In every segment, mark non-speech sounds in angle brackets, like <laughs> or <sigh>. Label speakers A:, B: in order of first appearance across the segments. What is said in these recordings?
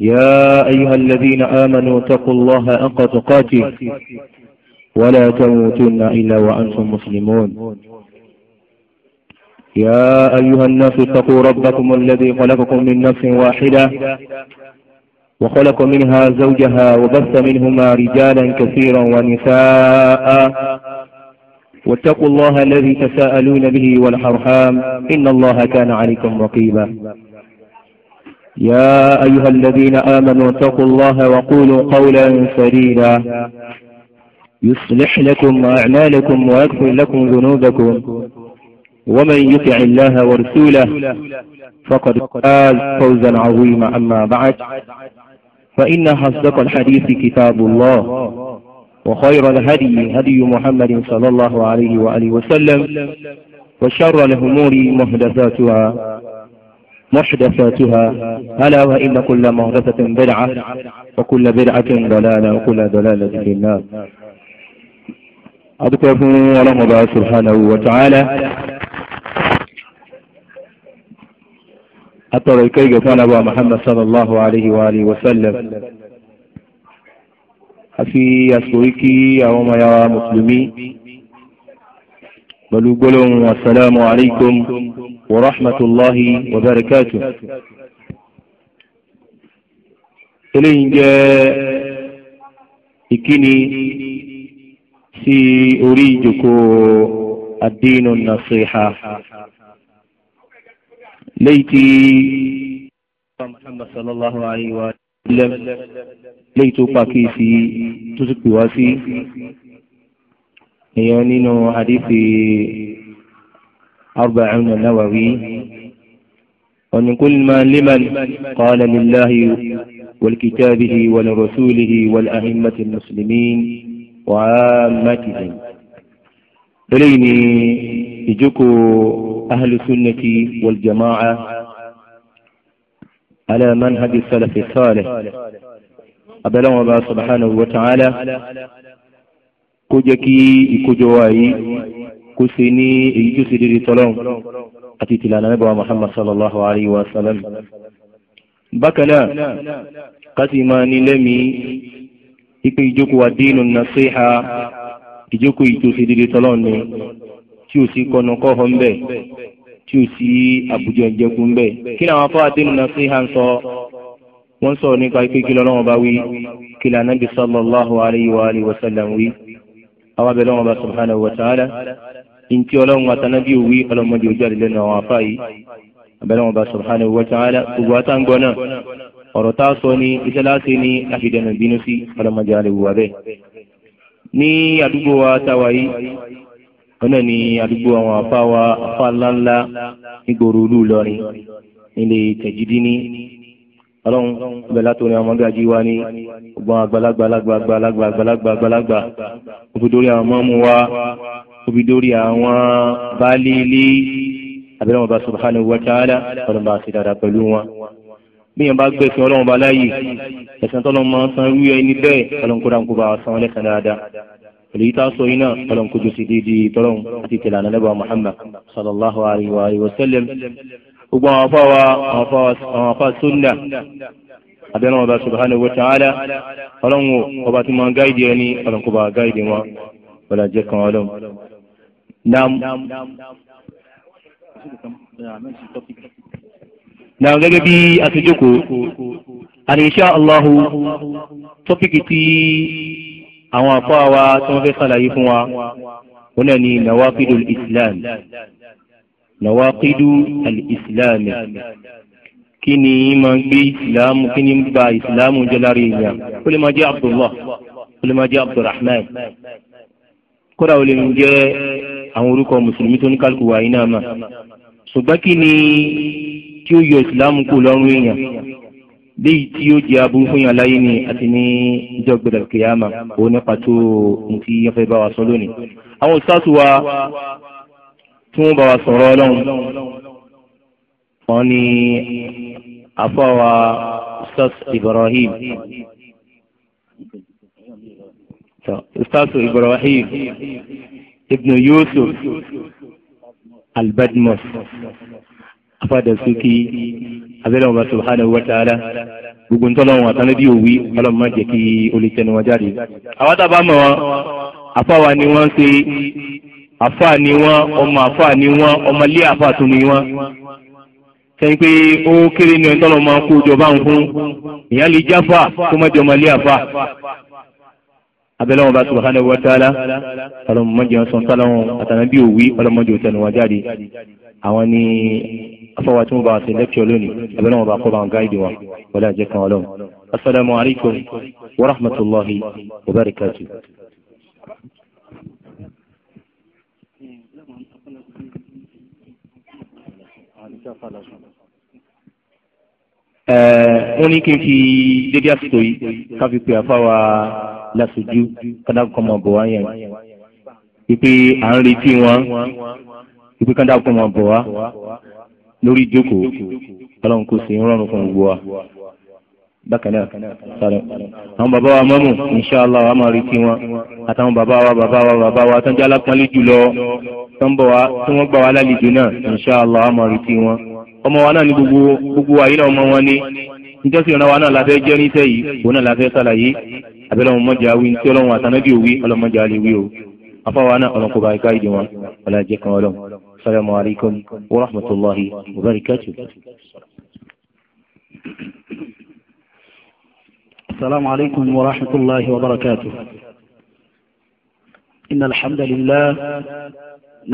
A: يا أيها الذين آمنوا اتقوا الله أق تقاته ولا تموتن إلا وأنتم مسلمون يا أيها الناس اتقوا ربكم الذي خلقكم من نفس واحدة وخلق منها زوجها وبث منهما رجالا كثيرا ونساء واتقوا الله الذي تساءلون به والحرحام إن الله كان عليكم رقيبا يا أيها الذين آمنوا اتقوا الله وقولوا قولا سديدا يصلح لكم أعمالكم ويغفر لكم ذنوبكم ومن يطع الله ورسوله
B: فقد فاز فوزا
A: عظيما أما بعد فإن أصدق الحديث كتاب الله وخير الهدي هدي محمد صلى الله عليه وآله وسلم وشر الأمور محدثاتها محدثاتها ألا وإن كل محدثة بدعة وكل بدعة ضلالة وكل ضلالة في النار أدكوا الله سبحانه وتعالى حتى الكيجة كان أبو محمد صلى الله عليه وآله وسلم أفي أسويكي أو يا مسلمي بلو السلام عليكم ورحمة الله وبركاته eléyìí jẹ́ ìkíni sí orí ìjókòó àdínú nàṣíhà léyìí tí Muhammad sallallahu alayhi wa sallam léyìí tó pàkíyèsí tó sì pè wá sí èèyàn nínú hadithi. أربعون النووي ومن كل ما لمن قال لله ولكتابه ولرسوله والأئمة المسلمين وعامتهم إليني يجوكو أهل السنة والجماعة على منهج السلف الصالح أبلغ الله سبحانه وتعالى كوجكي كوجواي kó ṣe ní èyí tó ṣe déédéé tọ́lọ́run àti tìlànà níbà Muhammad sallallahu alayhi wa sallam. bákan náà kásì máa ní lẹ́mìí ipe ìjókòó àdínù nasiha ìjókòó ìtòsí déédéé tọ́lọ́run ni tí ò sí kọnu kọ́ hàn bẹ́ẹ̀ tí ò sí àbùjọ ìjẹkùn bẹ́ẹ̀. kí ni àwọn afọ àdínù nasiha ń sọ wọ́n sọ nípa ipe kí lọ́lọ́wọ́n bá wí kí lànà bí sallallahu alayhi wa sallam wí. àwọn abẹ́lẹ́ wọn bá subhanahu wa ta'ala ntí ọlọ́run àtànábí òwí ọlọ́mọdé ojú àdìlẹ́ náà àwọn afá yìí abẹ́rẹ́ wọn bá subhanahu wa ta'ala gbogbo àtàǹgbọ́ náà ọ̀rọ̀ tá a sọ ní iṣẹ́ láti ní àfidẹ́nu bínú sí ọlọ́mọdé àlewò abẹ́. ní àdúgbò wa táwa yìí
B: ọ̀nà ní àdúgbò àwọn afá wa afá ńláńlá nígboro olú lọrin
A: nílé tẹ̀jídínní ọlọ́run bẹ̀lá tó ní ọmọdé ají wa ní ọgbọ́n àgbàlagbà òfin torí àwọn ọmọ mu wa òbí dórí àwọn baálé ilé abẹ́rẹ́ wọn bá subhanahu wa ta'ala ọ̀nà bá ṣe dáadáa pẹ̀lú wọn. bíyàn bá gbẹ̀sìn ọlọ́run bá láàyè ẹ̀sìn tọ́lọ́ máa san irú ẹni bẹ́ẹ̀ ọlọ́run kó dáńkó bá san lẹ́sàn dáadáa. èyí tá a sọ yìí náà ọlọ́run kó jòsì déédéé tọ́lọ́run àti tẹ̀lé ànábà Muhammad sallallahu alayhi wa alayhi wa sallam. gbogbo àwọn afọ wa àwọn afọ sunna abẹ́rẹ́ wọn bá subhanahu wa ta'ala ọlọ́run ọba tí máa gáìdì ẹni ọlọ́run bá gáìdì wọn wọlé àjẹkàn Nam. Nam gẹ́gẹ́ bí a ti jókòó, Allahu tọ́pìkì tí àwọn àpá wa tí wọ́n fẹ́ sàlàyé fún wa, wọ́n ni Nawaqidul Islam. Nawaqidul Islam. Kí ni máa ń gbé Ìsìlámù, kí ni ń ba Ìsìlámù jẹ́ lára èèyàn? máa jẹ́ Abdullah, ó máa jẹ́ Abdulrahman. Kódà ó lè jẹ́ àwọn orúkọ mùsùlùmí tó ní kálukú wa yìí náà mà ṣùgbọ́n kí ni tí ó yọ ìsìlámù kó lọ́rùn èèyàn léyìí tí ó jẹ́ aburú fún yàn láyé ni àti ní ìjọ gbẹdẹ kìyàmà òun nípa tó ní tí yẹn fẹ́ bá wa sọ lónìí. àwọn òṣìṣàtù wa tí wọ́n bá wa sọ̀rọ̀ ọlọ́run wọn ni àfọwà ustaz ibrahim ustaz ibrahim
B: ibn yusuf
A: albadmus afadàsókè abẹ́rẹ́ ọba subhanahu wa ta'ala gbogbo ntọ́nà wọn àtàlẹ́ bí òwì ọlọ́mọ má jẹ́ kí olè tẹnu wọn jáde. àwọn tábà mọ̀ wọn afáwa ni wọ́n ń ṣe afá ni wọ́n ọmọ afá ni wọ́n ọmọlé afá tún ni wọ́n sẹ́yìn pé ó kéré ní ọ̀ntọ́nà máa kó jọba ń fún ìyá lè jáfà kó má jọ ọmọlé afá abẹ́lẹ́wọ̀n bá subhanahu wa ta'ala ọlọ́mọdé ọ̀sán tálọ́wọ̀n àtànábí òwí ọlọ́mọdé òtẹnu wa jáde àwọn ni afọwọ́ tí wọ́n bá ṣe lẹ́kṣọ̀ lónìí abẹ́lẹ́wọ̀n bá kọ́ bá ń gáìdì wọn wọlé àjẹ kan ọlọ́run asalaamu alaykum wa rahmatulahi wa barakatu. wọ́n ní kí n fi dédé àsìkò yìí ká fi pè àfáwà lásojú kádàkọ́ máa bọ̀ wá yẹn wípé à ń retí wọn wípé kádàkọ́ máa bọ̀ wá lórí ìjókòó ọlọ́run kò sí rọrùn fún gbogbo wa bákan náà sáré àwọn bàbá wa mọ́mù inṣàlá wa máa retí wọn àtàwọn bàbá wa bàbá wa bàbá wa tó ń jẹ́ alápọ́nlé jùlọ tó ń bọ̀ wá tí wọ́n gbà wá lálejò náà inṣàlá wa máa retí wọn ọmọ wa náà ní gbogbo gbogbo ayé náà ọmọ wọn ní nítorí ọ̀nà wa náà la fẹ́ jẹ́ níṣẹ́ yìí òun náà la fẹ́ sàlàyé abẹ́lẹ́ wọn mọ̀jà wí tí ọlọ́run àtànábì òwí ọlọ́mọjà lè wí o afáwa náà kò bá ká ìdí wọn ọlọ́jẹ́ kan ọlọ́run salamu alaykum wa rahmatulahi wa barakatuh. السلام عليكم ورحمة الله وبركاته
C: إن الحمد لله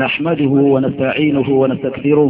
C: نحمده ونستعينه ونستكثره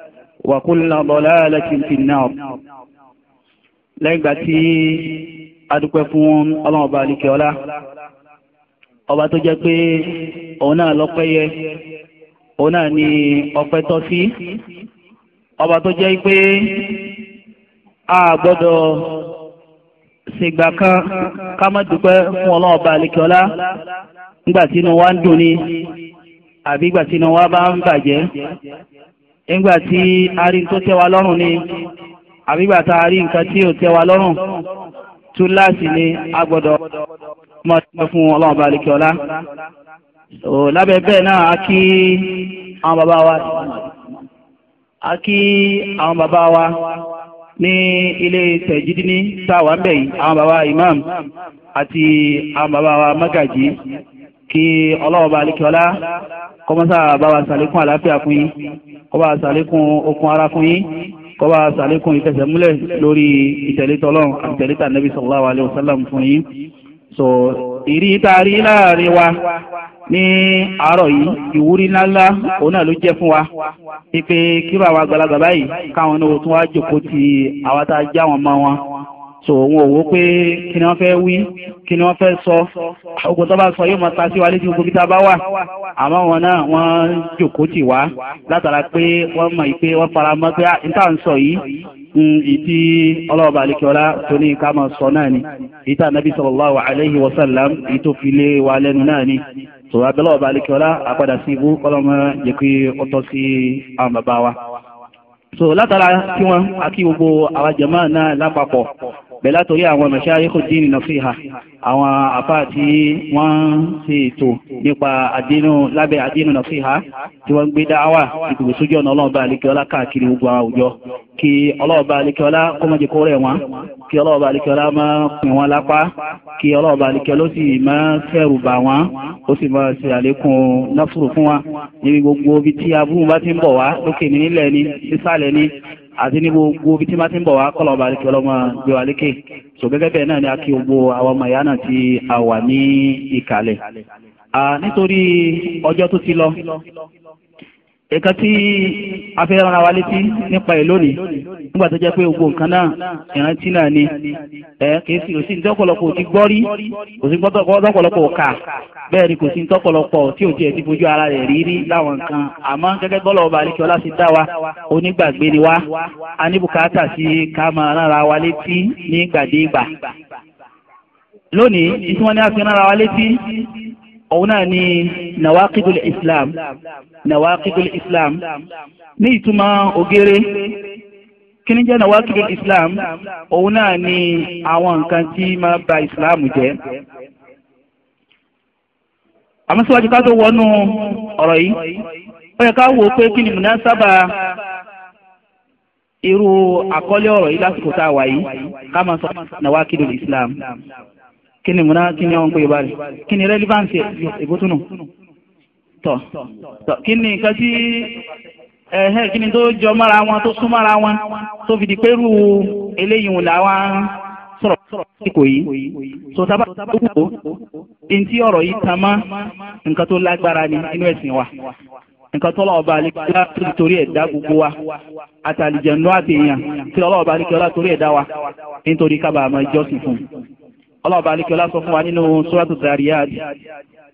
C: wàkúlà bọ̀lá ẹlẹ́tìntì náà lẹ́gbàá tí adúpẹ́ fún ọlọ́run ọba àlìkẹ́ ọlá ọba tó jẹ́ pé
B: òun náà lọ́pẹ́ yẹ
C: òun náà ni ọpẹ́ tọ́ sí ọba tó jẹ́ pé a gbọ́dọ̀ ṣègbà kan ká má dúpẹ́ fún ọlọ́run ọba àlìkẹ́ ọlá
B: nígbà tí inú wa ń dùn ni
C: àbí ìgbà tí inú wa bá ń bàjẹ́ nígbà tí a rí tó tẹ́ wa lọ́rùn ni àbígbà tá a rí nǹkan tí ò tẹ́ wa lọ́rùn túláàsì ni a gbọ́dọ̀ mọ̀ ọ́ fún ọlọ́run bá lékè lábẹ́ bẹ́ẹ̀ náà a kí àwọn bàbá wa a kí àwọn bàbá wa ní ilé tẹ̀jídínní táwa ń bẹ̀ yìí àwọn bàbá imam àti àwọn bàbá wa mágàjí kí ọlọ́run bá lékè ọlá kọ́mọ́sá bá wa sàlékún àlàáfíà fún yín kọba àṣàlékún okun ara fún yín kọba àṣàlékún ìfẹsẹ̀múlẹ̀ lórí ìtẹ̀lé tọlọ́run àti ìtẹ̀lé tà nẹ́bí sallallahu alaihi fún yín so ìrí taari láàrin wa ní àárọ̀ yìí ìwúrí ńláńlá òun náà ló jẹ́ fún wa pípé kí bàbá àgbàlagbà báyìí káwọn náà tún wá jòkó ti àwa tá a já wọn mọ́ wọn so òun òwò pé kí ni wọ́n fẹ́ wí kí ni wọ́n fẹ́ sọ ogun tó bá sọ yóò máa ta sí wa létí gbogbo bí tá a bá wà àmọ́ wọn náà wọ́n jòkó tì wá látara pé wọ́n mọ̀ pé wọ́n fara mọ́ pé ah, níta ń sọ yìí ìdí ọlọ́ọ̀bà àlekíọ́lá tó ní ká máa sọ náà ni ìta nàbí sallallahu alaihi wasallam èyí tó fi lé wa lẹ́nu náà ni tòwá bẹ́lẹ̀ ọ̀bà àlekíọ́lá àpadà sí ibú kọ́lọ́mọ jẹ́ pé ó tọ́ sí àwọn bàbá wa. so látara tí wọn àti gbogbo àwọn jàmáà náà lápapọ̀ bẹ́ẹ̀ látòrí àwọn mashayikhu dini nasiha àwọn àfá tí wọ́n ṣe ètò nípa àdínú lábẹ́ àdínú nasiha tí wọ́n gbé dáwà ìpìlẹ̀ sójú ọ̀nà ọlọ́ọ̀bá alikiola káàkiri gbogbo àwùjọ kí ọlọ́ọ̀bá alikiola kó má jẹ́ kó rẹ̀ wọ́n kí ọlọ́ọ̀bá alikiola máa pín wọn lápá kí ọlọ́ọ̀bá alikiola ó sì máa fẹ́rù bà wọ́n ó sì máa ṣe àlékún náfùrù fún wa níbi gbogbo àti ní gbogbo bí tí máa ti ń bọ̀ wá kọ́lọ̀ ọba àríkẹ́ ọlọ́mọ gbé wa lékè so gẹ́gẹ́ bẹ́ẹ̀ náà ni a kí gbogbo àwọn ọmọ ìyá náà tí a wà ní ìkàlẹ̀ nítorí ọjọ́ tó ti lọ nǹkan tí a fẹ́ rán wa létí nípa ẹ̀ lónìí nígbà tó jẹ́ pé gbogbo nǹkan náà
B: ìrántí náà ni ẹ kì í sì kò sí
C: ní tọ́pọ̀lọpọ̀ ò ti gbọ́ rí
B: kò sí ní tọ́pọ̀lọpọ̀ ò kà bẹ́ẹ̀ ni kò sí
C: ní tọ́pọ̀lọpọ̀ tí ò tiẹ̀ ti fojú ara rẹ̀ rí rí láwọn nǹkan àmọ́ gẹ́gẹ́ bọ́lọ̀ ọba àlekí ọlá ti dá wa onígbàgbé ni wa a ní bùkátà sí ká máa rán wa létí ní gbàdégbà lónìí ìtumọ̀ ni a fi rán wa létí òun náà ni nawaqidul islam
B: nawaqidul islam
C: ní ìtumọ̀ ògèrè kí ni jẹ́ nawaqidul islam òun náà ni àwọn nǹkan tí máa ba islam jẹ́ àmọ́ síwájú ká tó wọnú ọ̀rọ̀ yìí ó yẹ ká wò ó pé kí ni munasaba irú àkọlé ọ̀rọ̀ yìí lásìkò tá a wà yìí ká máa sọ nawaqidul islam. islam kí ni múná kí ni wọ́n ń pè báyìí kí ni relevance ìbótúnù tọ̀ tọ̀ kí ni nǹkan tí ẹ̀hẹ́ kí ni tó jọ mọ́ra wọn tó sún mọ́ra wọn tó fi di pẹ́rù eléyìí wọn làwọn sọ̀rọ̀ síkò yìí tó tábà tó wò ó ntí ọ̀rọ̀ yìí ta mọ́ nǹkan tó lágbára ni inú ẹ̀sìn wa nǹkan tọ́lá ọba àlekíọ́lá tó ti torí ẹ̀dá gbogbo wa àtàlìjẹ̀nú àti èèyàn tí ọlọ́ọ̀ba àlekíọ́lá torí ẹ̀dá wa nítorí kábàámọ̀ ìjọsìn fún un ọlọ́ọ̀bá alikẹ́lá sọ fún wa nínú suratu Zariyat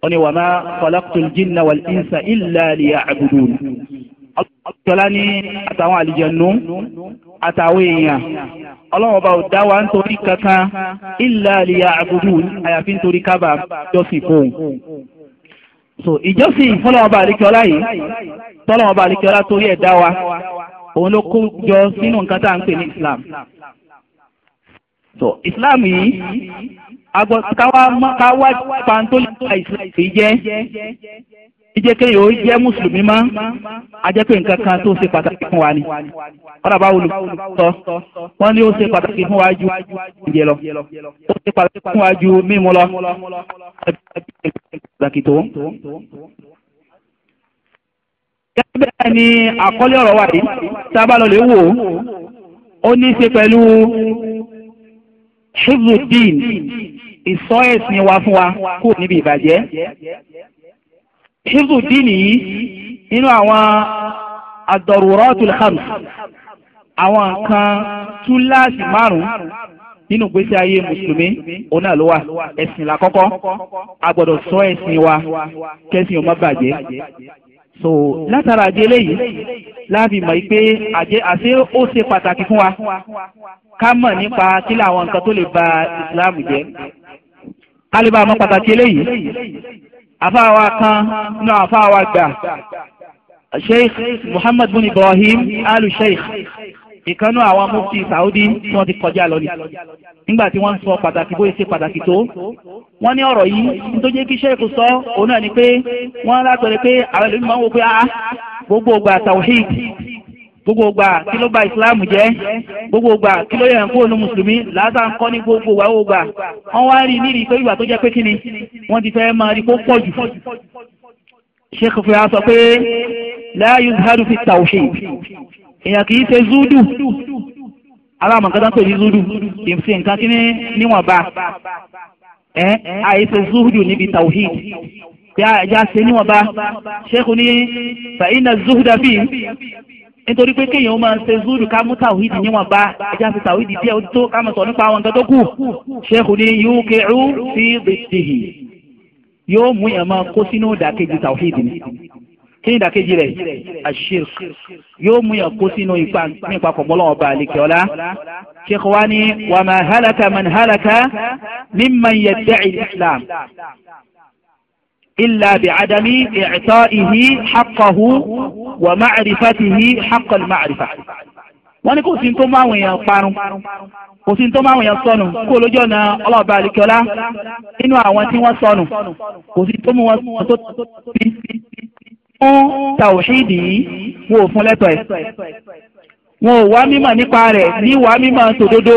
C: ó ní wa ma khalaqtul jinna wal insa illa liya'budun ọlọ́ọ̀tọ́lá ní àtàwọn àlìjẹ̀nú àtàwọn èèyàn ọlọ́wọ́n bá ò dá wa nítorí kankan illa liya'budun àyàfi nítorí kábà jọ́sìn fóun. so ìjọsìn fọlọ́wọ́n bá àlìkọ́lá yìí tọ́lọ́wọ́n bá àlìkọ́lá torí ẹ̀ dá wa òun ló kó jọ sínú nǹkan tá à ń pè ní Islam. Islam so islam yìí agbọ káwa káwa pàǹtólì ká islam kìí jẹ jíjẹ kéèyàn ó jẹ mùsùlùmí mọ
B: ajẹpẹ nǹkan kan tó ṣe pàtàkì fún wa ni
C: kọ́dà bá wọlé sọ wọ́n ní ó ṣe pàtàkì fún wa ju ìjẹ lọ ó ṣe pàtàkì fún wa ju mímu lọ pàtàkì tó. gẹ́gẹ́ bẹ́ẹ̀ ni àkọ́lé ọ̀rọ̀ wa yìí tá a bá lọ lè wò ó ní í ṣe pẹ̀lú ṣùgbọ́n ìsọ ẹ̀sìn wa fún wa kò níbi ìbàjẹ́ ṣùgbọ́n dín yìí nínú àwọn ad-daruratul khams àwọn nǹkan túláàsì márùn-ún nínú gbèsè ayé mùsùlùmí òun ló wà ẹ̀sìn làkọ́kọ́
B: a sọ ẹ̀sìn wa kẹ́sìn ó bàjẹ́
C: so látara àjẹlẹ́yìí
B: láàbì mọ̀ pé àjẹ́ àṣé ó ṣe pàtàkì fún wa
C: ká mọ̀ nípa kí làwọn nǹkan tó lè ba ìsìláàmù jẹ́ ká lè bá pàtàkì eléyìí àfáàwá kan nínú àfáàwá gbà sheikh muhammad bin ibrahim alu sheikh ìkànnú àwọn mufti saudi tí wọ́n ti kọjá lọ ni nígbà tí wọ́n ń sọ pàtàkì bóyá ṣe pàtàkì tó wọ́n ní ọ̀rọ̀ yìí nítorí kí sheikh sọ òun náà ni pé wọ́n látọ̀rẹ́ pé àwọn ẹlòmíràn wò pé ah gbogbo ìgbà tawhid gbogbo ìgbà kí ló bà islam jẹ́ gbogbo ìgbà kí ló yẹ kó nu mùsùlùmí làásà ń kọ́ ní gbogbo ìwà ó gbà wọ́n wá rí nídìí pé ìgbà tó jẹ́ pé kíni wọ́n ti fẹ́ máa rí kó pọ̀ jù sheikh fi sọ pé la yuzhadu fi tawhid èèyàn kì í ṣe zúdù aláàmọ̀ nǹkan tó ń pè ní zúdù kì í ṣe nǹkan kí níwọ̀nba ẹ̀ àìṣe zúdù níbi tawhid pé ẹja ṣe níwọ̀nba ṣéèkù ní fàyínà zuhuda fi nítorí pé kéèyàn ó máa ṣe zuhudu ká mú tàwídì níwọ̀nba ẹja ṣe tàwídì díẹ̀ ó tó ká mọ̀ sọ nípa àwọn nǹkan tó kù ṣéèkù ní yóò kẹ́rù sí bẹ̀tìhì yóò mú yàn máa kó sínú ìdàkejì tàwídì ni kí ni ìdàkejì rẹ̀ àṣírk yóò mú yàn kó sínú ipa nípa kọ̀mọ́lọ́ ọba àlekè ọ̀la ṣéèkù wá ní wàmà hálàkà man hálàkà
B: mimman yadda'i islam
C: إلا بعدم إعطائه حقه ومعرفته حق المعرفة wọ́n ní kò sí tó máa wọ̀nyàn parun kò sí tó máa wọ̀nyàn sọnù kó lójú ọ̀nà ọlọ́ọ̀bá àlekíọ́lá nínú àwọn tí wọ́n sọnù kò sí tó mú wọn sọnù tó
B: ti fún
C: tàwùsíìdì yìí wọn ò fún lẹ́tọ̀ọ́ ẹ̀ wọn ò wá mímọ̀ nípa rẹ̀ ní wàá mímọ̀ tòdodo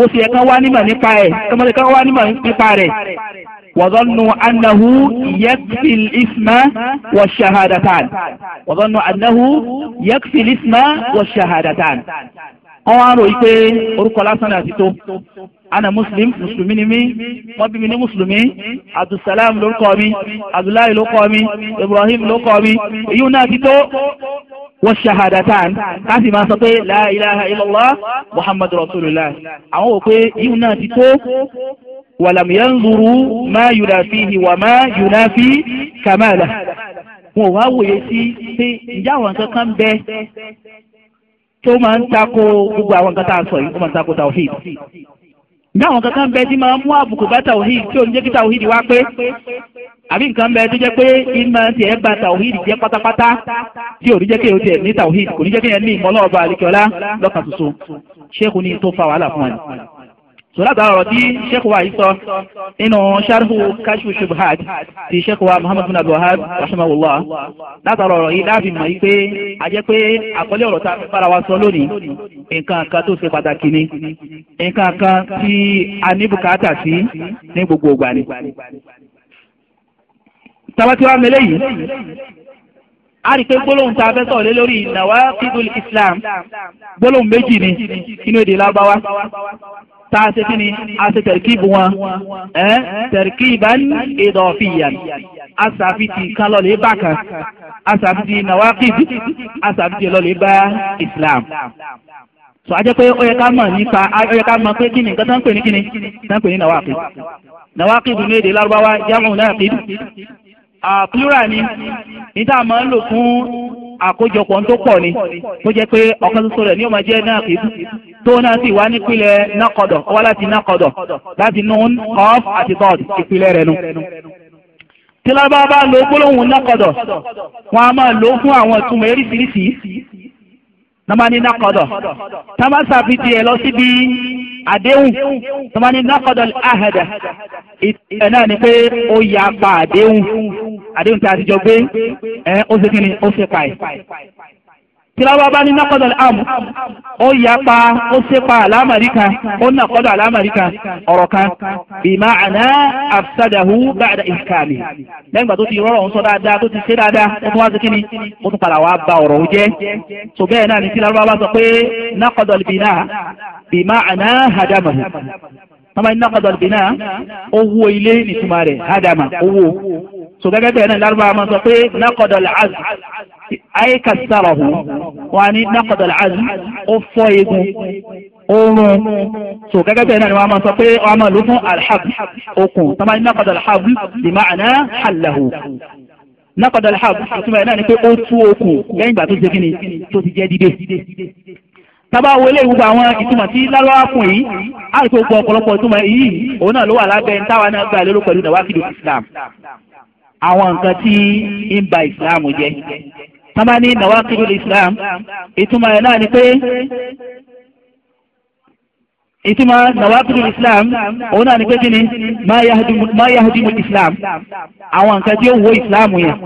C: ó sì yẹ kán wá nímọ̀ nípa ẹ̀ kọ́mọdé wá nímọ̀ nípa rẹ̀ وظنوا أنه يكفي الإثم والشهادتان وظنوا أنه يكفي الإثم والشهادتان wọ́n wá ń ròyìn pé orúkọ lásán ni àtìtó ana muslim mùsùlùmí ni mí wọ́n bí mi ní mùsùlùmí abdulsalam ló kọ́ mi abdullahi ló kọ́ mi ibrahim ló kọ́ mi èyí náà ti tó wọ́n ṣahadatan káfí máa sọ pé la ilaha muhammadu rasulillah àwọn wò pé èyí náà ti ولم yanzuru ما ينافيه وما ينافي كماله. kàmáàlà wọn ò wá wòye sí pé ìjà àwọn nǹkan kan bẹ tó máa ń tako gbogbo àwọn nǹkan tá a sọ yìí ó máa ń tako tawhid ní àwọn kankan bẹ tí máa mú àbùkù bá tawhid tí òun jẹ́ kí tawhid wá pé àbí nǹkan bẹ tó jẹ́ pé ìmọ̀ tiẹ̀ bà tawhid jẹ́ pátápátá
B: tí ò ní jẹ́ kéèyàn tiẹ̀ ní tawhid kò ní jẹ́
C: kéèyàn ní ìmọ̀ àlìkọ́lá lọ́kàn tuntun ṣé kò ní tó fa wàhálà fún wa ni sọláàtà ọ̀rọ̀ tí sheikh wa yìí sọ nínú sharhu kashfu shubhat ti sheikh wa muhammad bin abdulhab rahimahullah látara ọ̀rọ̀ yìí láàfin mọ̀ yìí pé a jẹ́ pé àkọlé ọ̀rọ̀ tá a fi fara wa sọ lónìí nǹkan kan tó ṣe pàtàkì ni nǹkan kan tí a ní bùkátà sí ní gbogbo ìgbà ni. tabati mele yìí a rí i pé gbólóhùn tá a fẹ́ sọ̀rọ̀ lé lórí nawaqidul islam
B: gbólóhùn méjì ni inú
C: tá a ṣe kí ni a ṣe tẹ̀ríkìbù wọn
B: ẹ́ tẹ̀ríkìbán ìdọ̀fìyàn
C: asàfitì kan lọ́lẹ̀ bá kan asàfitì nawaqid asàfitì lọ́lẹ̀ bá islam so a jẹ́ pé ó yẹ ká mọ̀ nípa ó yẹ ká mọ̀ pé kí ni nǹkan tó ń pè ní kí ni tó ń pè ní nawaqid nawaqid ní èdè lárúbáwá jámù naqid plural ni níta máa ń lò fún àkójọpọ̀ tó pọ̀ ni tó jẹ́ pé ọ̀kan ṣoṣo rẹ̀ ni ó máa jẹ́ naqid tó náà sì wá nípìnlẹ̀ nákọ̀dọ̀ wá láti nákọ̀dọ̀ láti nun kọ́f àti tọ́ọ̀d ìpìlẹ̀ rẹ̀ nu. tílábà bá lo gbólóhùn nákọ̀dọ̀ wọn a máa lò ó fún àwọn ìtumọ̀ eríṣiríṣi nàmá ní nákọ̀dọ̀ tàmá sàfitì ẹ̀ lọ síbi àdéhùn tàmá ní nákọ̀dọ̀ àhàdà ìtẹ̀ náà ni pé ó ya pa àdéhùn àdéhùn tí a ti jọ gbé ẹ̀ ó ṣe kí ni ó ṣe pa ẹ̀ tìlọ́wọ́ bá ní nọ́kọ̀dọ̀ àmù ó yapa ó sépa àlámàrí kan ó nàkọ́dọ̀ àlámàrí kan ọ̀rọ̀ kan bìmá àná àfisàdàhù báàdà ìsìkàmì lẹ́yìn ìgbà tó ti rọrọ̀ ń sọ dáadáa tó ti ṣe dáadáa ó tún wá sí kíni ó tún padà wá ba ọ̀rọ̀ jẹ́
B: tó bẹ́ẹ̀ náà ní tìlọ́wọ́ bá sọ pé nọ́kọ̀dọ̀ bìnà bìmá àná hàdàmàhù
C: tọ́mọ iná kọ́dọ̀ bìnà owó ilé nìtumọ̀ rẹ̀ hàdàmà owó so gẹ́gẹ́ bẹ́ẹ̀ náà lárúbáwá máa sọ pé nọ́kọ̀dọ̀ làásù ayé kàtàràhù wọn ní nàkọ̀dàlà àzù ó fọ́ egun oorun
B: so gẹ́gẹ́ bẹ́ẹ̀ náà ni wọ́n máa sọ pé
C: wọ́n máa lò fún alḥabu okùn tó máa ní nàkọ̀dàlà àbù bìmá àná hàlàhù nàkọ̀dàlà àbù ìtumọ̀ ẹ̀ náà ni pé ó tú okùn lẹ́yìn ìgbà tó ṣe kí tó ti jẹ́ dídé tábà wo ilé ìwúgbà àwọn ìtumọ̀ tí lárúbáwá fún yìí àìsàn ogun ọ̀pọ̀lọpọ̀ ìtumọ̀ yìí òun náà ló wà lábẹ́ táwa náà gbà lérò pẹ̀lú nàwákìlú Islam àwọn nǹkan tí ń ba Islam jẹ́ tọ́mọ́ ní Islam ìtumọ̀ ẹ̀ náà ni pé ìtumọ̀ nàwákìlú islam òun náà ní pé kíni má yahdimu islam àwọn nǹkan tí ó wo islam yẹn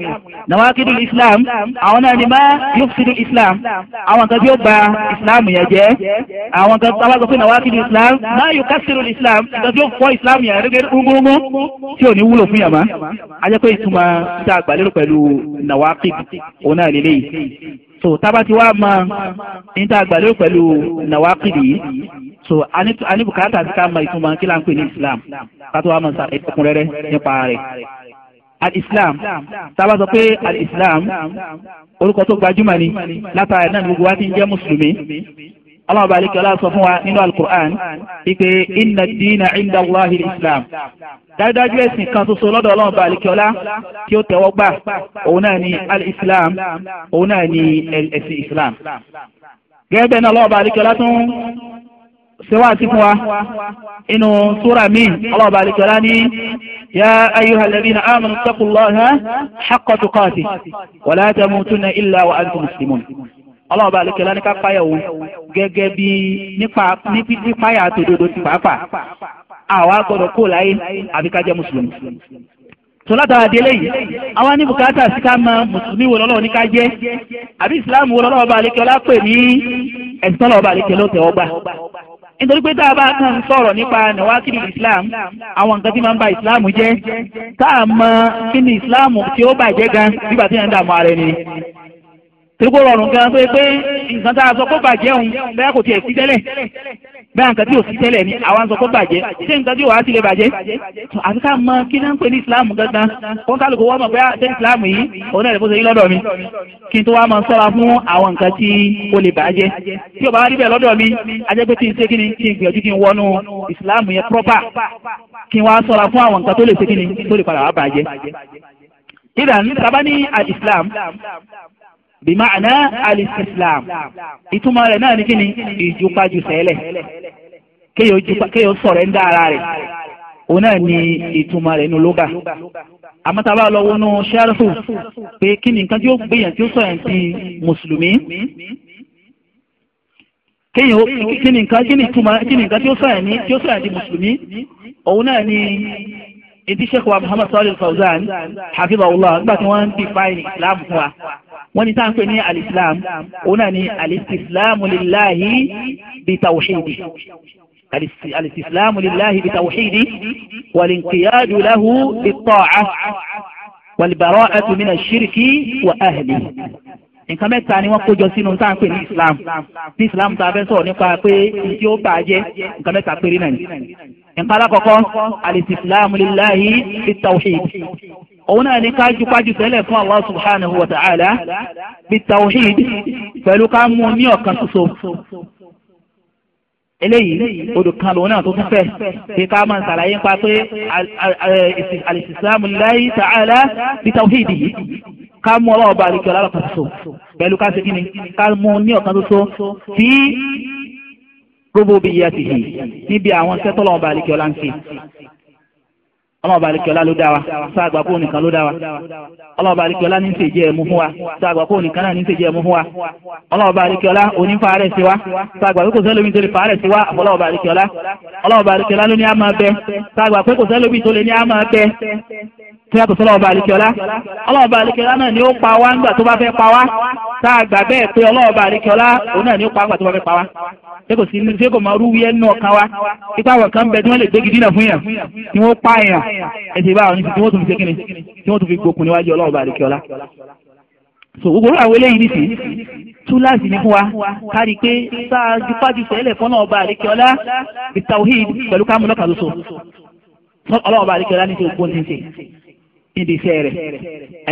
C: nàwákìlú islam àwọn náà ní má yufsidu islam àwọn nǹkan tí ó ba islam yẹn jẹ́ àwọn nǹkan tí a bá sọ pé nàwákìlú islam má yukassiru islam nǹkan tí ó fọ́ islam yẹn rẹ́gẹ́ gbogbogbò tí ò ní wúlò fún yàrá a pé ìtumọ̀ tá a gbà lérò pẹ̀lú nàwákìlú òun náà lélẹ́yìí so tába ti wá mọ níta àgbàlẹ́ pẹ̀lú nàwákìlì yìí so anibukata ti ká mọ ìtumọ̀ kí là ní islam kátó wá mọ sa ẹ̀kúnrẹ́rẹ́ nípa rẹ̀ al-islam
B: tába sọ pé al-islam
C: orúkọ tó gbajúmọ̀ ni látara náà ni gbogbo wa ti ń jẹ́ mùsùlùmí aláwọ̀ balẹ̀ kí ọlá sọ fún wa nínú alukur'an
B: wípé inna diina inda allahi islam
C: dájúdájú ẹ̀sìn kan ṣoṣo lọ́dọ̀ ọlọ́run balẹ̀ kí ọlá tí ó tẹ̀wọ́ gbà òun náà ni al-islam òun náà ni ẹ̀sìn islam.
B: gẹ́gẹ́ bẹ́ẹ̀ náà ọlọ́run balẹ̀ kí ọlá tún
C: سواتي فوا
B: إنه سورة مين الله بارك لاني
C: يا أيها الذين آمنوا اتقوا الله حق تقاته ولا تموتن إلا وأنتم مسلمون ọlọ́run bá lókè lọ́ní ká páyà òun gẹ́gẹ́ bí nípa yà tòdodo ti pàápàá àwa gbọ́dọ̀ kó láyé àbí ká jẹ́ mùsùlùmí. tó látara délé yìí àwa ní bùkátà sí ká mọ mùsùlùmí wo lọ́lọ́run ní ká jẹ́ àbí ìsìláàmù wo lọ́lọ́run bá lókè ọlá pè ní ẹ̀sìn tọ́lọ́run bá lókè lọ́tẹ̀ ọgbà nítorí pé tá a bá kàn sọ̀rọ̀ nípa nàwákìlì islam àwọn nǹkan tí máa ń ba islam jẹ́ tá a mọ kí islam tí ó bàjẹ́ gan nígbà tí yẹn ń dààmú ara torípò rọrùn gan pé pé nǹkan tá a sọ kó bàjẹ́ òun bẹ́ẹ̀ kò tiẹ̀ sí tẹ́lẹ̀ bẹ́ẹ̀ nǹkan tí ò sí tẹ́lẹ̀ ni àwa ń sọ kó bàjẹ́ ṣé nǹkan tí wàá sì lè bàjẹ́ àti ká mọ kí náà ń pè ní ìsìláàmù gangan òun kálukú wọ́n mọ̀ pé ah, ṣé ìsìláàmù yìí òun náà lè fọ́sẹ̀ yín lọ́dọ̀ mi kí n tó wá máa sọ́ra fún àwọn nǹkan tí ó lè bàjẹ́
B: tí ò bá wá níbẹ̀ lọ́dọ̀ mi
C: a jẹ́ pé tí n ṣe kíni kí n gbìyànjú kí n wọnú ìsìláàmù yẹn proper
B: kí n wá sọ́ra fún àwọn nǹkan tó lè ṣe kíni tó lè padà
C: bìmáàná alìsìsìlám
B: ìtumọ̀ rẹ̀ náà ní kí ni
C: ìjùpájù sẹ́lẹ̀ kéèyàn sọ̀rẹ́ńdà ara rẹ̀ òun náà ni ìtumọ̀ rẹ̀ nínú lóga àmọ́ tá a bá lọ wọnú ṣẹ́rẹ́fù pé kí ni nǹkan tí ó gbìyàn tí ó sọ̀rọ̀ ti mùsùlùmí kí ni nǹkan tí ó sọ̀rọ̀ ní ti mùsùlùmí òun náà ni ìdí sẹ́kọ̀ọ́ Muhammad Salih Fawzan hafizahullah nígbà tí wọ́n ń dìfáì Islam fún wa. wọ́n ní sáà ń pè ní alislam òun náà ní alistislamu lillahi bi tawhidi alistislamu lillahi bi tawhidi walinqiyadu lahu bi ta'a walbara'atu min ashirki wa ahlihi. nǹkan mẹ́ta ni wọ́n kójọ sínú tá à ń pè ní islam ní islam tá a fẹ́ sọ̀rọ̀ nípa pé ìdí ó bà á jẹ́ nǹkan mẹ́ta péré náà ni. nǹkan alákọ̀ọ́kọ́ al-istislamu lillahi bit-tawhid òun náà ní ká jupájú tẹ́lẹ̀ fún Allah subhanahu wa ta'ala bit-tawhid pẹ̀lú ká mú ní ọ̀kan ṣoṣo eléyìí odò kan lòun náà tó tún fẹ́ kí ká máa ṣàlàyé nípa pé alìsìsàmù láyé ta'ala bí tawhidi yìí ká mú ọlọ́wọ́ bá àlejò alábàkan tó so pẹ̀lú ká ṣe kíni ká mú ní ọ̀kan tó so tí gbogbo bí yẹ ti hì níbi àwọn sẹ́tọ̀lọ́wọ́ bá àlejò ọlá ń ṣe ọlọ́wọ́ bá alikẹ́ ọlá ló dá wa sáàgbà kó nìkan ló dá wa ọlọ́wọ́ bá alikẹ́ ọlá ní tèjẹ́ ẹ̀mú fún wa sáàgbà kó nìkan náà ní tèjẹ́ ẹ̀mú fún wa
B: ọlọ́wọ́ bá alikẹ́ ọlá onífàárẹ̀ sí wa sáàgbà pé kò
C: sẹ́lómi tó lè fàárẹ̀ sí wa ọlọ́wọ́ bá alikẹ́ ọlá ọlọ́wọ́ bá ló ní àmà bẹ sáàgbà pé kò sẹ́lómi tó lè ní àmà bẹ tí a tó sọ́lọ́ ọba àlekíọ́lá
B: ọlọ́ọ̀ba àlekíọ́lá náà ni
C: ó pa wá ńgbà tó bá fẹ́ pa wá tá a gbà bẹ́ẹ̀ pé ọlọ́ọ̀ba àlekíọ́lá òun náà ni ó pa ńgbà tó bá fẹ́ pa wá ṣé kò sí ṣé kò máa rúwí ẹnu ọ̀kan wa ipa àwọn kan bẹ tí wọ́n lè gbégi dínà fún yàn tí wọ́n pa yàn ẹ̀sìn ìbára òní tí wọ́n tún fi ṣe kíni tí wọ́n tún fi gbókun níwájú ọlọ́ọ̀ba àlekíọ́lá so gbogbo àwọn eléyìí nìsí túláàsì ní fún wa kárí pé sáájú pàjù sẹ́lẹ̀ fọ́nà ọba àríkẹ́ọ́lá bitawhid pẹ̀lú kámúlọ́kà lóso ọlọ́ọ̀ba àríkẹ́ọ́lá ní ti ògbóǹtì ṣe níbi iṣẹ́ rẹ̀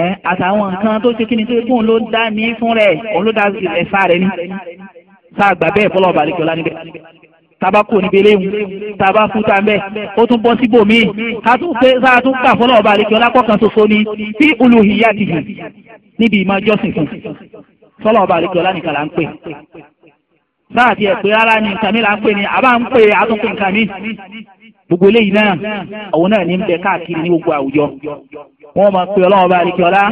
C: ẹ àtàwọn nǹkan tó ṣe kí ni tó kún ló dá ní fún rẹ̀ òun ló dá ẹ̀fà rẹ̀ ní sáà gbà bẹ́ẹ̀ fọlọ́ ọba àlejò ọlá níbẹ̀ taba kò níbi eléwu taba fúta mbẹ ó tún bọ́ síbò míì sáà tún kà fọlọ́ ọba àlejò ọlá kọ̀ọ̀kan ṣoṣo ni fi uluhiyatihi níbi ìmọ̀ jọ́sìn fún fọlọ́ ọba àlejò ọlá nìkan là ń pè sáà tiẹ̀ pé rárá ni nǹkan là ń pè ní àbá ń pè àtúnkù nǹkan gbogbo eléyìí náà àwọn náà ní ń bẹ káàkiri ní gbogbo àwùjọ wọn máa pe ọlọ́wọ́ bá alikẹ́ ọlá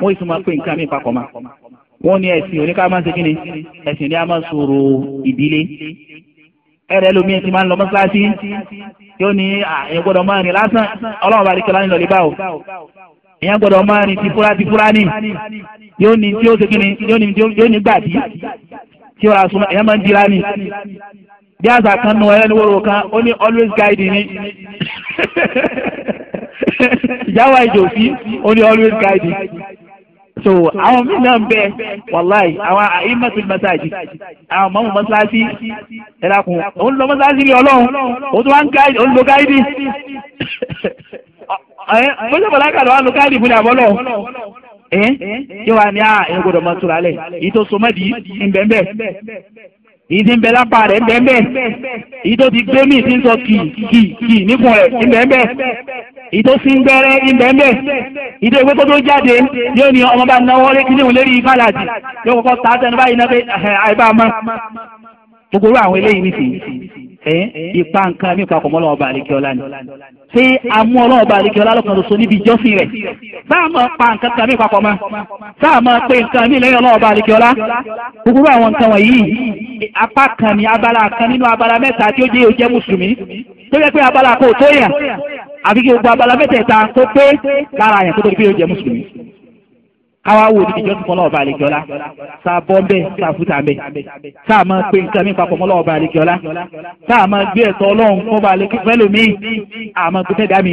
C: wọn yìí tún máa pe nǹkan mi papọ̀ ma wọn ní ẹ̀sìn oníkà máa ń segin ni ẹ̀sìn ní a máa sọ̀rọ̀ ìdílé ẹ̀rẹ́ lomi ti máa ń lọ mọ́ṣáláṣí yóò ní àyẹ̀ gbọ́dọ̀ máa rìn lásán ọlọ́wọ́ bá alikẹ́ ọlá nílò lébà o èèyàn gbọ́dọ̀ máa rìn ti fúra ti fúra ní yóò ní tí ó segin ni yóò ní gbàdí tí ó ra sùn èèyàn máa ń dira ní bí àṣà kan nu ẹlẹ́ni wóró kan ó ní always guide ni ìyáwó ìjòsí ó ní always guide so àwọn míì náà ń bẹ wàláì àwọn àìmọ̀tò mẹ́sáàjì àwọn mọ̀mú mọ́sáàjì ẹ̀dàkùn òun lọ mọ́sáàjì rí ọlọ́run òun tó wá ń gáìdì òun guide gáìdì bóṣe bọ̀lá kàdé wà lo gáìdì fún ìyàbọ̀lọ́
B: yóò wá ní ah, à ẹ̀yìn
C: gbọ́dọ̀ mọ́ tura lẹ̀ èyí tó so mọ́ di ń bẹ́ẹ̀ bẹ́ẹ̀ èyí tí ń bẹ lápá rẹ̀ ń bẹ́ẹ̀ bẹ́ẹ̀
B: èyí tó ti gbé mí
C: ti ń sọ kì kì kì nípò rẹ̀ ń bẹ́ẹ̀ bẹ́ẹ̀ èyí tó sì ń gbẹ́rẹ́ ń bẹ́ẹ̀ bẹ́ẹ̀
B: èyí tó ìwé kó jáde yóò ní ọmọ náwó lé kí lérí ìfàlàjì yóò kọ́kọ́ ta tẹnu báyìí náà pé àìbá ma
C: gbogbo àwọn eléyìí nìsín Eh, ipa nǹkan mi papọ̀ mọ́ ọlọ́wọ́ ọba àlekíọ́lá ni ṣé amú ọlọ́wọ́ ọba àlekíọ́lá lọ́kàn lóso níbi ìjọsìn rẹ̀ sáà mọ̀ pa nǹkan kan mi papọ̀ mọ́
B: sáà mọ̀ pé nǹkan mi lẹ́yìn ọlọ́wọ́ ọba àlekíọ́lá kúkúrú àwọn nǹkan wọ̀nyí
C: apá kan ni abala kan nínú abala mẹ́ta tí ó jẹ́ òjẹ́ mùsùlùmí tó yẹ pé abala kò tó yàn àfi kí gbogbo abala mẹ́tẹ̀ẹ̀ta tó pé lára yàn kó tó káwá wo ní ìjọ́sìn fún ọlọ́ọ̀bá àlejòọ́lá sáà bọ́ ń bẹ́ sáà fúta ń bẹ́ sáà máa pe nǹkan mi papọ̀ mọ́ ọlọ́ọ̀bá àlejòọ́lá
B: sáà máa gbé ẹ̀tọ́
C: ọlọ́run fún ọba àlejòọ́lá mi àmọ́ gbẹ́tẹ́ dá mi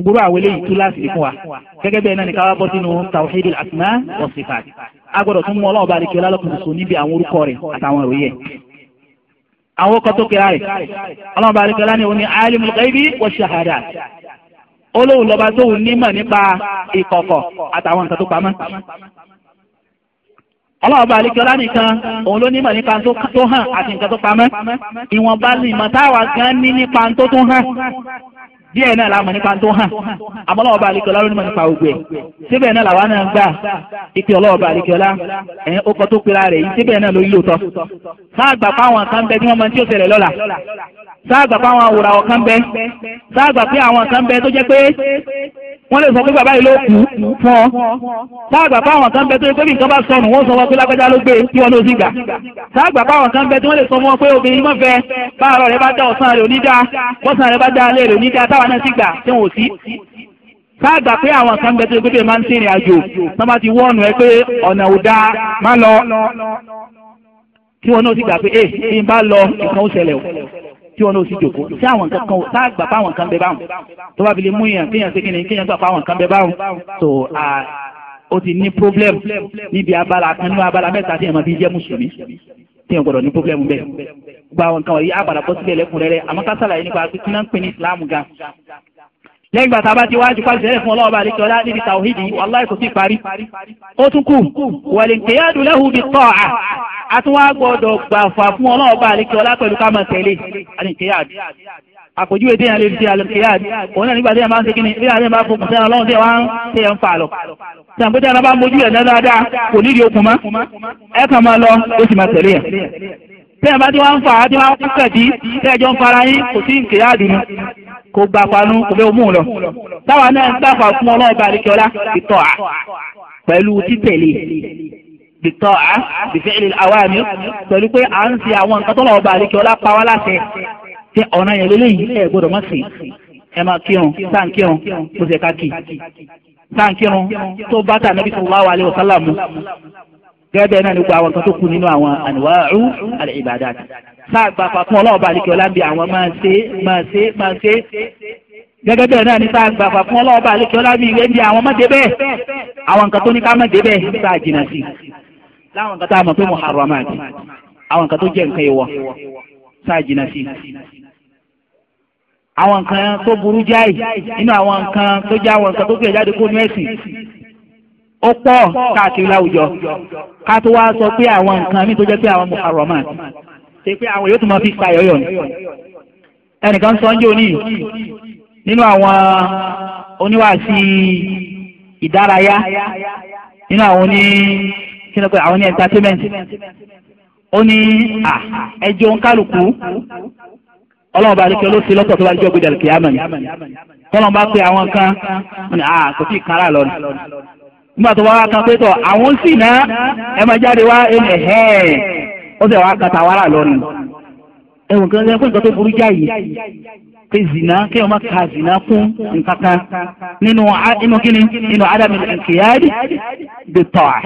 C: gbúrú àwọn eléyìí tú láti fún wa gẹ́gẹ́ bẹ́ẹ̀ náà ni káwá bọ́ sínú tawhid al-asma a gbọ́dọ̀ tún mú ọlọ́ọ̀bá àlejòọ́lá lọ́kùnrin níbi àwọn orúkọ rẹ̀ àtàwọn ìròyìn àwọn ọkọ̀ tó kẹ́ra rẹ̀
B: ọlọ́ọ̀bá ni òun
C: ni alimul ghaibi wa shahada olóhùn lọ́ba tóun nímọ̀ nípa ìkọ̀kọ̀ àtàwọn nǹkan tó pamọ́. ọlọ́run bá àlejò lánìkan òun ló nímọ̀ nípa tó hàn àti nǹkan tó pamọ́. ìwọ̀nba ni ìmọ̀ táwa gan ní nípa tó tún hàn díẹ̀ náà la mọ̀ nípa tó hàn àmọ́ lọ́wọ́ bá àlekọ́lá ló ní mọ̀ nípa ògbẹ́ síbẹ̀ náà làwa náà gbà
B: ìpè ọlọ́wọ́ bá àlekọ́lá
C: ẹ̀yìn ó kọ́ tó pera rẹ̀ yìí síbẹ̀ náà ló yí lóòótọ́ sáàgbà fáwọn kan bẹ tí wọ́n mọ tí ó ṣẹlẹ̀ lọ́la sáàgbà fáwọn àwòrán kan bẹ sáàgbà pé àwọn kan bẹ tó jẹ́ pé wọ́n lè sọ pé bàbá yìí ló kú fún ọ. táàgbà báwọn kan bẹ tó yẹ pé nǹkan bá sọnù wọ́n sọ wọn pé lágbájá ló gbé kí wọn ló sì gbà. táàgbà báwọn kan bẹ tí wọ́n lè sọ fún wọn pé obìnrin mọ̀ fẹ́ báàrọ̀ rẹ bá dá ọ̀sán rẹ onídàá bọ́sàn rẹ bá dá alẹ́ rẹ onídàá táwa náà sì gbà tí wọn ò sí káàgbà pé àwọn kan bẹ tó gbé máa ń sìnrìn àjò tó bá ti wọ́ọ̀nù ẹ pé ọ̀nà ò dáa má lọ kí wọn náà sì tí wọn náà sì jòkó sí àwọn nǹkan kan tá a gbà fáwọn nǹkan bẹ báwọn tó bá fi lè mú yàn kéèyàn ṣe kí ni kéèyàn gbà fáwọn nǹkan bẹ báwọn tó a ó ti ní problem
B: níbi abala
C: kan nínú abala mẹ́ta tí èèyàn fi jẹ́ mùsùlùmí tí èèyàn gbọ́dọ̀ ní problem bẹ́ẹ̀ gba àwọn nǹkan wọ̀nyí àgbàdàpọ̀ sílẹ̀ lẹ́kùnrẹ́rẹ́ àmọ́ ká sàlàyé nípa kí náà ń pè ní Islam gan
B: lẹ́yìn ìgbà tá a bá ti wájú pàṣẹ ẹ̀rẹ̀ fún ọlọ́ọ̀bá àdékọ́lá níbi tàwíìdì wàláì kò sí parí.
C: ó tún kù wọ̀lẹ̀ nkèyàdù lẹ́hùn bíi tọ́ à á tún wá gbọ́dọ̀ gbàfà fún ọlọ́ọ̀bá àdékọ́lá pẹ̀lú ká máa tẹ̀lé àdékèyàdù. àpèjúwe déyàn lè fi àdékèyàdù òun náà nígbà déyàn máa ń segin ní bí àdéyàn bá fokùn sẹ́yìn ọlọ́run déyàn wá ń tẹ̀yàn fà lọ. sàǹpé déyàn bá ń mojú dáadáa kò nídìí tẹ́ ẹ bá tí wọ́n ń fà á tí wọ́n ń tẹ́ ń fara yín kò sí nkè kò gbà kò fẹ́ lọ.
B: táwa náà ń gbàfà fún ọlọ́ọ̀bà àdìkẹ́ọ́lá ìtọ́ à
C: pẹ̀lú títẹ̀lé à pẹ̀lú pé à ń àwọn nǹkan pa wá láṣẹ ọ̀nà yẹn lélẹ́yìn gbọ́dọ̀ má sí ẹ máa kírun sáà kírun kò ká kì sáà kírun tó bá tà gẹ́gẹ́ náà ni gbogbo àwọn kan tó kù nínú àwọn àníwáàrú àlẹ́ ìbàdà sáàgbà fàkún ọlọ́ọ̀bà àlekè ọlábì àwọn máa ṣe máa ṣe máa ṣe gẹ́gẹ́ bẹ́ẹ̀ náà ni sáàgbà fàkún ọlọ́ọ̀bà àlekè ọlábì ìwé ni àwọn máa débẹ̀ àwọn kan tó ní ká máa débẹ̀ nípa àjìnà sí láwọn kan tá a mọ̀ pé muharramat àwọn kan tó jẹ́ nǹkan ìwọ sáà jìnà sí àwọn kan tó burú jáì nínú àwọn kan tó jẹ́ àwọn kan tó fẹ́ jáde kó nú ẹ̀sìn ọ̀pọ̀ káàkiri láwùjọ
B: ká tó wá sọ pé àwọn nǹkan mi tó jẹ́ pé àwọn mùkàrọ̀mà
C: ṣe pé àwọn yóò tún máa fi fa yọ̀yọ̀ ni ẹnìkan sọ ń jò ní nínú àwọn oníwàásí ìdárayá nínú àwọn oní kí ni pé àwọn ní entertainment ó ní ẹjọ́ ń kálukú ọlọ́run bá lékè olóṣèlú lọ́tọ̀ tó bá jọ́ gbé dàlùkì àmọ́ ni tọ́lọ́run bá pe àwọn kan ó ní kò tí ì kára lọ ni nígbà tó wá kan pé tọ̀ àwọn sì ná ẹ máa jáde wá ẹ ẹ̀hẹ́ ó sì wá kan tàwárà lọ́nu. ẹ̀wọ̀n kan ṣe pé nǹkan tó burú jáì pé zina kéèyàn má ka zina kún nǹkan kan
B: nínú inú kíni nínú ádámù kìyàdì the tọ́à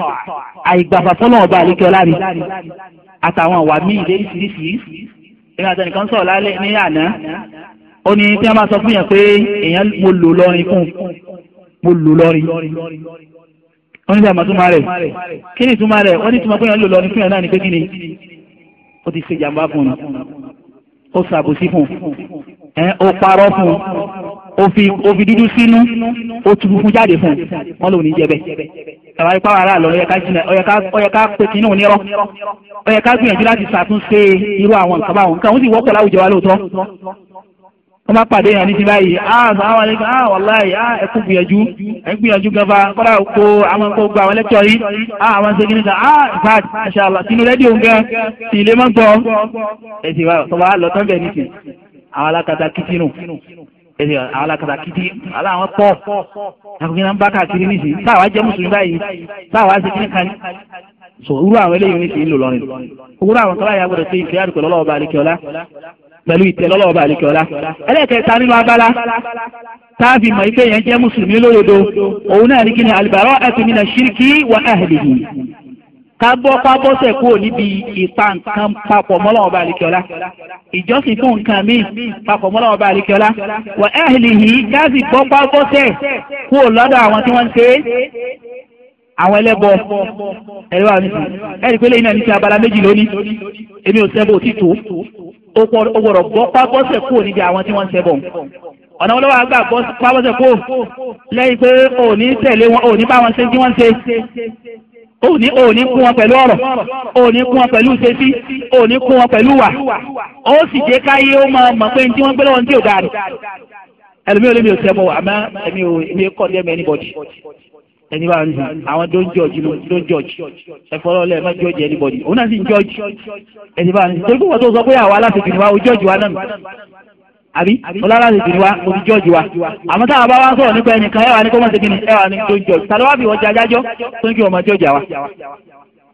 C: àìgbàfàfọ́lọ́ ọba àlékè ọlá rí àtàwọn àwà míì lóríṣiríṣi ìrìn àtẹnì kan sọ̀rọ̀ lálẹ́ ní àná ó ní tí wọ́n bá sọ fún yẹn pé èèyàn mo lò lọ́rin fún mo lò lọ́rin wọ́n ní sàmà túmọ̀ rẹ̀
B: kí ni túmọ̀ rẹ̀ wọ́n ní
C: túmọ̀ pé yẹn lò lọ ní fún náà ní pé kí ni ó ti ṣe jàmbá fún un ó ṣàbòsí fún un ẹ ó parọ́ fún un ó fi ó fi dúdú sínú ó tu funfun jáde fún un wọ́n lòun ní jẹ́ bẹ́ẹ̀ àwọn ipá wàrà lọ ọyẹ ká jìnà ọyẹ ká ọyẹ ká pé kínú nírọ́ ọyẹ ká gbìyànjú láti ṣàtúnṣe irú àwọn nǹkan báwọn nǹkan òun sì wọ́pọ̀ láwùjọ wa lóòótọ́ wọ́n bá pàdé yàn ní ti báyìí ààbò àwọn ẹlẹ́gbẹ́ àà wàláì àà ẹkú gbìyànjú ẹ gbìyànjú gàba kọ́dà kó àwọn kó gba àwọn ẹlẹ́kọ̀ọ́ yìí àà ah, àwọn ṣe gíníkà àà ìfàd àṣàlà sínú rẹ́díò gan
B: ti ilé máa ń gbọ́
C: ẹ sì wá tọ́ba lọ́tọ́ bẹ̀ nìkan àwọn alákatá kìtìnù ẹ sì àwọn alákatá kìtì aláwọn pọ̀ àkókò náà ń bá káàkiri nìsí
B: táwa jẹ́
C: so irú àwọn eléyìí nìsí ń lò lọ́rin irú àwọn kọ́lá yà gbọ́dọ̀ pé ìfẹ́ àdùkọ́ lọ́wọ́ pẹ̀lú ìtẹ́lọ́lọ́ ọba àlekẹ́ọ́lá ẹlẹ́kẹta nínú abala táàbì mọ̀ ife yẹn jẹ́ mùsùlùmí lódodo òun náà ní kíni alìbàrọ̀ ẹ̀sìn mi náà ṣíríkì wà áhìlìhì ká bọ́ ká bọ́sẹ̀ kúrò níbi ìpa nǹkan papọ̀ mọ́lọ́ ọba àlekẹ́ọ́lá ìjọsìn fún nǹkan míì papọ̀ mọ́lọ́ ọba àlekẹ́ọ́lá
B: wà áhìlìhì
C: ká sì bọ́ ká bọ́sẹ̀ kúrò lọ́dọ̀ àwọn ẹlẹ́bọ ẹ̀rọ àmì ẹ̀rí pé lẹ́yìn ní ti abala méjì lónìí èmi ò ṣẹbọ òtítọ́ ó gbọ́dọ̀ bọ́ pábọ́sẹ̀ kúrò níbi àwọn tí wọ́n ń ṣẹbọ ọ̀nà wọn lọ́wọ́ àgbà pábọ́sẹ̀ kúrò
B: lẹ́yìn pé òní tẹ̀lé wọn òní bá wọn ṣe kí wọ́n ṣe
C: òní òní kún wọn pẹ̀lú ọ̀rọ̀ òní kún wọn pẹ̀lú ṣẹ́sí òní kún wọn pẹ̀lú wà
B: ó sì jẹ́ káyé ó máa mọ̀ pé tí wọ́n gbé lọ́wọ́ ní tí ò dáa ẹlòmíràn lèmi ò ṣẹbọ àmọ́ èmi ò
C: èmi kọ́ ní ẹ̀mí ẹnibọ̀dì ẹni bá ń dùn àwọn tó ń jọ́ọ̀jì ló tó ń jọ́ọ̀jì ẹ̀fọ́lọ́ lẹ́ẹ̀ má jọ́ọ̀jì anybody òun náà sì ń jọ́ọ̀jì ẹni bá ń dùn torí pé wọ́n tó sọ pé àwa aláṣejù ni wa o jọ́ọ̀jì wa náà àbí ọlá aláṣejù ni wa o ti jọ́ọ̀jì wa àmọ́ táwa bá wá sọ̀rọ̀ nípa ẹnìkan ẹwà ní kọ́mọ̀sí kìíní ẹwà ní tó ń jọ́ọ̀jì tàbí wá fi wọ́n jẹ ajájọ́ tó ń kí wọ́n máa jọ́ọ̀jì àwa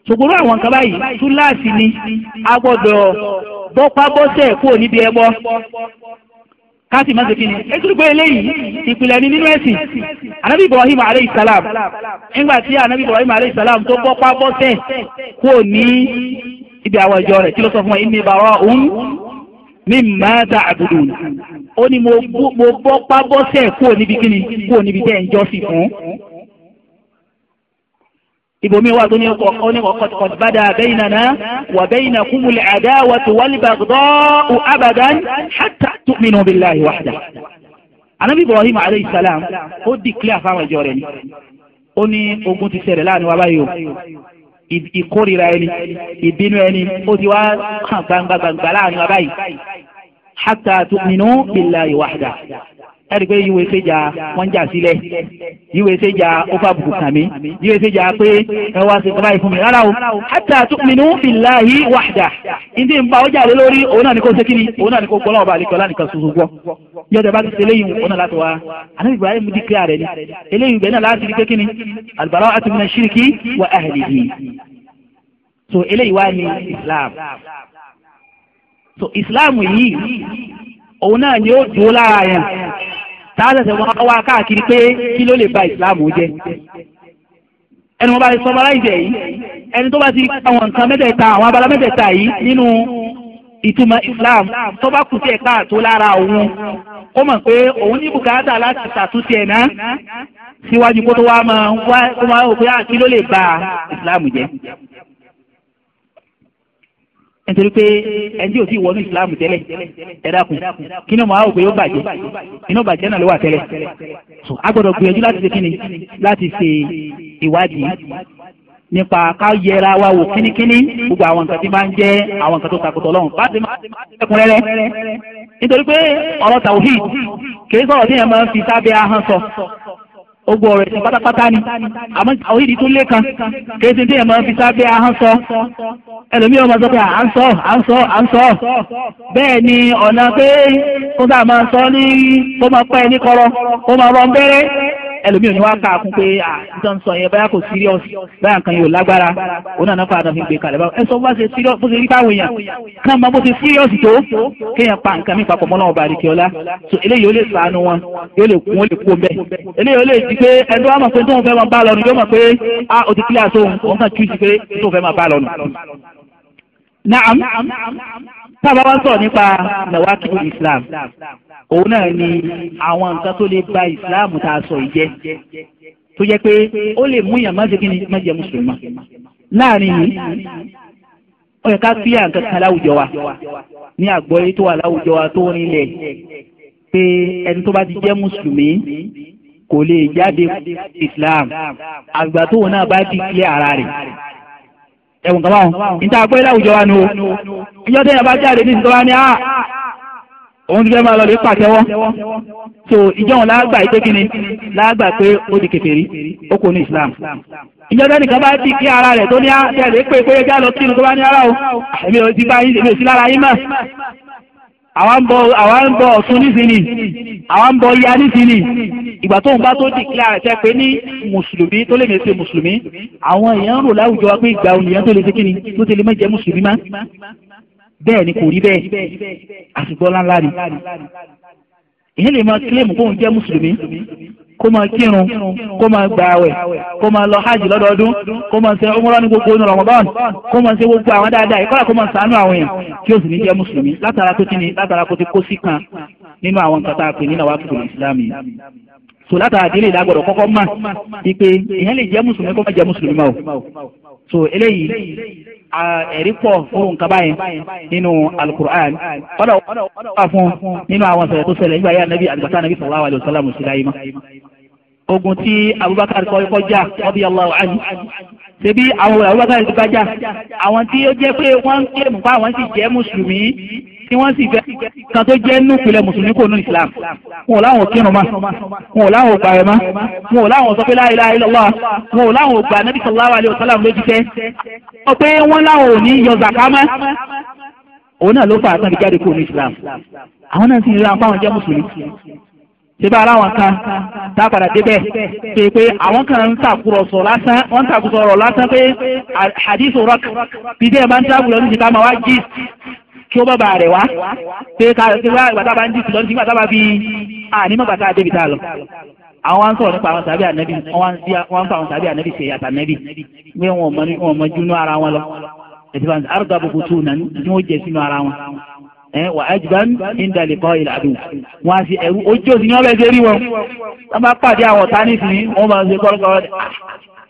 C: ṣògbóró àwọn nǹkan báyìí túláàsì ni a gbọ́dọ̀ bọ́pá bọ́sẹ̀ kúrò níbi ẹbọ káàsì máa ń ṣe kí ni ẹtùrú eléyìí ìpìlẹ̀ ni nínú ẹ̀sìn
B: anabi ibrahim aleyhi salam nígbà tí anabi ibrahim aleyhi salam tó
C: bọ́ pa bọ́sẹ̀ kú ò ní ibi àwọn ìjọ rẹ̀ kí ló sọ fún wa inni bara'un mimma ta'budun ó ní mo bọ́ pa bọ́sẹ̀ kú ò níbi kí ni kú ò níbi tẹ́ ẹ̀ ń jọ́sìn fún ibomi wa tó ní ọkọ ní ọkọ tó bada bẹ́yìnana wà bẹ́yìnà kúmùlẹ̀ àdá wà tó wálé bàgbọ́ ò abadan hàtà tó minú billahi wahda. anabi ibrahim aleyhi salam ó di clear fáwọn ìjọ rẹ̀ ni ó ogun ti ṣẹlẹ̀ láàrin wa báyìí o ìkórira ẹni
B: ìbínú ẹni ó ti wá hàn gbangbangba láàrin wa báyìí
C: hàtà tó billahi wahda ẹ̀rí pé yíwèé séjà wọ́n ń jà sílẹ̀ yíwèé séjà ó fà bùkù kàmí yíwèé séjà pé ẹ wá sí ìjọba ìfúnmi rárá o hatta tu'minu billahi wahda ìdí nǹba ó jàre lórí òun náà ni kò sékìrì òun náà ni kò gbọ́lọ́wọ́ balẹ̀ kọ́lá nìkan ṣoṣo gbọ́ yọjọ bá ti ṣe eléyìí òun náà láti wá ànábì Ibrahim di kíá rẹ ni eléyìí ibẹ̀ náà láti rí pé kíni al-bara'atu min ash-shirki wa ahlihi so eléyìí wá ní Islam so Islam yìí òun náà ni ó dúró lára yẹn tààtẹ̀sẹ̀ wọn wá káàkiri pé kí ló lè ba ìsìláàmù jẹ́ ẹni wọn bá ti sọmọ láì jẹ yìí ẹni tó bá ti àwọn nǹkan mẹ́tẹ̀ẹ̀ta àwọn abala mẹ́tẹ̀ẹ̀ta yìí nínú ìtumọ̀ islam tó bá kù sí ẹ̀ka àtó lára òun ó mọ̀ pé òun ní bùkátà láti ṣàtúnṣe ẹ̀ náà síwájú kó tó wá máa wá kó máa wò pé àti ah, ló lè ba ìsìláàmù jẹ́ nítorí pé ẹni ò tí wọnú ìsìláàmù tẹ́lẹ̀ ẹ̀dàkùn
B: kí ni mo àwọn òpè yóò bàjẹ́ iná bàjẹ́ náà ló wà tẹ́lẹ̀
C: a gbọ́dọ̀ gbìyànjú láti ṣe kíni láti ṣe ìwádìí nípa ká yẹra wa wò kínníkínní gbogbo àwọn nǹkan tí máa ń jẹ́ àwọn nǹkan tó takùtọ̀ lọ́hùn bá ti máa ń
B: ẹkùnrẹ́rẹ́ nítorí pé ọ̀rọ̀ tàwíì kì í sọ̀rọ̀ tí yẹn máa ń fi sábẹ́ ahọ́n sọ
C: ogbó ọ̀rọ̀ ẹ̀sìn pátápátá ni àmọ́ òyìnbí tó lé kan
B: kéde tí èèyàn fi ahọ́n sọ ẹlòmíì ọmọ sọ pé à ń sọ à ń sọ à ń sọ
C: bẹ́ẹ̀ ni ọ̀nà pé kó sáà ẹlòmíì ni wá ká kún pé àtúntàn sọ yẹn báyà kò serious báyà kan yóò lágbára òun náà fàdà fi gbé kalẹ̀ báwo ẹ sọ bó ṣe serious bó ṣe rí káwọn èèyàn ká máa bó ṣe serious tó kéèyàn pa nǹkan mi papọ̀ mọ́ náà ọba àdìkíọ́lá so eléyìí ó lè sànù wọn yóò lè kún ó lè kú ọbẹ̀ eléyìí ó lè di pé ẹni wàá mọ̀ pé tóun fẹ́ máa bá lọ́nu yóò mọ̀ pé a ò ti kílẹ̀ àtòun òun kàn tú tábà wá sọ nípa nàwákìlì islam òun náà ni àwọn nǹkan tó lè ba islam tá a sọ ìjẹ tó jẹ pé ó lè mú yàn má jẹ kí ni má jẹ mùsùlùmá láàrin yìí ó yẹ ká fíyà nǹkan kan láwùjọ wa
B: ní àgbọ́yé tó wà láwùjọ wa tó rinlẹ̀
C: pé ẹni tó bá ti jẹ́ mùsùlùmí kò lè jáde
B: islam àgbà tóun náà bá ti kílẹ̀ ara rẹ̀
C: ẹ̀wọ̀n kan báwọn níta àgbẹ̀ láwùjọ wa nù o
B: ìjọ tẹ̀yìn bá jáde ní ìsìnkú wa ní a ah,
C: òun ti fẹ́ máa lọ pàtẹ́wọ́ so ìjọ òun láàgbà yìí pé kí pé ó di kèfèrí ó kò ní Islam ìjọ tẹ̀yìn kan bá ti kí ara rẹ̀ tó ní ah, a tẹ̀lé pé pé já lọ kírun tó bá ní ara o ah, èmi ò ti bá yín èmi ò sí lára yín mọ́ àwa ń bọ àwa ń bọ ọ̀tún nísìnyí àwa ń bọ ya nísìnyí ìgbà tóun bá tó dìkílára tẹ pé ní mùsùlùmí tó lè mèsè mùsùlùmí àwọn èèyàn ń rò láwùjọ wa pé ìgbà òun nìyẹn tó lè ṣe kíni tó ti lè má jẹ mùsùlùmí má
B: bẹ́ẹ̀ ni kò rí bẹ́ẹ̀
C: àsìgbọ́n ńláńlá ni èyí lè máa kílèmù kóun jẹ́ mùsùlùmí kó máa kírun
B: kó máa gbààwẹ̀ kó máa lọ hajj lọ́dọọdún kó
C: máa ṣe umrah ní gbogbo ọdún ramadan kó máa ṣe gbogbo àwọn dáadáa ìkọ́lá kó máa ṣàánú àwọn èèyàn kí o sì ní jẹ́ mùsùlùmí látara tó ti ní látara kó ti kó sí kan nínú àwọn nǹkan tá a pè nínú àwọn akẹ́kọ̀ọ́ ìsìlámù yìí so látara délé ìdágbọ̀dọ̀ kọ́kọ́ mà
B: ipe ìyẹn lè jẹ́ mùsùlùmí kó má jẹ́ mùsùlùmí mọ́
C: o so eléyìí ẹ̀rí pọ̀ fún nǹkan báyìí
B: nínú alukur'an ọ̀dọ̀ wà fún nínú
C: àwọn sọ̀rọ̀ tó ṣẹlẹ̀ nígbà yá nàbí àgbàtà nàbí sallallahu alaihi wasallam síláyé mọ́ ogun tí abubakar kọ́kọ́ jà ọbí allahu anhu ṣebí àwọn abubakar ti bá jà àwọn tí ó jẹ́ pé wọ́n ń kílèmù pa àwọn sì jẹ́ mùsùlùmí tí wọ́n sì fẹ́ kan tó jẹ́ nùpìlẹ̀ mùsùlùmí kò nù islam wọn ò láwọn ò kírun ma wọn ò láwọn ò ma wọn ò láwọn ò sọ pé la wọn ò láwọn ò gbà nabi sallallahu alaihi wasallam lójú tẹ́ ọ pé wọ́n láwọn ò ní yọ zakama òun náà ló fà á tán jáde kó nù islam àwọn náà sì ń ra apá ṣebí aláwọn kan
B: tá a padà débẹ̀ pé pé àwọn kan
C: ń tàkùrọ̀sọ lásán wọ́n ń tàkùrọ̀sọ lásán pé hadith rock
B: bídẹ́ ẹ̀ máa ń tàkùrọ̀ ní ti ká máa wá gist
C: kí ó bá ba rẹ̀ wá
B: pé ká ṣe wá ìgbà tá a bá ń dìtì
C: lọ́nà ìgbà tá a bá àní mọ̀gbà tá a débi tá a lọ. àwọn wá ń sọ̀rọ̀ nípa àwọn sàbí ànábì wọ́n ń fa àwọn sàbí ànábì ṣe yàtà ànábì pé wọ́n mọ júnú ara wọn lọ. ẹ̀sìn bá ń sọ àrùdàbò kò tó nà ní wọ́n jẹ sínú ara wọn wà ajiban indalekọ ìlàdù wọn àti ẹrú ojú òsì ni wọn bẹẹ ṣe rí wọn
B: wọn bá pàdé àwọn ọ̀tá nísìnyí wọn máa ṣe kọ́lọ́kọ́lọ́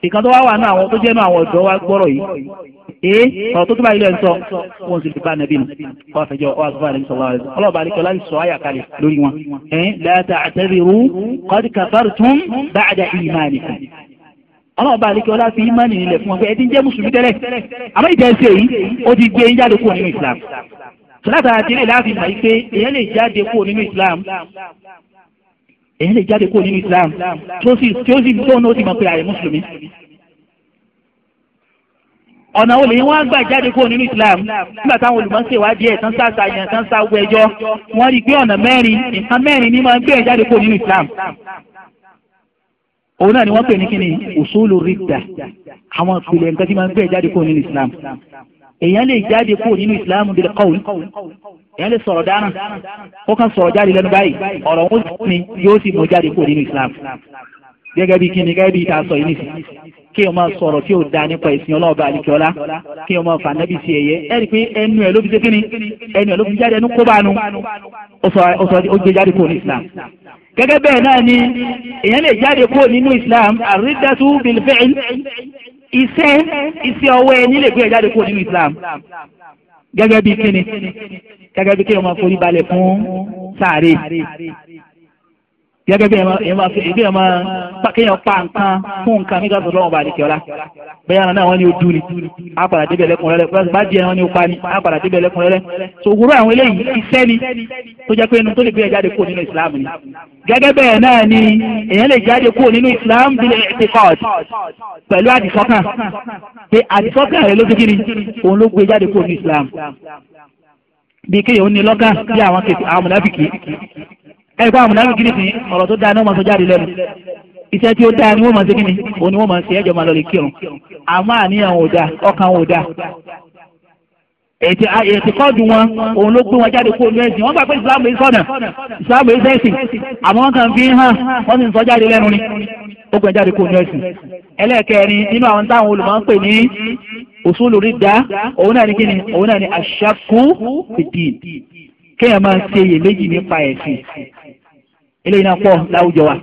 C: ìkan tó wá wà náà àwọn tó jẹ́ náà àwọn ọ̀dọ́ wa gbọ́rọ̀ yìí ee ọ̀rọ̀ tó tó bá ilé ń sọ wọn sì lè bá nàbí nù wọn àfẹjọ wọn àti fúnra sọlá rẹ ọlọ́ọ̀bá àríkọ láti sọ àyà kalẹ̀ lórí wọn ẹ̀ẹ́n láta àtẹ́rìrú kọ́dí kàfàrù tún báàdà ìmáàlì kan nílẹ̀ fún wọn pé ẹ ti ń jẹ́ mùsùlùmí tẹ́lẹ̀ àmọ́ ìtẹ́sẹ̀ yìí ó ti gbé yín jáde kúrò nínú ìsìlámù sọláta àdílé láàfin mọ̀ yìí pé èyàn lè jáde kúrò nínú Islam èyàn lè jáde kúrò nínú Islam tí ó sì tí ó sì tóun náà ó sì mọ̀ pé ààrẹ mùsùlùmí ọ̀nà olè yín wọ́n á gbà jáde kúrò nínú Islam nígbà táwọn olùmọ̀ọ́sẹ̀ wá díẹ̀ tán sáà sàyàn tán sáà wọ ẹjọ́ wọ́n rí i pé ọ̀nà mẹ́rin nǹkan mẹ́rin ní máa ń gbé jáde kúrò nínú Islam òun náà ni wọ́n pè ní kíni usulu ridda àwọn ìpìlẹ̀ nǹkan tí máa ń gbé jáde kúrò nínú Islam èèyàn lè jáde kúrò nínú ìsìlámù bil qawl èèyàn lè sọ̀rọ̀ dáná ó kàn sọ̀rọ̀ jáde lẹ́nu báyìí ọ̀rọ̀ òun ni yóò sì mọ jáde kúrò nínú ìsìlámù gẹ́gẹ́ bí kíni gẹ́gẹ́ bí ìta sọ yìí nìsí kí o máa sọ̀rọ̀ tí o da nípa ìsìn ọlọ́ọ̀bá àlìkíọ́lá kí o máa fànábì sí ẹ̀yẹ ẹ̀rí pé ẹnu ẹ̀ ló fi ṣe kíni ẹnu ẹ̀ ló fi jáde ẹnu kó bá nu ó gbé jáde kúrò ní Islam. gẹ́gẹ́ bẹ́ẹ̀ náà ni èèyàn lè jáde kúrò nínú Islam àrídàtú bil iṣẹ́ iṣẹ́ ọwọ́ ẹni lè gbé ẹ jáde kúrò nínú Islam
B: gẹ́gẹ́ bí kíni
C: gẹ́gẹ́ bí kíni ọmọ forí balẹ̀ fún sáré gẹ́gẹ́ bí ẹ máa kéèyàn pa nǹkan fún nǹkan nígbà tó lọ́wọ́ bá di kíọ́lá bẹ́ẹ̀ yàrá náà wọ́n ní o dùn ni a padà débẹ̀ lẹ́kùn rẹ́rẹ́ bá jẹ́ wọ́n ní o pa ni a padà débẹ̀ lẹ́kùn rẹ́rẹ́ tó wúrọ̀ àwọn eléyìí iṣẹ́ ni tó jẹ́ pé inú tó lè gbé jáde kúrò nínú Islam ni gẹ́gẹ́ bẹ́ẹ̀ náà ni èèyàn lè jáde kúrò nínú Islam bí lè ti kọ́
B: pẹ̀lú àdìsọ́kàn pé àdìsọ́kàn rẹ̀ ló fi kiri òun ló gbé e jáde kúrò nínú Islam
C: bí kéèyàn ó ní lọ́kàn bí àwọn kèsì ẹ̀kọ́ àwọn mùnàfíkì ní sìn ọ̀rọ̀ tó dáa ni wọ́n máa sọ jáde lẹ́nu
B: iṣẹ́ tí ó dáa ni wọ́n máa ṣe kíni
C: òun ni wọ́n máa ṣe ẹ̀jọ̀ máa lọ lè kírun àmọ́ àníyàn ò dáa ọkàn ò dáa ètò ètòkọ́dù wọn òun ló gbé wọn jáde kó lu ẹ̀sìn wọ́n gbà pé ìsìláàmù yìí sọ̀nà ìsìláàmù yìí sẹ́sìn
B: àmọ́ wọn kàn fi ń hàn wọ́n sì ń sọ jáde lẹ́nu ni
C: ó gbé jáde kó lu ẹ̀sìn. ẹlẹ́ẹ̀kẹrin nínú àwọn táwọn olùmọ̀ ń pè ní òṣùlù rí dá òun náà ní kíni òun náà ní àṣàkú fìdí kéèyàn máa ṣe iyèméjì nípa ẹ̀sìn eléyìí náà pọ̀ láwùjọ wa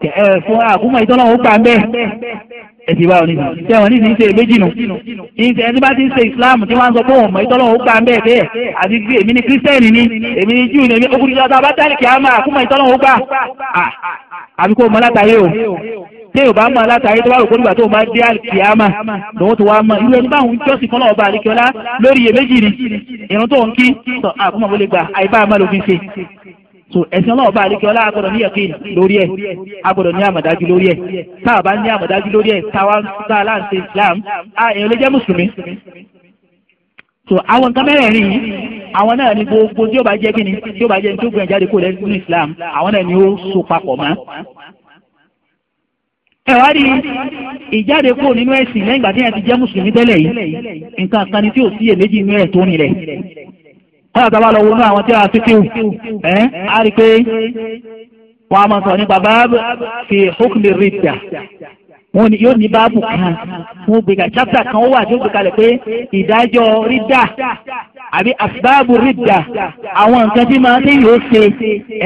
C: ẹ fún àkúmọ̀ ìtọ́nà ó gbà ń bẹ́ẹ̀ ẹ̀sìn ìbára oníṣẹ́ tẹ̀wọ̀n ní ìṣe méjì nù ìṣe ẹni bá ti ń ṣe Islam tí wọ́n á sọ pé òun mọ̀ ìtọ́nà ó gbà ń bẹ́ẹ̀ bẹ́ẹ̀ àti pé èmi ni kírísítẹ́nì ni èmi ni júù ni èmi okùnrin ìjọba abátálì kìá máa àkúmọ̀ ìtọ́nà ó gbà
B: àbí kó mọ látàyè o
C: tí yóò bá mọ látàyè tó bá rò kódùgbà tó máa dé àkìyàmà lòun tó wá mọ irú ẹni báwọn jọ́sìn fọlọ́ ọba àlekíọ́lá lórí iyèméjì ni ìrún tó ń kí àkúmọ̀ wọlé gbà àìbá àmàlòfin ṣe so ẹ̀sìn ọlọ́wọ́ bá àlékè ọlá agbọ́dọ̀ ní yẹ̀kín lórí ẹ̀ agbọ́dọ̀ ní àmọ̀dájú lórí ẹ̀ táwa bá ní àmọ̀dájú lórí ẹ̀ táwa ń sá aláǹtẹ̀ Islam a èèyàn lè jẹ́ mùsùlùmí so àwọn nǹkan mẹ́rẹ̀ẹ̀rin yìí àwọn náà ni gbogbo tí ó bá jẹ́ kíni tí ó bá jẹ́ tó gbìyànjú àdékò lẹ́sìn ní Islam àwọn náà ni ó so papọ̀ mọ́ ẹ̀wá rí
B: ìjáde kúrò nínú ẹ̀sìn lẹ́yìn ìgbà tí yẹn ti jẹ́ mùsùlùmí tẹ́lẹ̀ yìí
C: nǹkan kan ni tí ò kọ́lá tá a bá lọ wọnú àwọn tí a fi kíw ẹ́ á rí i pé wọ́n á máa sọ nípa báàbù fi hukmi ridda wọ́n ní yóò ní báàbù kan
B: wọ́n gbé ka chapter kan ó wà tí ó gbé kalẹ̀ pé ìdájọ́ ridda
C: àbí asbáàbù ridda àwọn nǹkan tí máa ń tẹ̀yìn ṣe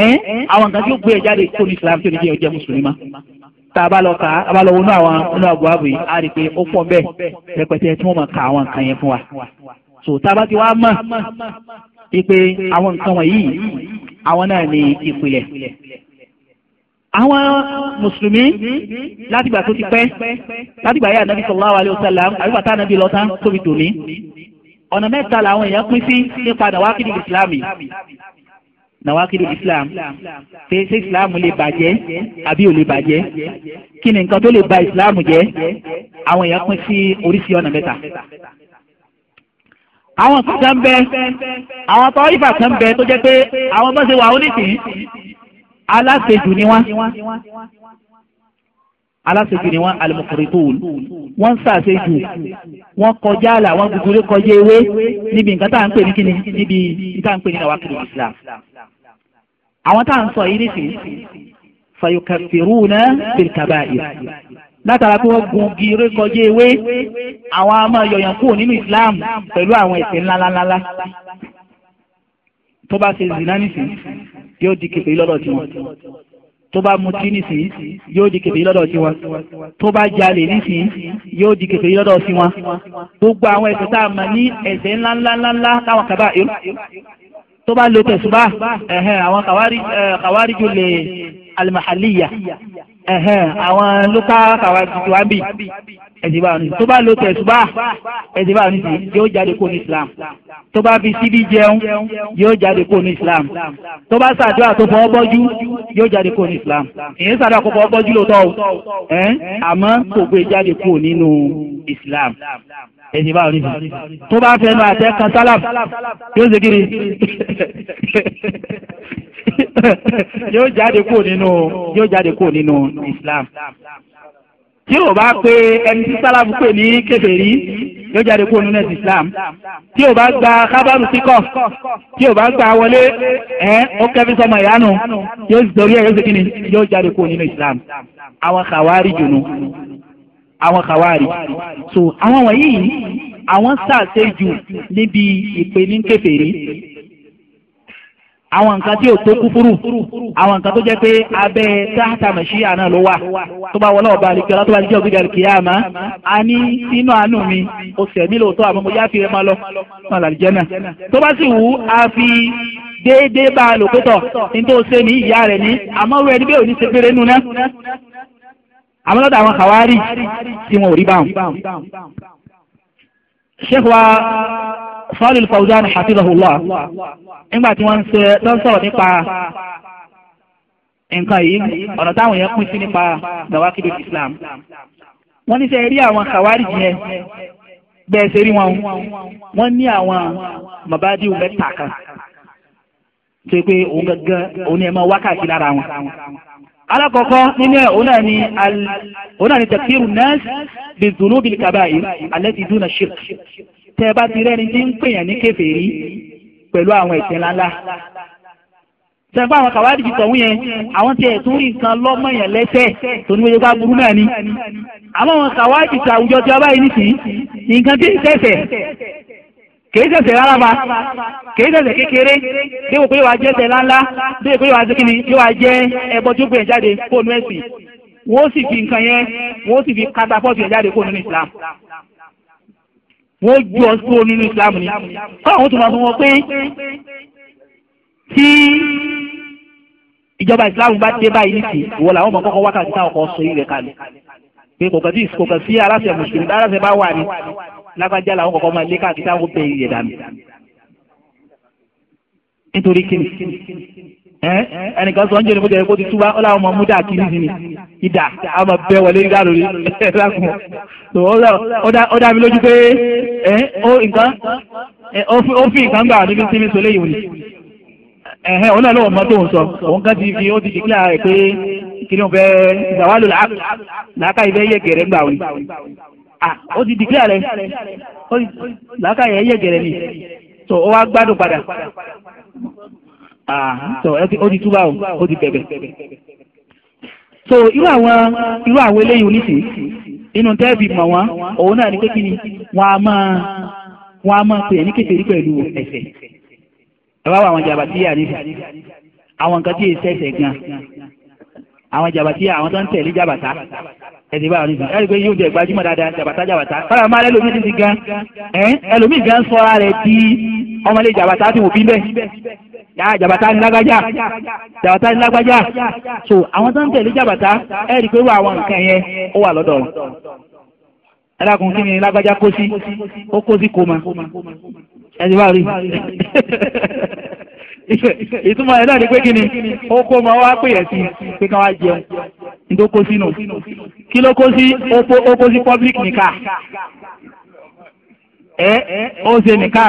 C: ẹ́ àwọn nǹkan tí ó gbé jáde kó ní Islam tó ní jẹ́ ọjọ́ mùsùlùmí ma tá a bá lọ kà á bá lọ wọnú àwọn nínú àbúrò yìí á rí pé ó pọ̀ bẹ́ẹ̀ rẹpẹtẹ tí wọ́n máa ka àwọn nǹkan yẹn fún wa so tá a bá ti wá mọ̀ wípé àwọn nǹkan wọ̀nyí àwọn náà ní ìpìlẹ̀ àwọn mùsùlùmí látìgbà tó ti pẹ́ látìgbà yà nàbí sallallahu alayhi wa sallam àyùbá tá nàbí lọ́tà tóbi tòmí ọ̀nà mẹ́ta làwọn èèyàn pín sí nípa nàwákìlì ìsìlámì nàwákìlì islam ṣe ṣe islam lè bàjẹ́ àbí ò lè bàjẹ́
B: kí ni nǹkan tó lè ba islam jẹ́
C: àwọn èèyàn pín sí oríṣi ọ̀nà mẹ́ta àwọn kankan bẹ àwọn tọ́ ìfà kan bẹ tó jẹ́ pé àwọn bá ṣe wà oníṣìí
B: aláṣejù ni wọ́n
C: aláṣejù ni wọ́n alimokorotool wọ́n ṣàṣejù wọ́n kọjá àlà wọ́n gbogbole kọjá ewé níbi nǹkan tá à ń pè ní kíni níbi nǹkan tá à ń pè ní àwákìlì islam àwọn tá à ń sọ yìí nìṣí fayokafiruna bilkaba'ir látara pé wọ́n gun igi rékọjá ewé àwọn a máa yọ̀yàn kúrò nínú Islam pẹ̀lú àwọn ẹ̀ṣẹ̀ ńláńláńlá tó bá ṣe zina nísìnyí yóò di kèfèrí lọ́dọ̀ tiwọn tó bá mutí nísìnyí yóò di kèfèrí lọ́dọ̀ tiwọn tó bá jalè nísìnyí yóò di kèfèrí lọ́dọ̀ tiwọn gbogbo àwọn ẹ̀ṣẹ̀ tá a mọ̀ ní ẹ̀ṣẹ̀ ńláńláńláńlá táwọn kaba èrò tó bá lo tẹ̀sùbá àwọn kàwárí ju le alimahaliya àwọn local kawajiju wa bi ẹ̀dì bá ní tó bá lo tẹ̀sùbá ẹ̀dì bá ní yóò jáde kó ní islam tó bá fi síbí jẹun yóò jáde kó ní islam tó bá ṣàdúrà tó fọwọ́ bọ́jú yóò jáde kó ní islam ìyẹn ṣàdúrà kó fọwọ́ bọ́jú lóòótọ́
B: o àmọ́ kò gbé jáde kó nínú islam
C: ẹ̀sìn bá rí mi tó bá fẹnu àtẹ kan sálàf yóò ṣe kiri yóò jáde kúrò nínú yóò jáde kúrò nínú Islam tí o bá pe ẹni tí sálàfù pè ní kèfèrí yóò jáde kúrò nínú ẹ̀sìn Islam
B: tí o bá gba kábàrù síkọ̀ tí o bá gba wọlé
C: ẹ ó kẹfí sọmọ ìyanu yóò sọrí ẹ yóò ṣe kiri yóò jáde kúrò nínú Islam àwọn kàwárí jùlọ àwọn kàwárì so àwọn wọ̀nyí àwọn sàṣe jù níbi ìpè ní kèfèrí àwọn nǹkan tí ò tó kúfúrú àwọn nǹkan tó jẹ́ pé abẹ́ táàtà mẹ̀ṣíà náà ló wà tó bá wọlé ọba àlìkẹ́ ọlá tó bá jẹ́ ògbéga àlìkẹ́ àmọ́ a ní sínú àánú mi o sẹ̀mí lóòótọ́ àmọ́ mo yá fi ẹ máa lọ náà làlìjẹ́ náà tó bá sì wù ú a fi déédéé bá a lò pé tọ̀ ní tó ṣe ní ìyá rẹ̀ ní àmọ́ rẹ̀ níbẹ̀ ò ṣe péré nù náà àmọ́ lọ́dọ̀ àwọn kàwárí tí wọn ò rí báwọn. sheikh wa Salih Al-Fawzan hafizahullah nígbà tí wọ́n ń ṣe tó ń sọ̀rọ̀ nípa nǹkan yìí ọ̀nà táwọn èèyàn pín sí nípa dawakidul Islam wọ́n ní sẹ́ rí àwọn kàwárí yẹn bẹ́ẹ̀ ṣe rí wọn wọ́n ní àwọn
B: mabadiu mẹ́ta kan
C: ṣe pé òun gangan òun ni ẹ̀ máa wákàtí lára wọn alákọ̀ọ́kọ́ nínú ẹ̀ òun náà ni tẹ̀kírù nas bi dhunubil kaba'ir allati duna shirk tẹ́ bá ti rẹ́ni tí ń pèèyàn ní kèfèrí pẹ̀lú àwọn ẹ̀ṣẹ̀ ńláńlá sẹ́gbà àwọn kàwáàdì ti tọ̀hún yẹn àwọn tiẹ̀ tó rí nǹkan lọ́mọ yẹn lẹ́sẹ̀ tó ní wọ́n burú náà ni àwọn kàwáàdì ti àwùjọ ti ọba yìí nìsín tí ń tẹ̀sẹ̀ kìí ṣẹ̀ṣẹ̀ rárá ba
B: kìí ṣẹ̀ṣẹ̀ kékeré déwò pé wàá jẹ́ ẹ̀ṣẹ̀ ńláńlá déwò pé wàá jẹ́ kíni wàá jẹ́ ẹbọ tó gbé jáde fóònù ẹ̀sìn
C: wọ́n sì fi nǹkan yẹn wọ́n sì fi katapọ́ọ̀tì yẹn jáde fóònù ní Islam wọ́n ju ọ fóònù ní Islam ni
B: kọ́ tó máa fún wọn pé
C: tí ìjọba Islam bá dé báyìí nìsí ìwọ làwọn ọmọ kọ́kọ́ wákàtí táwọn kọ́ sọ yìí kalẹ̀ pé kò kàn sí kò kàn sí aláṣẹ mùsùlùmí aláṣẹ bá wà ní lágbájá làwọn kọ̀ọ̀kan máa lé káàkiri táwọn bẹ ìyẹ̀ dànù nítorí kíni ẹnìkan sọ ń jẹ́ nípa ìjẹ́kó ti túbá ó láwọn ọmọ múdà kìíní sí ni ìdà á máa bẹ́ wọlé nígbà lórí ẹ̀ẹ́dàkùn
B: tó ó dá mi lójú pé ẹ ó nǹkan ó fi nǹkan gbà níbi tí mi sọ léyìn òní
C: ẹ̀hẹ́ òun náà lọ́wọ́ mọ́ tó ń sọ òun kan ti fi ó ti dìklà rẹ̀ pé kìnìún ọ̀fẹ́ ìgbàwálò
B: làákà ìfẹ́ yẹ gẹ̀rẹ́ gbà wí.
C: ó ti dìgbà rẹ̀ làákà yẹ yẹ gẹ̀rẹ́ mi tó ó wá gbádùn padà. tó ó ti túbà o ó ah, ti bẹ̀bẹ̀. so irú àwọn irú àwọn eléyìí oníṣìí
B: inú tẹ́ẹ̀bì mọ̀ wọ́n òun náà ní pé kí
C: ni wọ́n á máa wọ́n á máa pè é e ní kékeré pẹ̀lú ẹ̀ṣẹ̀ ẹ e wá wọ àwọn jàbàtì yà nífẹ̀ẹ́ àwọn nǹkan tí èsì e ẹ̀ṣẹ̀ gan-an àwọn jàbàtí àwọn tó ń tẹ̀lé jàbàtà ẹ̀sìn báwọn nìyí ẹ̀rí pé yóò jẹ́ gbajúmọ̀ dáadáa jàbàtà jàbàtà fọlá máa lẹ́lòmíì ti ti gan ẹ̀ ẹlòmíì gan sọ́ra rẹ̀ di ọmọlé jàbàtà ti wò bí bẹ́ẹ̀ yà jàbàtà ni lágbájá
B: jàbàtà ni lágbájá so
C: àwọn tó ń tẹ̀lé jàbàtà ẹ̀rí pé wọ́n àwọn nǹkan yẹn ó wà lọ́dọ̀ ẹlẹ́kùn kí ni lágbájá kó sí ó kó sí kó ma ẹ̀sìn báwọn nìyí <laughs> ituma ẹ̀ náà ni pé kí ni ó kó ọmọ wa pè yẹn sí pé ká wá jẹun ní kó sínú
B: kí ló kó sí ó kó sí public nìka
C: ẹ ó ṣe nìka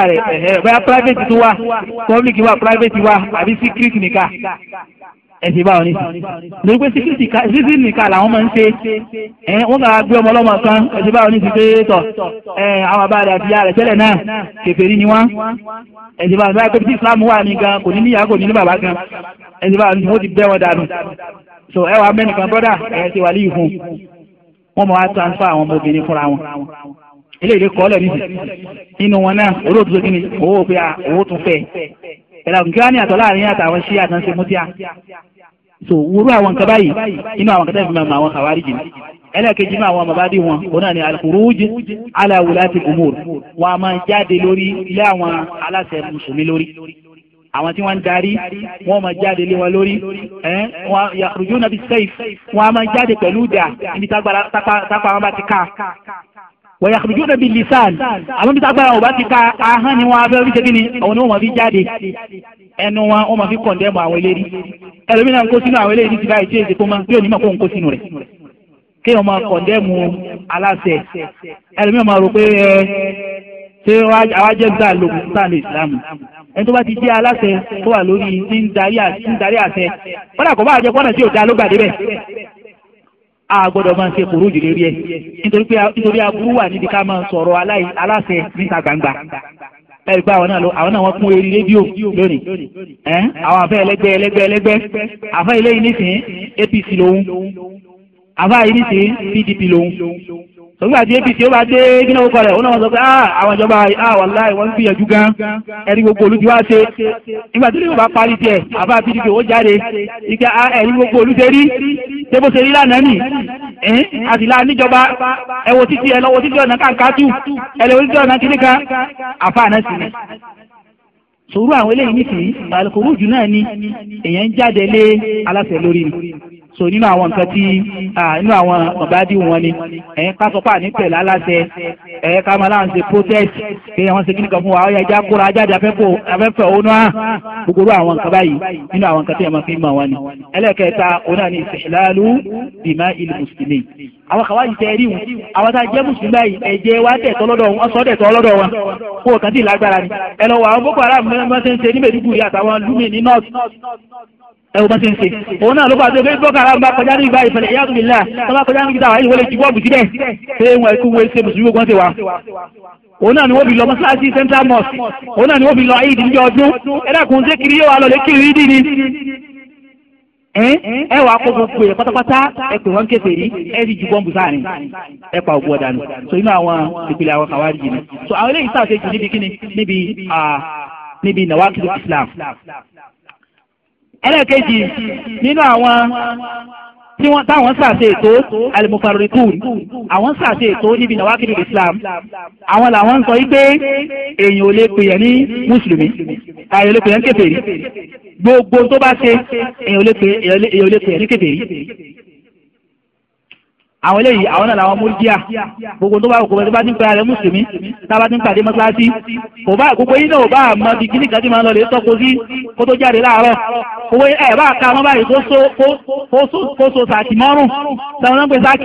C: rẹ private tó wà public wà private wà àbí secret nìka. ẹ̀sìn báwọn ní sùn lórí pé sísì nìkan làwọn máa ń ṣe ẹ wọn kà gbé ọmọ ọlọ́mọ kan ẹ̀sìn báwọn ní sùn pé tọ̀ ẹ àwọn abáàdà àti ìyá rẹ̀ tẹ́lẹ̀ náà kèfèrí ni wọ́n ẹ̀sìn báwọn báyìí pé bí Islam wà ní gan kò ní níyàá kò ní ní bàbá gan ẹ̀sìn báwọn ní sùn wọ́n ti bẹ́ wọn dànù so ẹ wà mẹ́nìkan brọ́dà ẹ̀ ti wà líyìí fún wọn mọ̀ wá transfer àwọn ọmọbìnrin fúnra wọn ilé ìdè kọ́lẹ̀ nísìsiyìí nínú wọn náà olóòtú kí ni owó pé ah, owó tún fẹ́ ẹ̀ làwọn kí wọ́n ní àtọ̀ láàrin àtàwọn ṣí àtàwọn ṣe mú tíà so wúrú àwọn nǹkan báyìí
B: inú àwọn kẹtẹ́ ìfimọ̀
C: àwọn kàwáríjì ni ẹlẹ́ẹ̀kejì inú àwọn mọ̀bádì wọn òun ni alkuruj ala wulati umur wọn a máa jáde lórí ilé àwọn aláṣẹ mùsùlùmí lórí àwọn tí wọ́n ń darí wọ́n máa jáde lé wọn lórí ẹ́n wọ́n yàrùjú nàbí sẹ́yìn wọ́n a máa jáde pẹ̀lú ìdà níbi tápá wọn bá ti ká wọ́n yàtọ̀ yóò dẹ̀bi lisan
B: àwọn bí tágbára ọba ti ka ahọ́n ni wọ́n abẹ́ orí ṣe kíni àwọn ni wọ́n máa fi jáde
C: ẹnu wọn wọ́n máa fi kọ̀ndẹ́mù àwọn eléyìí ẹlòmínà ń kó sínú àwọn eléyìí ti báyìí tí èsì kó máa bí onímọ̀ kó ń kó sínú rẹ̀ kéèyàn máa kọ̀ndẹ́mù aláṣẹ ẹlòmínà máa rò pé ẹ ṣé àwa jẹ́ gbà lòkùn sáà ní ìsìlámù ẹni tó bá ti jẹ́ aláṣẹ tó wà lórí ń darí àṣẹ kọ́dà kò bá àjẹpọ́nà tí a gbọ́dọ̀ máa ṣe kúrú jùlọ rí ẹ nítorí pé nítorí aburú wà níbi ká máa sọ̀rọ̀ aláṣẹ níta gbangba ẹ̀rí pé àwọn náà àwọn náà wọ́n kún eré rédíò lónìí ẹ̀ àwọn afẹ́ ẹlẹ́gbẹ́ ẹlẹ́gbẹ́ ẹlẹ́gbẹ́ afẹ́ ilé yìí nísìnyí APC lòun afẹ́ yìí nísìnyí PDP lòun sọgbà tí apc ó bá dé kíni orúkọ ó náà sọ pé ah, àwọn ìjọba ah, wàláì wọ́n ń gbìyànjú gan ẹni gbogbo ti wá nígbà tí bá parí tiẹ̀ àbá pdp ó jáde ike ah, ẹni gbogbo olú rí ṣe rí lánàá nì níjọba títí ẹ títí ọ̀nà títí ọ̀nà kíní kan sí ni sòrú àwọn eléyìí jù náà ni èèyàn ń jáde lé aláṣẹ lórí so nínú àwọn nǹkan tí nínú àwọn ọ̀bádì wọn ni ẹ̀yìn ká sọ pé àní pẹ̀lú aláṣẹ ẹ̀yìn ká máa láǹṣe protest pé àwọn ṣe kíníkan fún wa ọ̀yà ìjà kóra ajáde afẹ́fẹ́ òun náà
B: gbogbo àwọn nǹkan báyìí nínú
C: àwọn nǹkan tí ẹ̀ máa fi mọ̀ wọn ni ẹlẹ́kẹ̀ẹ́ta òun náà ni ìṣẹ̀lálú bìmá ìlú mùsùlùmí àwọn kàwá yìí tẹ́ rí wọn àwọn tá a jẹ́ mùsùlùmí báyìí ẹ̀jẹ̀ wa tẹ̀tọ́ lọ́dọ̀ wọn sọ tẹ̀tọ́ lọ́dọ̀ wọn
B: kó o kàn sí ìlágbára ni ẹ
C: lọ wọ àwọn boko haram mẹ́rin mọ́sẹ̀ ń ṣe àtàwọn lumi ní north ẹ̀wù bá ṣe ń ṣe òun náà ló bá ṣe pé bọ́kà ara ń bá kọjá ní ìgbà ìfẹ̀lẹ̀ ìyá tó lè là tó bá kọjá ní ìgbà àwọn ìwọlé jùbọ́ bù síbẹ̀ pé wọn ẹ̀kú wọn ṣe mùsùlùmí ogun ṣe wá. òun náà ni wọ́n fi lọ mọ́ṣáláṣí central mosque òun náà ni wọ́n fi lọ ayé ìdíjọ ọdún ẹ̀dàkùn ṣé kiri yóò wá lọ lé kiri yìí ni ẹ wàá kó gbogbo yẹn pátápátá ẹ pè wọn kéfè rí ẹ rí ju bọ́ǹbù sáàrin ẹ pa ògbó ọ̀dà nù so inú àwọn ìpìlẹ̀ àwọn kàwárí yìí ni so àwọn eléyìí sàṣejù níbi kíni níbi níbi nàwákìlì Islam ẹlẹ́ẹ̀kejì nínú àwọn
B: tí wọ́n táwọn sàṣe ètò
C: alimufarikun àwọn sàṣe ètò níbi nàwákìlì islam àwọn làwọn ń sọ yí pé èèyàn ò lè pèyàn ní mùsùlùmí èèyàn ò lè pèyàn ní kèfèrí gbogbo tó bá ṣe èèyàn ò lè pèyàn ní kèfèrí àwọn eléyìí àwọn náà làwọn múrídíà gbogbo tó bá kò bá tó bá ti ń pẹ́ ààrẹ mùsùlùmí tá a bá ti ń pàdé mọ́sálásí kò bá gbogbo yín náà ò bá mọ bí kíní kan tí máa ń lọ lè tọ́kọ sí kó tó jáde láàárọ̀ owó ẹ̀ bá ka mọ́ báyìí kó so sàkì mọ́rùn-ún táwọn náà ń pè sàkì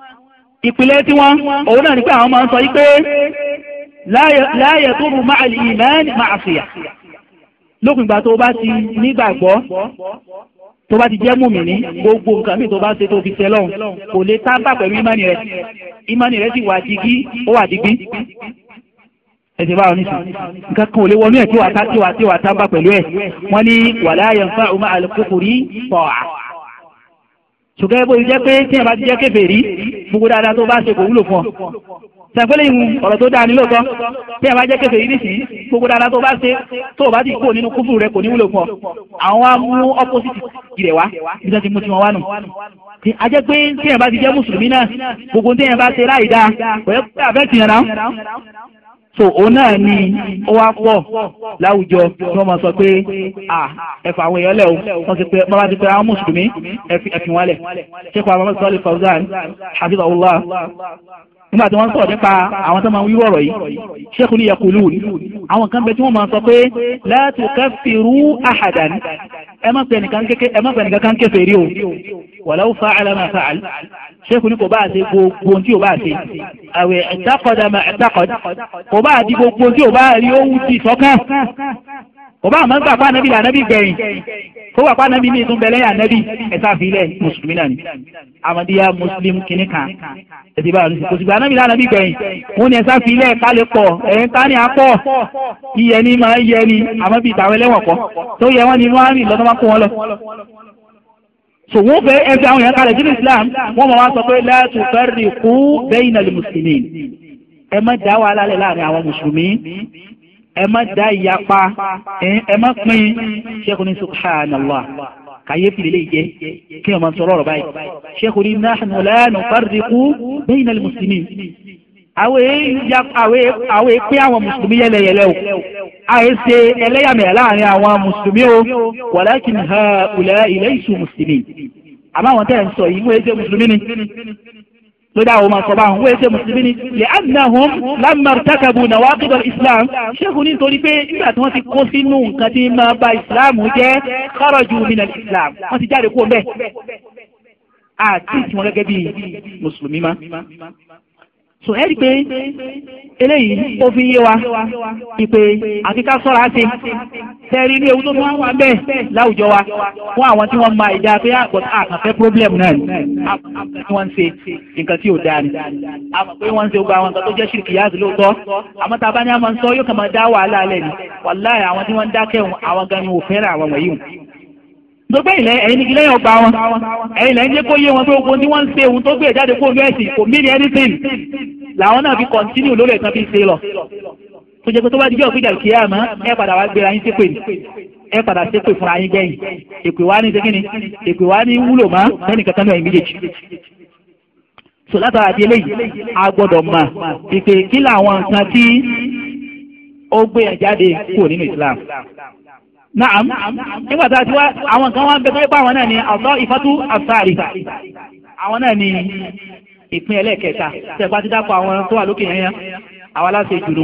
C: ìpìlẹ̀ tí wọ́n òun náà ní pé àwọn máa ń sọ yìí pé láàyè tó rù máa lè ìmán máa fìyà lókun ìgbà tó bá ti nígbàgbọ́ tó bá ti jẹ́ mùmìnì gbogbo nǹkan mi tó bá ṣe tó fi tẹ́ lọ́hùn kò lè tábà pẹ̀lú ìmánì rẹ̀ ìmánì rẹ̀ sì wà digi ó wà digbí ẹsẹ̀ báwọn nísìn nǹkan kan ò lè wọnú ẹ̀ tí wàá tábà pẹ̀lú ẹ̀ wọ́n ní wàláyà ń fa òun àlùkò rí pọ̀ ṣùgbọ́n bó ti jẹ́ pé tí ẹ bá ti jẹ́ kèfèrí gbogbo dáadáa tó bá ṣe kò wúlò fún ọ sàgbélé ìhun ọ̀rọ̀ tó dáa ní lóòótọ́ tí ẹ bá jẹ́ kèfèrí nísìnyí gbogbo dáadáa tó bá ṣe tó o bá ti kúrò nínú kúfù rẹ kò ní wúlò fún ọ àwọn amú opposite ìrẹ̀ wá bí wọ́n ti mú tiwọn wá nù. a jẹ́ pé tí ẹ bá ti jẹ́ mùsùlùmí náà gbogbo tí ẹ bá ṣe láì dáa so òun náà ni ó wá pọ̀ láwùjọ tí wọ́n máa sọ pé
B: à ẹ̀fà àwọn èèyàn lẹ̀ o wọ́n ti pé bàbá ti pé àwọn mùsùlùmí ẹ̀fìn wálẹ̀ ṣé pa bàbá sọ́ọ́lì Fawzan hafizahullah nígbà tí wọ́n sọ̀rọ̀ nípa àwọn tó máa ń wíwọ̀ ọ̀rọ̀ yìí
C: ṣéèkù ní yakulun àwọn kan bẹ tí wọ́n máa sọ pé la tukaffiru ahadan ẹ má pẹ nìkan kéke ẹ má pẹ nìkan kan kẹfẹ rí o wàláwù fa alama fa al sẹ́kù ní kò bá ṣe gbogbo tí o bá ṣe àwẹ̀ ẹ̀dákọ̀dà mà kò bá di gbogbo tí o bá rí owó ti sọ́kàn kò bá àmọ́ gbà fún anabi là gbẹ̀yìn
B: kó wà pa anabi ní ìtúnbẹ̀lẹ́ anabi ẹ̀sà
C: àfilẹ̀ mùsùlùmí náà ni amadiya muslim kìnnì kan ẹ̀sì bá wọn kò sì gba anabi lánàbí gbẹ̀yìn wọn ni ẹ̀sà àfilẹ̀ kálẹ̀ pọ̀ ẹ̀yìn tání akọ
B: iyẹ ni máa ń yẹ ni
C: àmọ́ bíi tàwọn ẹlẹ́wọ̀n kọ́ tó yẹ wọn ni wọ́n á rìn lọ́dọ́ máa kó wọn lọ so wọ́n fẹ́ ẹgbẹ́ àwọn èèyàn kalẹ̀ sínú islam wọ́n mọ̀ sọ pé la tufarriqu bayna al-muslimin ẹ má dá wàhálà ẹ má dá ìyapa ẹ má pín ṣẹ́kù ní subhanallah kàyéfì lè jẹ kí wọ́n máa sọ̀rọ̀ ọ̀rọ̀ báyìí ṣẹ́kù ní nahnu la nufarriqu bayna al-muslimin àwẹ̀ pé àwọn mùsùlùmí yẹlẹyẹlẹ o àìṣe ẹlẹ́yàmẹ̀yà láàrin àwọn mùsùlùmí o walakin ha ulai laysu muslimin àmọ́ àwọn tẹ́ ń sọ yìí wọ́n ṣe lórí àwọn máa sọ bá àwọn ẹ̀ṣẹ̀ mùsùlùmí ni lè annahum takabu irtakabu nawaqid al-islam ṣéhùn nítorí pé nígbà tí wọ́n ti kó sínú nǹkan tí máa ba islam jẹ́ kharaju min islam wọ́n ti jáde kó bẹ́ẹ̀ àti ìtìwọ́n gẹ́gẹ́ bí mùsùlùmí má so ẹ́ rí pé eléyìí ó fi yé wa
B: ìpè àti ká sọ́ra ṣe tẹ́rí ní ewu tó fún wa bẹ́ẹ̀ láwùjọ wa fún àwọn
C: tí wọ́n máa ìjà pé ah, ah, àkànfẹ́ problem náà ni tí wọ́n ń ṣe nǹkan tí ò dáa ni àmọ̀ pé wọ́n ń ṣe gba àwọn nǹkan tó jẹ́ ṣìrìkì yáàzì lóòótọ́ àmọ́ tá a bá ní a máa ń sọ yóò kàn máa dá wàhálà alẹ́ ni wàláì àwọn tí wọ́n ń dákẹ́ àwọn gan ni òfin rà àwọn wọ̀nyí gbogbo ilẹ̀ ẹ̀yin igi lẹ́yìn ọgbà wọn ẹ̀yin lẹ́yìn jẹ́ kó yé wọn pé ogun tí wọ́n ń ṣe ohun tó gbé jáde kó lóyún ẹ̀sìn kò mean anything làwọn náà fi continue lórí ẹ̀sán fi ṣe lọ. tó jẹ́ pé tó bá dijọ́ ìpínlẹ̀ kí á mọ́ ẹ padà wá gbéra yín ṣépè ẹ padà ṣépè fúnra yín gbẹ̀yìn èpè wá ní sẹ́kìnì èpè wá ní wúlò mọ́ lẹ́nu kankan náà méjèèjì. sọ látara àti eléyìí a gbọ́dọ̀ mọ̀ ìpè kí làwọn nǹkan tí ó gbé ẹ̀ jáde kúrò nínú Islam naam nígbà tá a ti wá àwọn kan wá ń bẹ tó yẹ pé àwọn náà ni ọ̀dọ́ ìfọ́tú àfáàrí àwọn náà ni ìpín ẹlẹ́ẹ̀kẹta tẹ̀gbá ti dápọ̀ àwọn tó wà lókè yẹn yẹn àwọn aláṣẹ ìdúró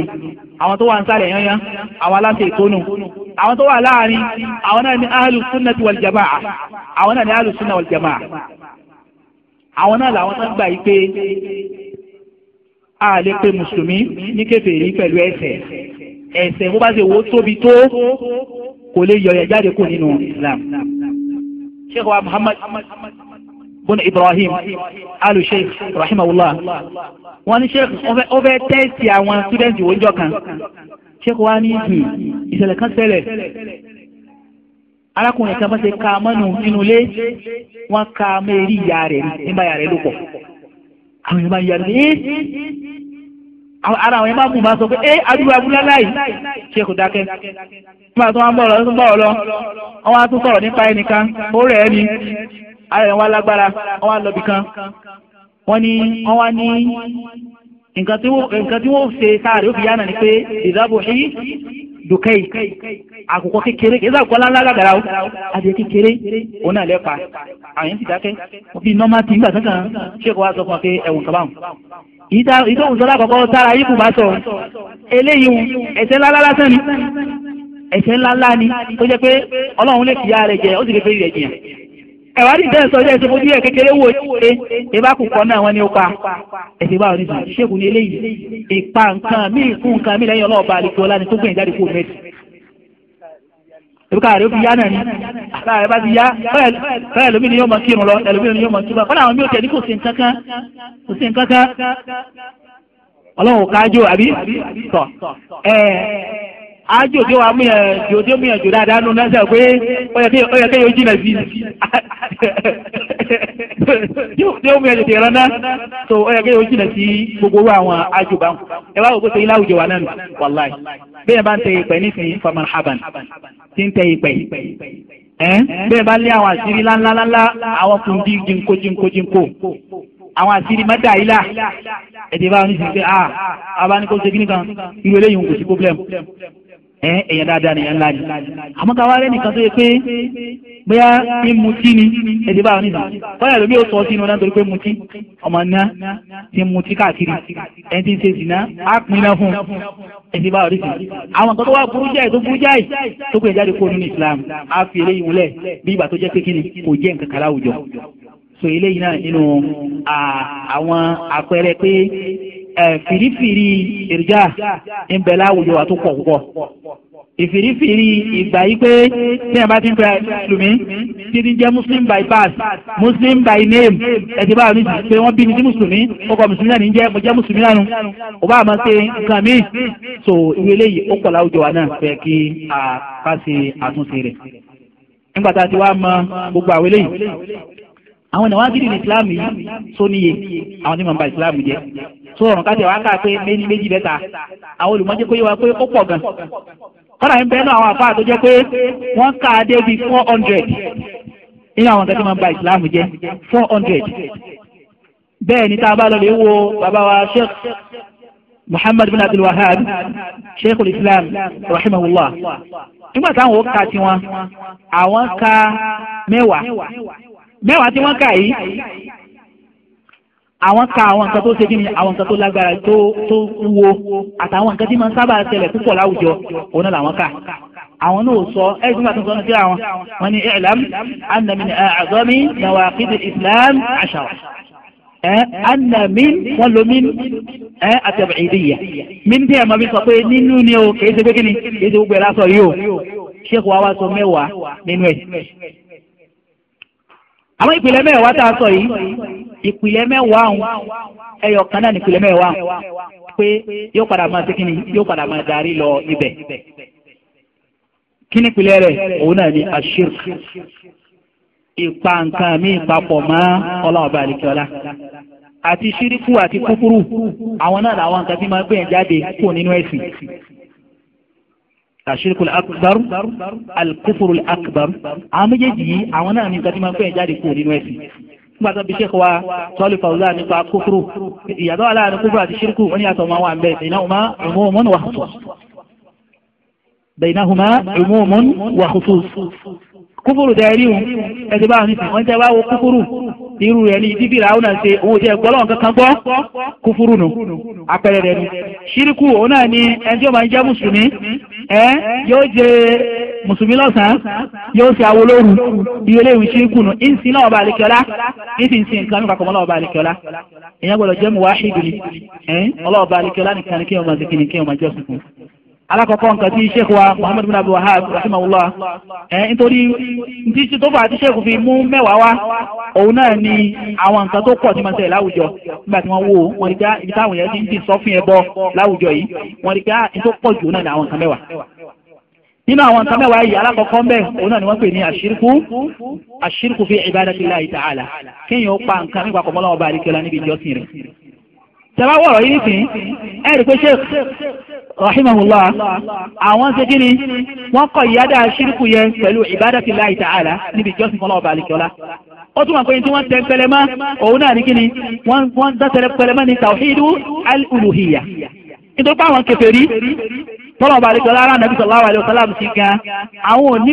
C: àwọn tó wà ń sálẹ̀ yẹn yẹn àwọn aláṣẹ ìtónú àwọn tó wà láàrin àwọn náà ni ahlu sunnati wal jamaa àwọn náà ni ahlu sunnati wal jamaa àwọn náà làwọn tó ń gbà yìí pé a lè pe mùsùlùmí ní kèfèrí pẹ̀lú ẹ̀ṣẹ̀ ẹ̀ṣẹ̀ bó bá ṣe wo tóbi tó kò lè yọ ẹ̀jáde kù nínú Islam. sheikh wa Muhammad bin Ibrahim alu sheikh rahimahullah wọ́n ní sheikh ó fẹ́ tẹ́sì àwọn students ìwọ́njọ́ kan sheikh wa ní hmm, ìṣẹ̀lẹ̀ kan ṣẹlẹ̀ arákùnrin kan bá ṣe ka mọ́nu nínú ilé wọ́n ka mẹ́rin ìyá rẹ̀ nígbà ìyá rẹ̀ ló pọ̀ àwọn èèyàn bá ń ara àwọn ìmáàmù máa sọ pé ẹ arúgbó abúlé láì ṣe kò dákẹ́
B: nígbà tó wọn bọ̀rọ̀ tó bọ̀rọ̀ lọ
C: wọn á tún sọ̀rọ̀ nípa ẹnìkan ó rẹ̀ ẹ́ ni ara ẹ̀ lágbára wọn wọn ni wọn wá ní nǹkan tí wọ́n ṣe ó fi yánà ni pé ìdábòhí dùkẹ́ì àkùkọ kékeré kìí kékeré òun náà dákẹ́ ìtòhùn sọ́lá kọ̀kọ́ tára yìí kù bá sọ eléyìí ẹ̀ṣẹ̀ ńlá lásán ni ẹ̀ṣẹ̀ ńlá ńlá ni tó jẹ́ pé ọlọ́run lè fìyà rẹ̀ jẹ ó sì lè fẹ́ rẹ̀ jìyàn ẹ̀wá ní ìdẹ́ sọ ẹ̀ṣẹ̀ fojú ẹ̀ kékeré wò ṣe ìbá kù kọ́ náà wọn ni ó pa ẹ̀ṣẹ̀ bá òní sùn ṣéèkù ní eléyìí ìpa nǹkan míì fún nǹkan míì lẹ́yìn ọlọ́ọ̀ba àlejò ọlá ni tó gbẹ̀yìn jáde kó mẹ́tì ìbúkà rẹ̀ ó fi yá náà ni àbá rẹ̀ bá ti yá báyà lómi ni yóò mọ kírun lọ ẹlòmíràn ni yóò mọ kírun lọ kọ́nà àwọn mi ò tẹ̀ ní kò sí nǹkan kò sí nǹkan ọlọ́run ò kájọ àbí tọ̀ ẹ̀ àjò tí wàá mú yẹn jò tí ó mú yẹn jò dáadáa nù náà sẹ pé ó yẹ kéèyàn ó jìnà sí tí ó mú yẹn jò tẹ̀rọ náà tó ó yẹ kéèyàn ó jìnà sí gbogbo owó àwọn àjò bá ń kú ẹ wá òkú sẹ́yìn láwùjọ wa náà nù wàláì bẹ́ẹ̀ bá ń tẹ ìpẹ́ nísìnyí faman haban tí ń tẹ ìpẹ́ bẹ́ẹ̀ bá lé àwọn àṣírí ńláńláńlá àwọn kùndí jìnkó jìnkó jìnkó àwọn àṣírí mẹ́ta yìí là
B: ẹ̀dẹ̀ bá wọn ah, ní sèké ah abánikó ṣe kí nìkan irú eléyìí ń kò sí problem
C: ẹ ẹ̀yẹ dáadáa nìyẹn ńlá ni àmọ́ ká wá rẹ́ nìkan tó yẹ pé bóyá ní mutí ni ẹ̀dí báwọn nìyẹn bóyá lómi ò sọ sínú náà torí pé mutí ọmọ náà ti mutí káàkiri ẹni tí ń ṣe sìnà á pin náà fún ẹ̀dí báwọn nìyẹn àwọn nǹkan tó wá burú jáì tó burú jáì tó pè jáde kó nínú Islam á fi eléyìí múlẹ̀ bí ìgbà tó jẹ́ pé kíni kò jẹ́ nǹkan kan láwùjọ so eléyìí náà nínú àwọn àpẹẹrẹ pé fìrífìrí ìrìjà ń bẹ láwùjọ wa tó pọ̀ púpọ̀ ìfìrífìrí ìgbà yìí pé ní ẹ̀bá ti ń pẹ́ lùmí tí ti jẹ́ muslim by pass muslim by name ẹ̀sìn báwo ni pé wọ́n bí mi sí mùsùlùmí ó kọ mùsùlùmí náà ní jẹ́ mo jẹ́ mùsùlùmí náà nù
B: ó bá àmọ́ ṣe nǹkan míì
C: so ìwé eléyìí ó pọ̀ láwùjọ wa náà fẹ́ kí a ká ṣe àtúnṣe rẹ̀ nígbà tá a ti wá mọ gbogbo àwọn eléyìí àwọn ìwádìí ní islam yìí tó níye àwọn tí màá ba islam jẹ tó ọ̀rùn káṣí àwọn aká pé méjì méjì bẹ́ta àwọn olùmọ̀jẹ́ kó yé wa pé ó pọ̀ gan kọ́nà ń bẹ́ẹ̀ náà àwọn àfáà tó jẹ́ pé wọ́n ká a dé bíi four hundred nínú àwọn tí màá ba islam jẹ four hundred bẹ́ẹ̀ ni tá a bá lọ lè wo bàbá wa sheikh muhammad bin abdul wahab
B: sheikh islam rahimahullah
C: nígbà táwọn ó ka tiwọn àwọn ká mẹ́wàá mẹ́wàá tí wọ́n kà yìí àwọn ka àwọn nǹkan tó ṣe kí ni àwọn nǹkan tó lágbára tó tó wúwo àtàwọn nǹkan tí máa ń sábà ṣẹlẹ̀ púpọ̀ láwùjọ òun náà làwọn kà àwọn náà sọ ẹ̀sùn bá tó sọ ní sí àwọn wọn ni i'lam anna min a'zami nawaqid islam ashara anna min wọn lo min atẹ̀bẹ̀ẹ́dìyà min tí a máa fi sọ pé nínú ni o kì í ṣe pé kí ni kì í ṣe gbogbo ẹ̀ lásọ yìí o ṣé kò wá wá sọ mẹ́wàá nínú ẹ̀ àwọn ìpìlẹ̀ mẹ́wàá tá a sọ yìí ìpìlẹ̀ mẹ́wàá ọ̀hún
B: ẹyọ kan náà ní ìpìlẹ̀ mẹ́wàá ọ̀hún pé yóò padà máa
C: ṣe kíni yóò padà máa darí lọ ibẹ̀ kíni ìpìlẹ̀ rẹ̀ òun náà ní ashirk ìpa nǹkan mi papọ̀ mọ́ ọlọ́ọ̀bà àdìkíọ́lá àti ṣírífù àti kúkúrú àwọn náà làwọn nǹkan tí máa gbé jáde kúrò nínú ẹ̀sìn àṣírikul akbar alkufurul akbar àwọn méjèèjì yìí àwọn náà ní sátìmọ́ fẹ́ẹ̀ jáde kúrò nínú ẹ̀sìn nígbà tó bí ṣe wa tọ́lù fàúzà nípa kúfúrú ìyàtọ̀ aláàrin kúfúrú àti ṣírkù wọ́n ni yàtọ̀ máa wà ń bẹ̀ ìnáhùmá umumun wa khusus ìnáhùmá umumun wa khusus kúfúrú tẹ́ẹ̀rí wọn ẹ̀sìn báwọn nìsín wọ́n tẹ́ wá wo kúfúrú irú rẹ̀ ní bíbí ra ọ̀nà ṣe owó jẹ́ gbọ́lọ́n kankan gbọ́ kúfúrú nù apẹ̀rẹ̀ rẹ̀ nù. ṣíríkù òun náà ni ẹni tí ó máa ń jẹ́ mùsùlùmí ẹ yóò jẹ mùsùlùmí lọ́sàn-án yóò ṣe awo lóru iye léwu ṣíríkù nù ìsìn náà ọba àlekíọ́lá ìsìn ìsìn nǹkan nípa kọ̀mọ́ ọba àlekíọ́lá ìyẹn gbọ́dọ̀ jẹ́ muwahidu ni ọlọ́ọ̀ba àlekíọ́lá nìkan ni kí alákọ̀ọ́kọ́ nǹkan tí sheikh wa muhammad bin abdul wahab rahimahullah ẹ̀ nítorí tí tó fà á tí sheikh fi mú mẹ́wàá wá òun náà ni àwọn nǹkan tó pọ̀ tí máa ń ṣẹlẹ̀ láwùjọ nígbà tí wọ́n wò wọ́n rí pé ibi táwọn yẹn ti ń ti sọ́fìn ẹbọ láwùjọ yìí wọ́n rí pé ah, ní tó pọ̀ jù náà ni àwọn nǹkan mẹ́wàá
B: nínú àwọn nǹkan mẹ́wàá yìí alákọ̀ọ́kọ́ mbẹ́
C: òun náà ni wọ́n pè ní àṣírkú àṣírkú fi ibadatillahi ta'ala kéèyàn ó pa nǹkan nípa kọ̀mọ́lọ́wọ́ bá àríkẹ́lá níbi ìjọsìn rẹ̀ tẹ́wá wọ̀rọ̀ yìí sìn ẹ́ rí pé sheikh rahimahullah àwọn ṣe kíni wọ́n kọ ìyáda ṣírkù yẹn pẹ̀lú ìbádàtì láì ta'ala níbi ìjọsìn fọlọ́ ọba àlìkọ́lá ó túmọ̀ pé tí wọ́n tẹ pẹlẹmọ́ òun náà ní kíni wọ́n dá tẹ pẹlẹmọ́ ní tawhidu al-uluhiyya nítorí pé àwọn kèfèrí tọ́lọ̀ ọba àlìkọ́lá rán nàbí sallallahu alaihi wasallam sí gan àwọn ò ní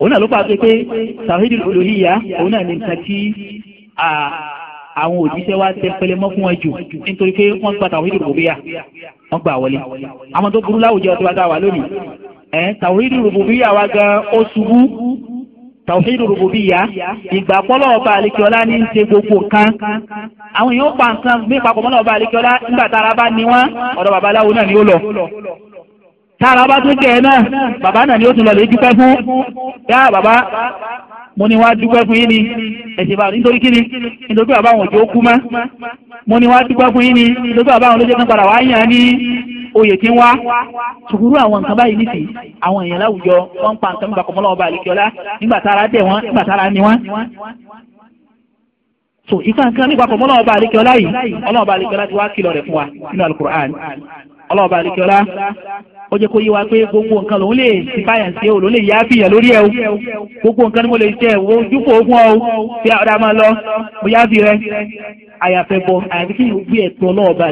C: òun náà ló fà pé pé tawhidul uluhiyya òun náà ní nǹkan tí àwọn òjíṣẹ́ wa tẹ pẹlẹ mọ́ fún wọn jù nítorí pé wọ́n gba tawhidul rububiyya wọ́n gbà wọlé àwọn tó burú láwùjọ tó bá dá wà lónìí ẹ̀ tawhidul rububiyya wa gan ó ṣubú tawhidul rububiyya ìgbà pọ́lọ́ ọba àlekíọ́lá ní ṣe gbogbo nǹkan àwọn èèyàn pa nǹkan mí papọ̀ mọ́lọ́ ọba àlekíọ́lá nígbà tára bá ní wọ́n ọ̀dọ̀ babaláwo náà ni ó lọ tára bá tún jẹ náà bàbá náà ni ó tún lọ lè dúpẹ́ fún yá bàbá
B: mo ni ẹ̀sìn ni
C: nítorí bàbá àwọn òjò kú mọ́ mo ní wá dúpẹ́ fún ni nítorí bàbá àwọn olóṣèlú padà wá yàn án ní oyè tí ń wá àwọn nǹkan báyìí àwọn èèyàn láwùjọ ń pa nǹkan ni wọ́n. so ìkànnì nígbà yìí ti wá kìlọ̀ ọlọ́ọ̀bá àdìkọ́lá ó jẹ́ kó yí wa pé gbogbo nǹkan lòun lè ti báyà ṣe o lòun lè yá bìyàn lórí ẹ o gbogbo nǹkan ni mo lè ṣe ẹ̀wọ̀ ojúkò ogun ọ ọ̀dà máa lọ mo yá rẹ àyàfẹ́ bọ àyàfi kí n gbé ẹ̀tọ́ ọlọ́ọ̀bá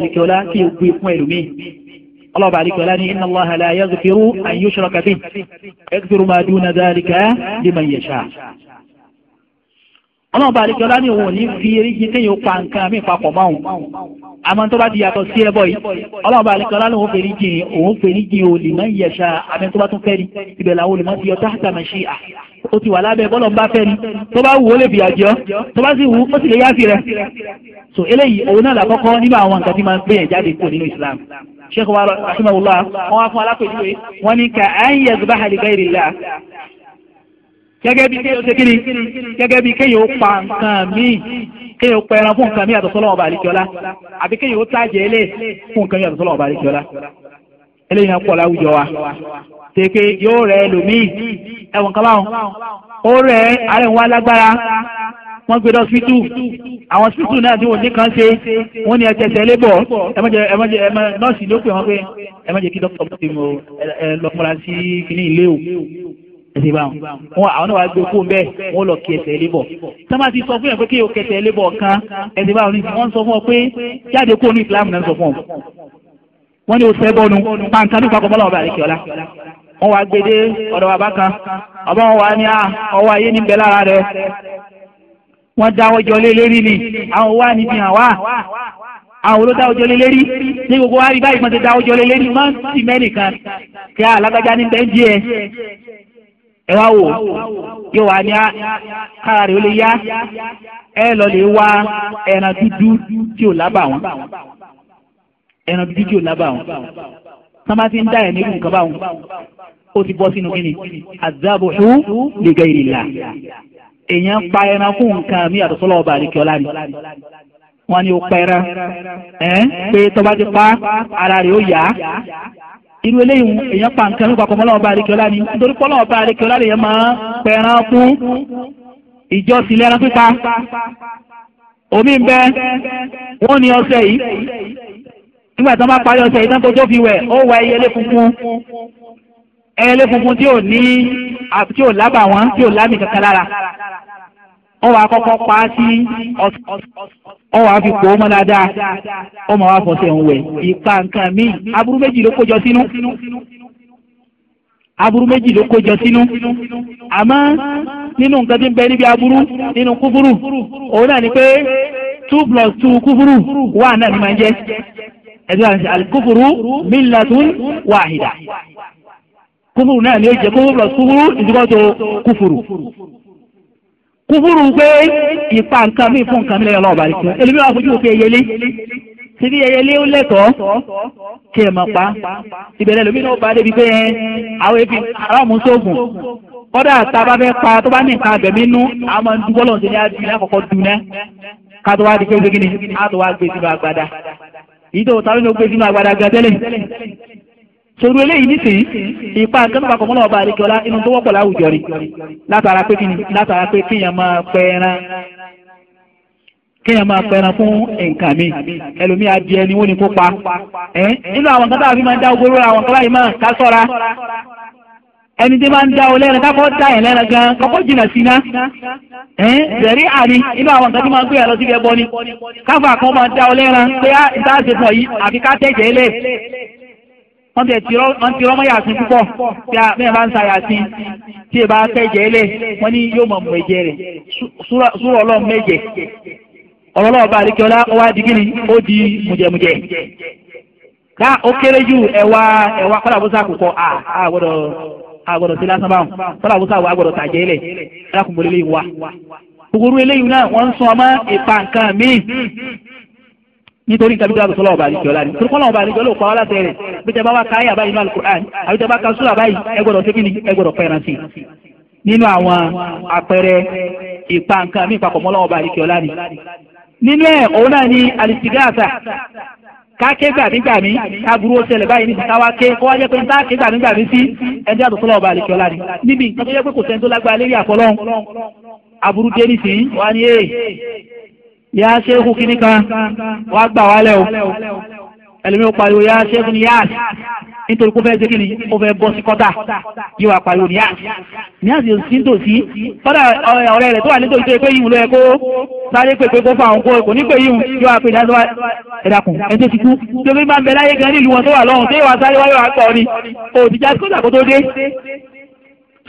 C: kí n gbé fún ẹlòmíì ọlọ́ọ̀bá ní la ma duna dhalika liman ọlọ́ọ̀bá àdìkọ́lá ní òun ò ní fi àmọ́ tó bá ti yàtọ̀ sí ẹbọ yìí ọlọ́run bá alẹ́kọ̀ọ́ láwọn òfin ní jìn òun fè ní jìn òòlì mọ́ ìyẹ̀ṣà àmì tó bá tún fẹ́ ni ibẹ̀ làwọn olùmọ̀ ti yọ táàtà mẹ́ṣí à ó ti wà lábẹ́ bọ́lọ̀ ń bá fẹ́ ni tó bá wù ó lè bìyà tó bá sì wù ó sì lè yáfi rẹ̀ so eléyìí òun náà làkọ́kọ́ nínú àwọn nǹkan tí máa ń gbé yẹn jáde kúrò nínú Islam sheikh wa rahimahullah wọn wá fún alákòjú gẹ́gẹ́ bí kéèyàn ṣe kíni gẹ́gẹ́ bí kéèyàn ó pa nǹkan míì kéèyàn ó pa ẹran fún nǹkan míì àtọ̀ sọ́lọ́wọ́ bá àlekíọ́lá àbí kéèyàn ó tàjẹ́ ẹlẹ́ fún nǹkan míì àtọ̀ sọ́lọ́wọ́ bá àlekíọ́lá eléyìí náà pọ̀ láwùjọ wa tèké yóò rẹ̀ ẹlòmíì ẹ̀wọ̀n kan báwọn
B: ó rẹ̀ ààrẹ wọn alágbára wọ́n gbé lọ síbítù
C: àwọn síbítù náà tí wọ́n ní kan ṣe wọ́n ní ẹ̀tẹ̀ tẹ̀lé bọ̀ ẹ̀mọ́jẹ ẹ̀mọ́jẹ ẹ̀mọ́ nọ́ọ̀sì ló pè wọ́n pé ẹ̀mọ́jẹ kí dókítà ọ̀pọ̀ tèmi ẹ̀ lọ́mọ́ra sí kínní ilé o ẹsẹ̀ bá wọn àwọn náà wàá gbé kó mbẹ́ wọn lọ kí ẹsẹ̀ ilé bọ̀ sábà ti sọ fún yẹn pé kí o kẹsẹ̀ ilé bọ̀ kan ẹsẹ̀ bá wọn sọ fún ọ pé jáde kó o ní Islam náà sọ fún ọ wọn ni o sẹ́ bọ́nu pàǹkà nípa kọ́mọ́lá ọba àríkè ọ̀la wọn wàá gbé dé ọ̀dọ̀ bàbá kan ọba wọn wàá ní ah, ọwọ́ ayé níbẹ̀ lára rẹ wọn dáwọ́ jọ lé lérí ni àwọn wà níbi àwa
B: àwọn olóda ọjọ́ lé lérí ní gbogbo wa rí báyìí mọ̀ ti da ọjọ́ lé lérí mọ́ sí mẹ́nìkan kí alágbájá ní bẹ́ńdì ẹ̀ ẹ wá wò yóò wá ní kára rẹ̀ ó lè yá
C: ẹ lọ lè wá ẹran dúdú tí ò lábà wọn ẹran dúdú tí ò lábà wọn tán bá ti ń dá ẹ̀ nínú nǹkan báwọn ó ti bọ́ sínú kíni azabuhu li gairillah èèyàn pa ẹran fún nǹkan mi àtọ́sọ́lọ́ ọba àdìkíọ́lá ni wọ́n ní ó pẹ́ran
B: ẹ̀ pé tó ti pa ara rẹ̀ ó yá
C: irú eléyìí èèyàn pa nǹkan nípa pọ̀mọ́ lọ́wọ́ bá àríkẹ́ọ́lá ni nítorí pọ́ lọ́wọ́ bá àríkẹ́ọ́lá lèèyàn máa pẹ̀ràn fún ìjọsìn lẹ́ran pípa omi ń bẹ wọ́n ní ọ̀sẹ̀ yìí nígbà tí wọ́n bá parí ọ̀sẹ̀ yìí tán tó tó fi wẹ̀ ó wá ẹyẹlé funfun ẹyẹlé funfun tí ò ní tí ò lábà wọ́n tí ò lámì kankan lára
B: ó wà kọ́kọ́ pa á sí ọ̀sẹ̀ ọwọ́ àfi kò ó mọ́ dáadáa ọmọ wa fọ́ sẹ́wọ̀n wẹ̀
C: ipa nǹkan míì aburú méjì ló kó jọ sínú aburú méjì ló kó jọ sínú àmọ́ nínú nǹkan tí ń bẹ níbi aburú nínú kúfúrú òun náà ni pé two plus two kúfúrú one náà ni máa ń jẹ́ ẹ̀dùn àti alikúfúrú millatun wahida kúfúrú náà ni ó jẹ́ kúfúrú plus kúfúrú ìdúgbò tó kúfúrú kúfúrú pé ìpa nǹkan mi fún nǹkan mi lẹ́yìn ọlọ́ọ̀bà rẹ̀ fún ẹlẹ́mi wàá fojú òkè ẹyẹlé síbi ẹyẹlé ó lẹ́tọ̀ọ́
B: kí ẹ mọ̀ pa ìbẹ̀rẹ̀ lómi náà bá débi pé àwọn ebi aráàmú sóògùn
C: kọ́dà tá a bá fẹ́ pa tó bá ní nǹkan abẹ̀mí nú àwọn máa ń dúpọ́ lọ́sẹ̀ ní adùn lákọ̀ọ́kọ́ dùn náà ká tó wá di pé ó gbé kí ni á tó wá gbé sínú agbada ìdó ta ló ń gbé sínú agbada gan tẹ́lẹ̀ torí eléyìí nísìnyí ipa akẹ́nubà kọ̀ọ̀mọ́ náà ọba àríkẹ́ọ́lá inú tó wọ́pọ̀ láwùjọ rí látara pé kíni látara pé kíyàn máa pẹ́ẹ́rán kíyàn máa pẹ́ẹ́rán fún nǹkan mi ẹlòmíì adìẹ ni wọ́n ní kó pa ẹ́ nínú àwọn nǹkan táwọn fi máa ń dá ogoro àwọn nǹkan báyìí máa ká sọ́ra ẹni tí máa ń dá o lẹ́rìn kákọ́ dá ẹ̀ lẹ́rìn gan kọ́kọ́ jìnà sí iná ẹ̀ bẹ̀rí àní inú àwọn nǹkan tí máa ń gbé ẹ̀rọ síbi ẹbọ ni káfà kan máa dá o lẹ́rìn pé ìta ah, ṣe fún ọ yìí àfi ká tẹ̀jẹ̀ lẹ̀ wọ́n tẹ̀ tí wọ́n ti rọ́mọ́ yàtí púpọ̀ tí a bẹ́ẹ̀ bá ń sa yàtí tí ẹ bá tẹ̀jẹ̀ lẹ̀ wọ́n ní yóò mọ̀ mẹ́jẹ̀ rẹ̀ súrọ̀ ọlọ́run mẹ́jẹ̀ ọlọ́run ọba àríkẹ́ọ́lá ọwá di gíní ó di mùjẹ̀mùjẹ̀
B: ká ó kéré jù ẹ̀wà ẹ̀wà
C: kọ́làbùsà kòkọ́ à á gbọ́dọ̀ á gbọ́dọ̀ sí lásán báwọn kọ́làbùsà wà á gbọ́dọ̀ tàjẹ́ lẹ̀ alákùnbọ̀lélẹ́yìn nítorí nǹkan bíbélà sọlọ ọba àdìjọ láàrin torí kọlọ ọba àdìjọ ló kọ ọ láti rẹ bí tẹ bá wá káyà báyìí nínú alukur'an àbí tẹ bá ka sùúrà báyìí ẹ gbọ́dọ̀ ṣe kíni ẹ nínú àwọn àpẹẹrẹ ìpa nǹkan mí ìpapọ̀ mọ́lọ́wọ́ ọba àdìjọ láàrin nínú ẹ̀ òun náà ni alìsígáàsà káké gbàmígbàmí káburú ọsẹlẹ báyìí níbi káwá ké kó wá jẹ pé nta ké gbàmígbàmí sí ẹni àdùn sọlọ ọba àlekí ọlá ni níbi nǹkan tó yẹ pé kò sẹ́ni tó lágbára lérí àfọlọ́hún aburú dé nísìnyí wá ní èè yá ṣéèkù kìíní kan
B: wàá gbà wálẹ̀ o
C: ẹlòmíì ó pariwo yá ṣéèkù ni yá nítorí kó fẹ́ ṣe kíni ó fẹ́ bọ́ sí kọ́tà
B: yìí wàá pariwo ní àṣì
C: ní àṣì ò sí nítòsí fọ́dà ọ̀rẹ́ rẹ̀ tó wà nítòsí tó yẹ pé yìí ló yẹ kó sáré pèpè kó fa òun kó kò ní pé yìí yóò wá pè ní àṣọ ẹ̀dàkùn ẹni tó ti kú tí omi máa ń bẹ láyé gan nílùú wọn tó wà lọ́hùn tó yẹ wá sáré wáyé wàá pọ̀ ni òtí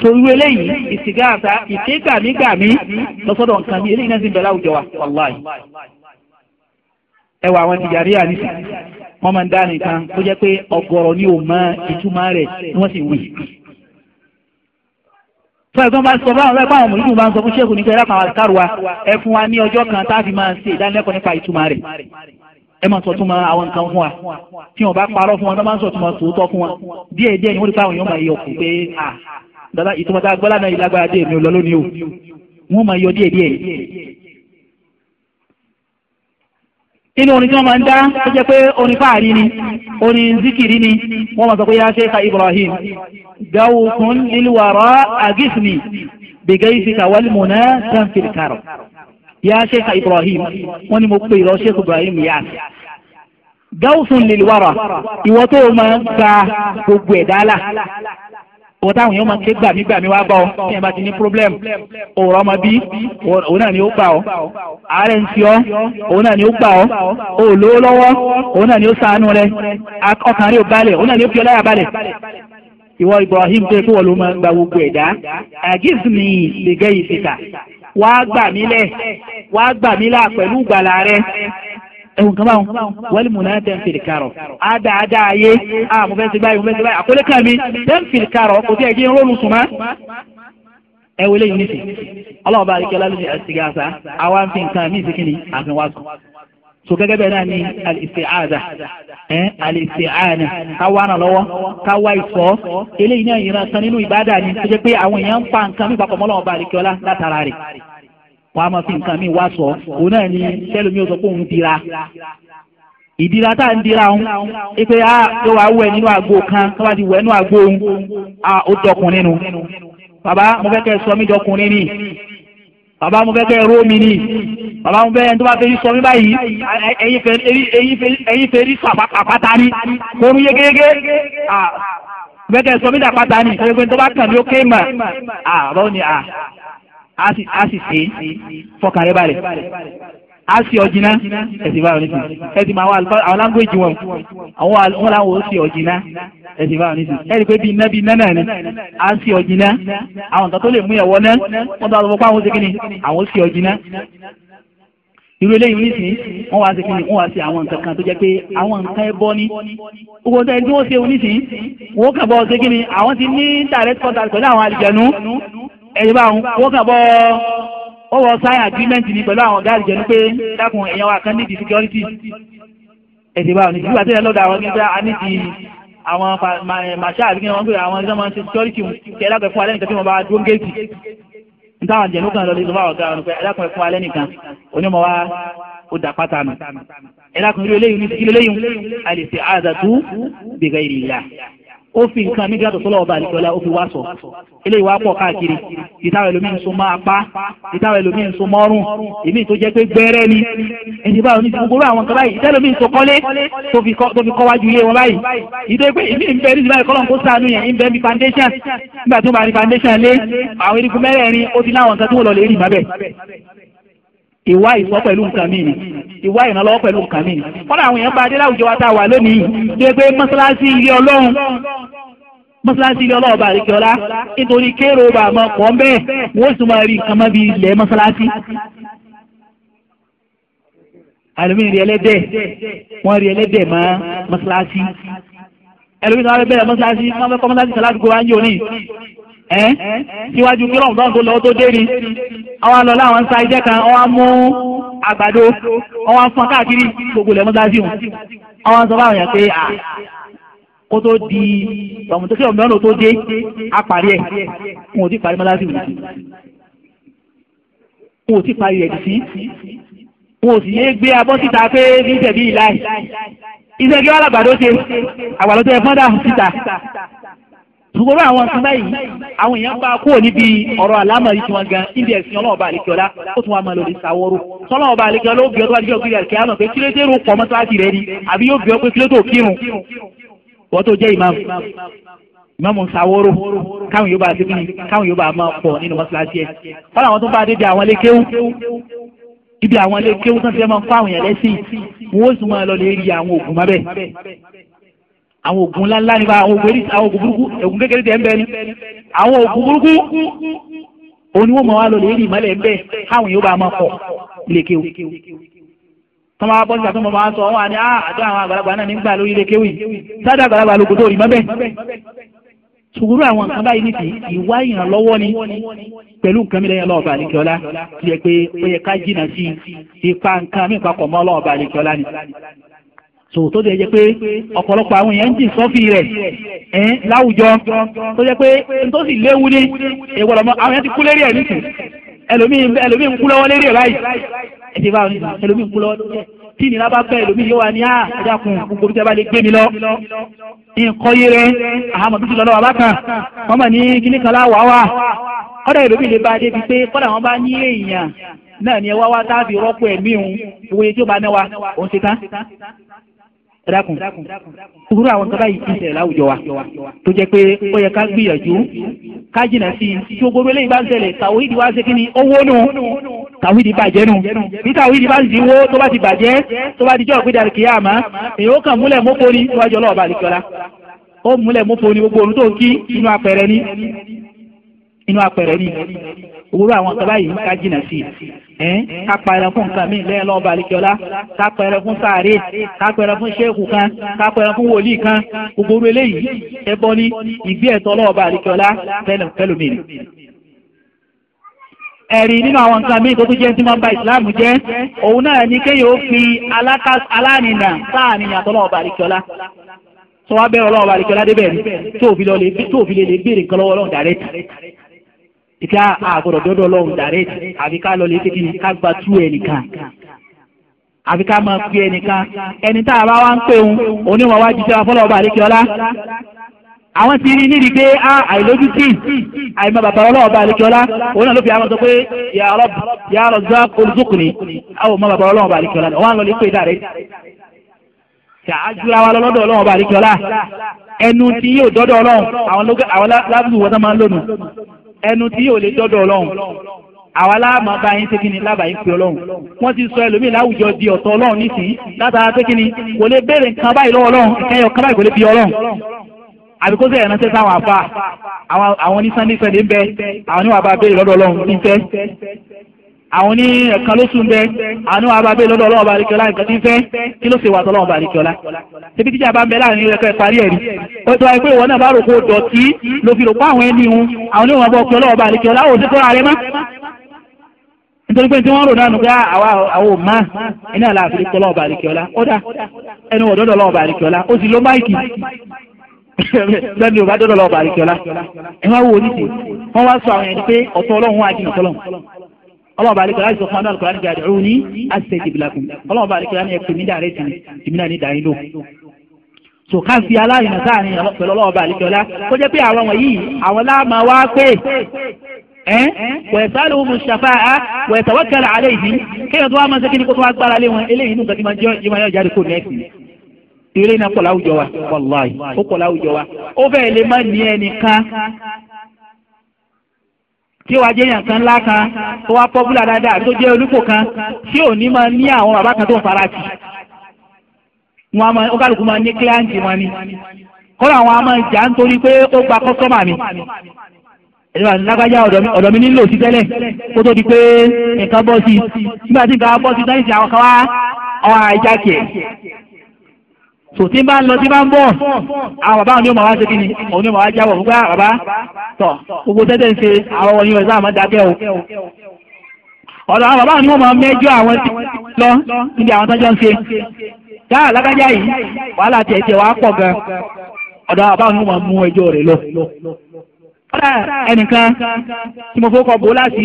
C: torí eléyìí ìsìgáàta ìké gàmígàmí lọ́sọ̀dọ̀ nǹkan mi eléyìí náà ti ń bẹ̀rẹ̀ àwùjọ wa wàláì. ẹ wà àwọn tìjàrí àníṣe wọ́n máa ń dá nìkan tó jẹ́ pé ọ̀gọ̀rọ̀ ni ò mọ ìtumọ̀ rẹ̀ ni wọ́n sì wí. fún ẹ̀gbọ́n bá sọ báwọn ẹgbẹ́ àwọn mòlúdùn bá ń sọ fún ṣẹ́gun nípa ẹ̀rọ àwọn àkàrò wa ẹ fún wa ní ọjọ́ kan tá a fi máa ṣe ìdánilẹ́kọ̀ọ́ nípa ìtumọ̀ rẹ̀ ẹ máa sọ tún ma àwọn nǹkan fún wa tí wọn bá parọ́ fún wọn tó máa ń sọ tún ma tòótọ́ fún wọn díẹ̀ ni wọ́n ti fáwọn èèyàn máa yọ kù pé à dọ́là ìtumọ̀ tá a gbọ́ lánàá yìí lágbára díẹ̀ mi ò lọ lónìí o wọ́n máa yọ díẹ̀ díẹ̀. inú orin tí wọ́n máa ń dá tó jẹ́ pé orin fáàrí ni orin zikiri ni wọ́n máa sọ pé yá Sheikh Ibrahim gawukun lilwara agisni bigaisika walimuna sanfil karo yá Ibrahim wọ́n ni mo pè lọ Sheikh Ibrahim yá gawusun lilwara ìwọ tó o máa gba gbogbo ẹ̀dá là wọ́n táwọn yóò máa ké gbàmí gbàmí wá bá ọ tí yẹn bá ti ní problem òòrọ̀ ọmọ bí òun náà ni ó gbà ọ àárẹ̀ ń ti ọ
B: òun náà ni ó gbà ọ òòlówó lọ́wọ́ òun náà ni ó sànú rẹ ọkàn rẹ ò balẹ̀ òun náà ni ó fi ọ láyà balẹ̀
C: ìwọ Ibrahim tó yẹ kó wọ́n ló máa gba gbogbo ẹ̀dá àgíz mi ìfìkà wàá gbà mí lẹ̀ wàá gbà mí là pẹ̀lú ìgbàlà rẹ ẹ̀hùn kan báwọn wọ́n mú náà tẹ̀ ń fèrè kárọ̀ àdá àdá ayé àmọ́ fẹ́ ti báyìí mo fẹ́ ti báyìí àkólé kan mi tẹ̀ ń fèrè kárọ̀ kò tí ẹ̀ jẹ́ rólù sùn mọ́ ẹ wọlé yìí nìsín ọlọ́run bá àríkẹ́ lálẹ́ àtìgáàsá àwa ń fi nǹkan mí ìsìnkìní àfihàn so gẹ́gẹ́ bẹ́ẹ̀ náà ni alìsíàdà ẹ́ alìsíàdà káwá náà lọ́wọ́ káwá ìfọ́ eléyìí náà yìí náà nínú ìbádà ni tó jẹ́ pé àwọn èèyàn ń pa nǹkan mí papọ̀ mọ́lọ́run bá àríkẹ́ látara rẹ̀ wọn a máa fi nǹkan mi wá sọ òun náà ni sẹ́lómi ó sọ pé òun dira ìdíra tá à ń dira òun
B: pé a ah, yóò wá wẹ̀ nínú àgbo kan tó
C: bá ti wẹ̀ nínú àgbo òun
B: a ah, ó dọkùnrin nu
C: bàbá mo fẹ́ kẹ́ ẹ sọ mí dọkùnrin ni bàbá mo fẹ́ kẹ́ ẹ ró mi ni bàbá mo fẹ́ ẹni tó bá fẹ́ sọ mí báyìí ẹ̀yin fẹ́ rí sàpàtà ni kò ń yégéyégé bẹ́ẹ̀ ah, kẹ́ ẹ sọ mí dàpàtà ni kò ń tó bá kàn ní ó kéèmà àrọ́ ni à a sì ṣe fọkàrẹ́ balẹ̀ a sì ọ̀jìnà ẹ̀sìn báwọn oníṣẹ́ ẹ̀sìn máa wà àwọn láńgbèjì wọn àwọn wọn làwọn ò sì ọ̀jìnà ẹ̀sìn báwọn oníṣẹ́ ẹ̀sìn pé bí iná bí iná náà ni
B: a sì ọ̀jìnà àwọn nǹkan tó lè mú ẹ̀wọ́ náà wọ́n tó àwọn ọmọ ṣe kí ni
C: àwọn ò sì ọ̀jìnà irú eléyìí oníṣìí wọ́n wá sí kí ni wọ́n wá sí àwọn nǹkan kan tó jẹ́ pé àwọn nǹkan ẹbọ ni gbogbo ọ̀sẹ̀ tí wọ́n ṣe oníṣìí wọ́n kàn bọ́ ṣe kí ni àwọn ti ní direct contact pẹ̀lú àwọn àlìjẹ̀nu ẹ̀yìn bá wọn kàn bọ́ ó wọ sign agreement ní pẹ̀lú àwọn gáàlì jẹ́ pé dákun èèyàn wa kan nídìí security ẹ̀sìn bá wọn nídìí ìgbà tí ẹ̀ lọ́dọ̀ àwọn gẹ́gẹ́ a nídìí àwọn màṣá àbí wọn pé àwọn ẹ̀sán máa ń ṣe security kẹ́ lápẹ̀ fún alẹ́ nìkan tí wọ́n bá dúró géètì ntáwọn jẹ̀nu kan lọ lè sọ fún àwọn ọ̀gá ọ̀nà pé ẹ̀dákun ẹ̀fún alẹ́ nìkan onímọ̀ wa ó dà pátá nù ẹ̀dákun ilé eléyìí ní ti ilé eléyìí àlè ṣe àdàtú bìgẹ́ ìlà ó fi nǹkan mi gbàdọ̀ sọ́lọ́ ọba àdìgbọ́lá ó fi wá sọ eléyìí wá pọ̀ káàkiri ìtawọ̀ ẹlòmíín so máa pa ìtawọ̀ ẹlòmíín so mọ́rùn èmi tó jẹ́ pé gbẹ́rẹ́ ni ẹni báwo ní gbogbo àwọn nǹkan báyìí ìtẹ́lòmíín so kọ́lé tó fi kọ́ wájú ilé wọn báyìí
B: ìdó pé èmi ń bẹ ní ìdílé kọ́lọ́n
C: kó sànú yẹn ń bẹ mi foundation
B: nígbà tó bá rí foundation lé àwọn erigun mẹ́rẹ̀ẹ̀rin
C: ó ti láwọn nǹkan tó wọ́n lọ ìwá ìsọ pẹ̀lú nǹkan mí ni ìwá ìrànlọ́wọ́ pẹ̀lú nǹkan mí ni kọ́dà àwọn èèyàn bá adé láwùjọ wa tá a wà lónìí tó yẹ pé ilé ọlọ́run mọ́ṣáláṣí ilé ọlọ́run bá àríkẹ́ ọlá nítorí kéèrò bá àmọ́
B: pọ̀ ń bẹ́ẹ̀ wọ́n sì máa rí nǹkan mọ́ bí ilẹ̀ mọ́ṣáláṣí.
C: àlùmí rí ẹlẹ́dẹ̀ wọ́n rí ẹlẹ́dẹ̀ mọ́ mọ́ṣáláṣí ẹlòmíràn bẹ̀rẹ̀ mọ́ṣáláṣí ẹ́ síwájú kí rọ̀mùdán tó lọ tó dé ni àwọn àlọ́ làwọn ń sa iṣẹ́ kan wọ́n á mú àgbàdo wọ́n á fọ́n káàkiri gbogbo ilẹ̀ mọ́sáàsì wọn
B: àwọn sọ fáwọn yẹn pé à
C: kó tó di rọ̀mùdán kí rọ̀mùdán tó dé á parí ẹ̀
B: wọn ò tí parí mọ́sáàsì wọn
C: wọn ò tí parí ẹ̀ sí wọn ò sì yé gbé abọ́ síta pé ní ìṣẹ̀bí ìlà
B: iṣẹ́ kí wọ́n àgbàdo ṣe àgbàdo tó yẹ fọ́n síta
C: ṣùgbọ́n àwọn nǹkan báyìí àwọn èèyàn bá kúrò níbi ọ̀rọ̀ àlámọ̀ yìí tí wọ́n gan níbi ẹ̀sìn ọlọ́run bá àlejò ọlá ó tún wá máa lòdì sàwọ́rò sọlọ́run bá àlejò ọlá ó bí ọdún àdìjọ́ gbé ẹ̀kẹ́ àmọ̀ pé kílódé rò pọ̀ àti rẹ̀ ni àbí yóò bí ọ pé kílódé kírun wọ́n tó jẹ́ ìmáàmù ìmáàmù sàwọ́rò káwọn yóò bá ṣe kí ni káwọn yóò bá máa pọ̀ nínú mọ́ṣáláṣí ẹ̀
B: fọlá àwọn tó bá dé àwọn ilé kéwú
C: ibi àwọn ilé kéwú tó ń fẹ́ máa ń kó àwọn èèyàn lẹ́sìn wọ́n ó sì máa lọ lè rí àwọn òògùn mọ́bẹ̀ àwọn oògùn ńláńlá nípa àwọn oògùn burúkú oògùn kékeré tẹ̀ ń bẹ ni àwọn oògùn burúkú òun ni wọ́n mọ̀ wá lọ lórí ìmọ̀lẹ̀ ń bẹ káwọn yóò bá máa pọ̀ lékeu tọ́mọ abọ́ nígbà tó mọ̀ máa sọ wọn àní ah, àjọ àwọn àgbàlagbà náà nígbà lórí lékeu yìí sádà àgbàlagbà lóko tó rí mọ́ bẹ́ẹ̀ ṣùgbọ́n àwọn nǹkan báyìí nìdí ìwá ìrànlọ́wọ́ ni pẹ̀lú nǹkan mi so tó dẹ̀ jẹ́ pé
B: ọ̀pọ̀lọpọ̀ àwọn èèyàn ń jìn sọ́fì rẹ̀ ẹ̀ láwùjọ tó jẹ́ pé
C: tó sì léwu ní èèwọ̀ lọ́mọ àwọn èèyàn ti kú lérí ẹ̀ nìkan ẹlòmíì ẹlòmíì ń kú lọ́wọ́ lérí ẹ̀ báyìí ẹ ti bá wọn nìkan ẹlòmíì ń kú lọ́wọ́ lérí ẹ̀ tí ìnira bá bẹ́ẹ̀ lómi yóò wá ní àjà ah, kun gbogbo bí tẹ́bá lè gbé mi lọ.
B: nǹkan yé rẹ àhámọ́ tuntun lọ́wọ́ abákan wọ́n mọ̀
C: ní kíní kan láwà wá. kọ́dà ìlómi lè ba débi pé kọ́dà wọn bá ní èèyàn náà ní ẹ wá wá táàbì rọ́pò ẹ̀mí òun owó tí ó bá náwa òun ti tán dákun kúrú àwọn tó báyìí ti ṣẹlẹ̀ láwùjọ wa tó jẹ́ pé ó yẹ ká gbìyànjú ká jìnnà sí i tí gbogbo eléyìí bá ń ṣẹlẹ̀ tàwídìí wá ṣe kí ni owó nù tàwídìí bàjẹ́ nù bí tàwídìí bá ń di wó tó bá ti bàjẹ́ tó bá di jọ́ ìpínlẹ̀ kìyàmá èyí ó kàn múlẹ̀ mọ́pọ̀ ní iwájú ọlọ́ọ̀bà àlìkọ́lá ó múlẹ̀ mọ́pọ̀ ní gbogbo òwúrọ̀ àwọn ọ̀sán báyìí ká jìnà sí i ká pẹrẹ fún nǹkan míì lẹ́yìn lọ́wọ́ balikiola ká pẹrẹ fún sáré ká pẹrẹ fún ṣéèkù kan ká pẹrẹ fún wòlíì kan gbogbo orí eléyìí ẹbọ ní ìgbé ẹ̀tọ́ lọ́wọ́ balikiola fẹlẹ̀mìíràn ẹ̀rí nínú àwọn nǹkan míì tó tún jẹ́ tí wọ́n bà ìsìláàmù jẹ́ òun náà ní kéèyàn ó fi alárinà sáàrin àtọ́lọ́ ọba àríkíọ́lá tó wá bẹ́ẹ̀ ọlọ́ọ̀ba àríkíọ́lá débẹ̀ rí tó òfin lè ìka àgọ̀dọ̀ dọ́dọ̀ lọ́hùn dàrẹ́t àbí ká lọ lè ṣe kíni ká gba tú ẹnìkan àbí ká máa pe ẹnìkan ẹni tá a bá wá ń pè ń oníwọ̀n wá jíjẹ́ wa fọlọ́ ọba àdékẹ́ọ́lá àwọn ti rí nídìí pé àìlójú tí àìmọ bàbá ọlọ́wọ́ bá àlekíọ́lá òun náà ló fi àwọn sọ pé ya Razzaq olùdókòní àwọn ọmọ bàbá ọlọ́wọ́ bá àlekíọ́lá ni wọ́n á lọ lè pè dáre. ṣáájú ara lọ́dọ̀ ọlọ́wọ́ bá àlekíọ́lá ẹnu tí yóò dọ́dọ̀ ọlọ́run àwọn lábùkù wọ́n máa ń lónìí ẹnu tí yóò lè dọ́dọ̀ ọlọ́run àwa láàmú bá yín ṣe kíni lábàá yín pé ọlọ́run wọ́n ti sọ ẹlòmíì láwùjọ di ọ̀tọ̀ ọlọ́run nísìnyí látara pé kíni kò lè béèrè nǹkan báyìí lọ́wọ́ ọlọ́run ìkẹyọ̀ kan báyìí kò lè bí ọlọ́run àbí kó sẹ́yìn ránṣẹ́ sáwọn àfa àwọn ní sunday sunday ń bẹ àwọn níwàá bá béèrè lọ́dọ̀ ọlọ́run ní fẹ́ àwọn ní ẹ̀kan ló sùn bẹ́ àánú abábẹ́ lọ́dọ̀ ọlọ́wọ́ bá rikọ́lá nǹkan tí ń fẹ́ kí ló ṣe wà tọ́lọ́wọ́ bá rikọ́lá ṣebí jíjà bá ń bẹ láàrin ẹ̀kọ́ ìparí ẹ̀rí ó ti wáyé ìwọ náà bá rò dọ̀tí ló fi rò pa àwọn ẹni hun àwọn oníwọ̀n bọ́ ọkọ̀ ọlọ́wọ́ bá rikọ́lá ò sí tọ́ra rẹ mọ́ nítorí pé tí wọ́n rò nánu pé ah, àwa àwọn ò máa iná làbírí kọ́ lọ́wọ́ bá rikọ́lá ó dá ẹnu wọ̀ dọ́dọ̀ lọ́wọ́ bá rikọ́lá ó sì ló máìkì lẹ́nu ò bá dọ́dọ̀ lọ́wọ́ bá rikọ́lá ẹ wá wo oníṣe wọ́n wá sọ àwọn ẹni pé ọ̀tọ̀ ọlọ́run wá jìnnà tọ́lọ́run ọlọ́wọ́ bá alẹ́kọ̀ọ́ láti sọ fún anáàlú kọ́lá nígbà àdìrú ní àṣìṣẹ́ ìdìbìlàkùn ọlọ́wọ́ bá alẹ́kọ̀ọ́ ní ẹ̀pẹ̀ mí dàrẹ́ tì ní tìmínà ní dàrí lò so ká fi aláìní sáàrin pẹ̀lú ọlọ́wọ́ bá alẹ́kọ̀ọ́ lá kó jẹ́ pé àwọn wọ̀nyí àwọn láàmà wá pé ẹ́n wẹ̀sálù mùsàfà á wẹ̀sàwọ́kẹ̀lẹ̀ alẹ́ yìí kéèyàn tó wá máa sẹ́kí ní kó tó wá gbára lé wọn eléyìí nù kàtí tí wàá jẹ́ yàn kan ńlá kan tó wá pọ́pùlà dáadáa tó jẹ́ olùkọ́ kan tí ò ní máa ní àwọn bàbá kan tó ń fara tì wọn máa ó kálukú máa ní kíláǹtì wọn ni kọ́lá àwọn máa jà ń torí pé ó gba kọ́sọ́mà mi lágbájá ọ̀dọ̀ mi nílò sí tẹ́lẹ̀ kó tó di pé nǹkan bọ́ sí nígbà tí nǹkan bọ́ sí i àwọn kan wá ọ̀hún àìjákè tò tí bá ń lọ tí bá ń bọ̀ àwọn bàbá òní ọmọ wa ṣe kí ni òní ọmọ wa jáwọ̀ gbogbo ah, àbá tọ̀ gbogbo tẹ́tẹ́ ń ṣe àwọn ọ̀nìyàn ìṣáà máa dákẹ́ o ọ̀dọ̀ àwọn bàbá òní ọmọ mẹ́jọ àwọn ti lọ níbi àwọn tọ́jọ́ ń ṣe
B: dáa lágájá yìí wàhálà tiẹ̀ tiẹ̀ wàá pọ̀ gan
C: ọ̀dọ̀ bàbá òní ọmọ mú ẹjọ́ rẹ̀ lọ. ọ̀dà ẹnìkan
B: tí mo fowó kọ bò láti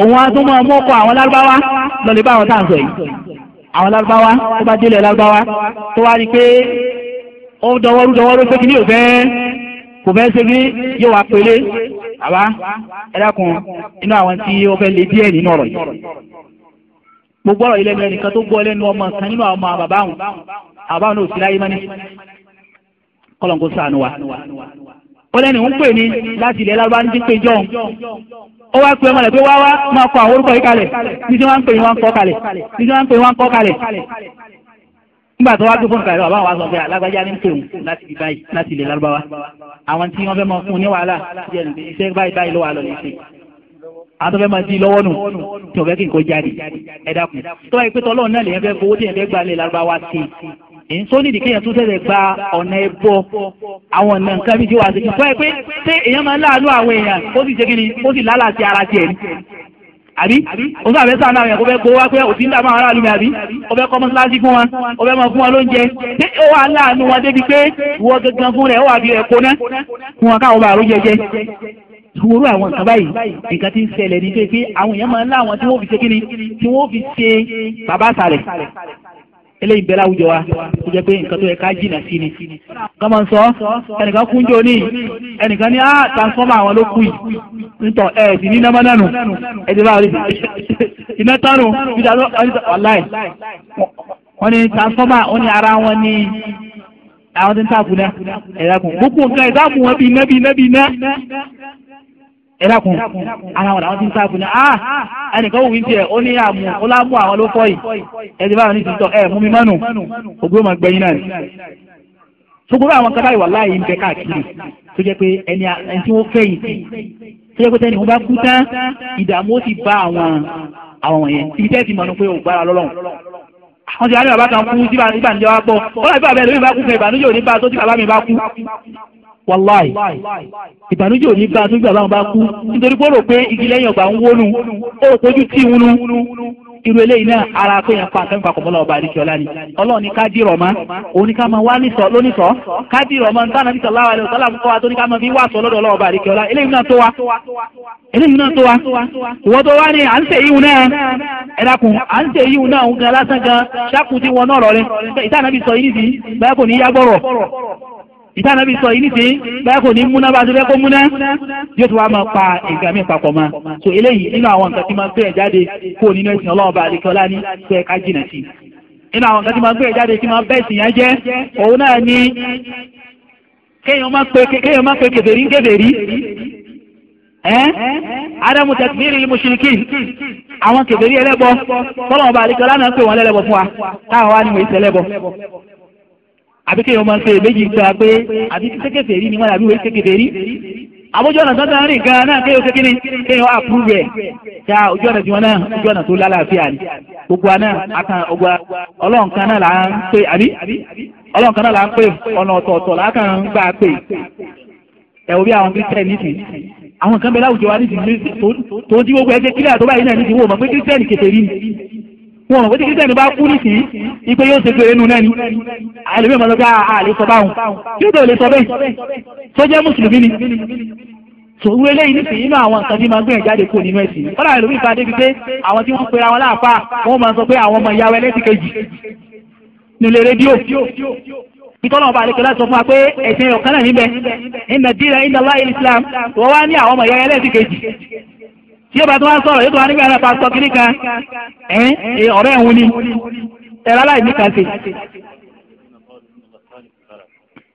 C: òun á tún mọ ọmọ ọkọ àwọn lárúbáwá lọ lè bá àwọn táǹsọ̀ yìí àwọn lágbáwá tó bá délẹ̀ lágbáwá tó wá rí i pé ó dọwọ́rú dọwọ́rú pé kí ni òfẹ́ kò fẹ́ ṣe bí yóò wá pélé àbá ẹ dákun inú àwọn tí ó fẹ́ lé díẹ̀ nínú ọ̀rọ̀ yìí gbogbo ọ̀rọ̀ ilẹ̀ mìíràn nìkan tó gbọ́ lẹ́nu ọmọ kan nínú àwọn ọmọ bàbá àwọn
B: àbá
C: àwọn òsì láyé mọ́ni kọ́lọ̀ ń kó sànù wa ó lẹ́nu ń pè ní láti ilẹ̀ lábá ń dín pé jọ́hún ó wá pe ọmọ rẹ̀ pé wá wá máa kọ àwọn orúkọ yìí kalẹ̀ ní tí ń pè wọ́n ń kọ́ kalẹ̀ ní tí ń pè wọ́n ń kọ́ kalẹ̀ nígbà tó wá gbé fóònù kalẹ̀ bàbá wa sọ pé alágbájá ní tòun láti ibi báyìí láti ilẹ̀ lárúbáwá àwọn tí wọ́n fẹ́ máa fún ní wàhálà iṣẹ́ báyìí báyìí ló wà lọ nìyí àwọn tó fẹ́ máa di lọ́wọ́ nù tí wọ́n fẹ́ kí nǹkan jáde ẹ dákun tó wáyé pé tọ́lọ́ọ̀ náà lèyẹn fẹ́ fowó tí yẹn fẹ́ gbalẹ̀ lárúbáwá sí i èyí tó nídìí kéèyàn tó tẹ̀lé gba ọ̀nà ẹbọ àwọn ọ̀nà nǹkan bíi ti wà sí kí fún ẹ pé ṣé èèyàn máa ń láàánú àwọn èèyàn ó sì ṣe kí ni ó sì lálàá sí ara tiẹ̀ ni àbí o sọ àfẹ́ sáànà àwọn ẹ̀kọ́ wá pé òtí ń dà máa aráàlú mi àbí o fẹ́ kọ́ mọ́sálásí fún wọn o fẹ́ máa fún wọn lóúnjẹ ṣé ó wà láàánú wọn débi pé ìwọ gangan fún rẹ̀ ó wà bí ẹ̀kọ́ náà fún wọn káwọn bá àrùn jẹjẹ ìwòrú àwọn nǹkan báyìí nǹkan tí ń ṣẹlẹ̀ ní pé pé àwọn èèyàn máa ń láwọn tí wọ́n fi ṣe kíni tí wọ́n fi ṣe bàbá àsàlẹ̀ eléyìí bẹ́ẹ̀ láwùjọ wa kó jẹ́ pé nǹkan tó yẹ ká jìnnà sí ni. kọ́mọ̀ sọ ẹnìkan kú jọ ní
B: ẹnìkan ní áá ah, transformer àwọn ló kú yìí
C: nítọ̀ ẹ sì ní nọ́mọ́ nánu ẹ ti bá a rí <laughs> iná tánu bíjà lọ ọ̀láì wọ́n ní transformer wọ́n ní ara wọn ní àwọn tó ń tàkùn náà ẹ̀dá kùn gbogbo nǹkan ẹ̀dá kùn wọn bí iná bí iná bí iná ẹ̀dàkùn ara wọn làwọn ti ń sáàkùn ní ah ẹnìkan wù mí tiẹ̀ ó ní àmú ó lámú àwọn ló fọ́ yìí
B: ẹ̀dì báwọn ní tìtọ́ ẹ̀ mú mi mọ́nu ògbó máa gbẹ̀yìn náà ni.
C: sókòrò àwọn kaba ìwà láàyè ń bẹ káàkiri tó jẹ́ pé ẹni tí wọ́n fẹ́ yìí tó jẹ́ pé tẹ́ni wọ́n bá kú tán ìdààmú ó ti bá àwọn àwọn wọ̀nyẹn ibi tẹ́ẹ̀ ti mọ̀ ní pé ò gbára lọ́lọ́run wọ́n ti wàláì ìbànújẹ́ òní bá tún gbàgbà bá kú nítorí pé ó rò pé igi lẹ́yìn ọgbà ń wónú ó rò pójú tí ń nu irú eléyìí náà ara pé yẹn pa àtẹ́wọ̀n papọ̀ ọba àdìsí ni ọlọ́run ni kádìrọ̀ mọ́ òun ní ká máa wá nísọ lónìsọ kádìrọ̀ mọ́ nítorí àdìsí ọ̀la rẹ̀ ọ̀sán làmúkọ́ wa tó ní ká máa fi wá sọ lọ́dọ̀ ọlọ́ọ̀ba àdìsí eléyìí náà tó ìtànàbí sọ yìí nìsín báyà ní múná bá a ti múná yóò tún wá máa pa nǹkan mi papọ̀ so eléyìí nínú àwọn nǹkan tí máa ń jáde kó nínú ẹ̀sìn ọlọ́ọ̀bà àdìkọ́lá ní fẹ́ ká jìnà sí nínú àwọn nǹkan tí máa ń jáde tí máa ń bẹ́ ìsìn yẹn jẹ́ òun náà ni kéèyàn máa pe kèfèrí ń kèfèrí àwọn kèfèrí ẹlẹ́bọ àbí kéèyàn máa ń pe èméjì gba pé àbí kékeré rí ni wọn àbí wọ́n kékeré rí àbójú ọ̀nà tọ́ta rìn gan náà o ṣe kíni kéèyàn àpúrú ẹ̀ ṣá ojú ọ̀nà tiwọn náà ojú ọ̀nà tó lálàáfíà ni gbogbo àná àkàn ọgbà ọlọ́run kan náà là ń pè àbí ọlọ́run kan náà là ń pè ọ̀nà ọ̀tọ̀ọ̀tọ̀ lákàn ń gbà pè ẹ̀ wo bí àwọn kristian nìsín àwọn kan bẹ láwùjọ wa nìsín tó ń dí gbogbo ẹgbẹ́ kílíà tó báyìí náà nìsín wò mọ̀ pé kristian kèfèrí ni wọn ò tíkítà ní bá kú nìsín
B: ipe yóò ṣe péré nu náà ni
C: àlùmí ọmọ lọ́gá àlè sọ báwọn
B: kí ó tó lè sọ bẹ́ẹ̀
C: tó jẹ́ mùsùlùmí ni tòwú eléyìí nísìnyí inú àwọn nǹkan tí máa gbé ìjáde kúrò nínú ẹ̀sìn kọ́lá ẹlòmíì fa débi pé àwọn tí wọ́n pera wọn láàpá wọ́n máa sọ pé àwọn ọmọ ìyàwó ẹlẹ́sìn kejì nílé rédíò ìtọ́nà ọba àlekèlá sọ fún wa pé ẹ̀sìn ọ̀kan náà níbẹ̀ ìnà dínà ìnà láì Islam wọ́n wá ní àwọn ọmọ ìyàwó ẹlẹ́sìn kejì tí yóò bá tó wá sọ̀rọ̀ yóò tó wá nígbà yàrá pásítọ̀ kiri kan ẹ̀ ọ̀rẹ́ ẹ̀hún ni ẹ̀rọ aláìní kan ṣe.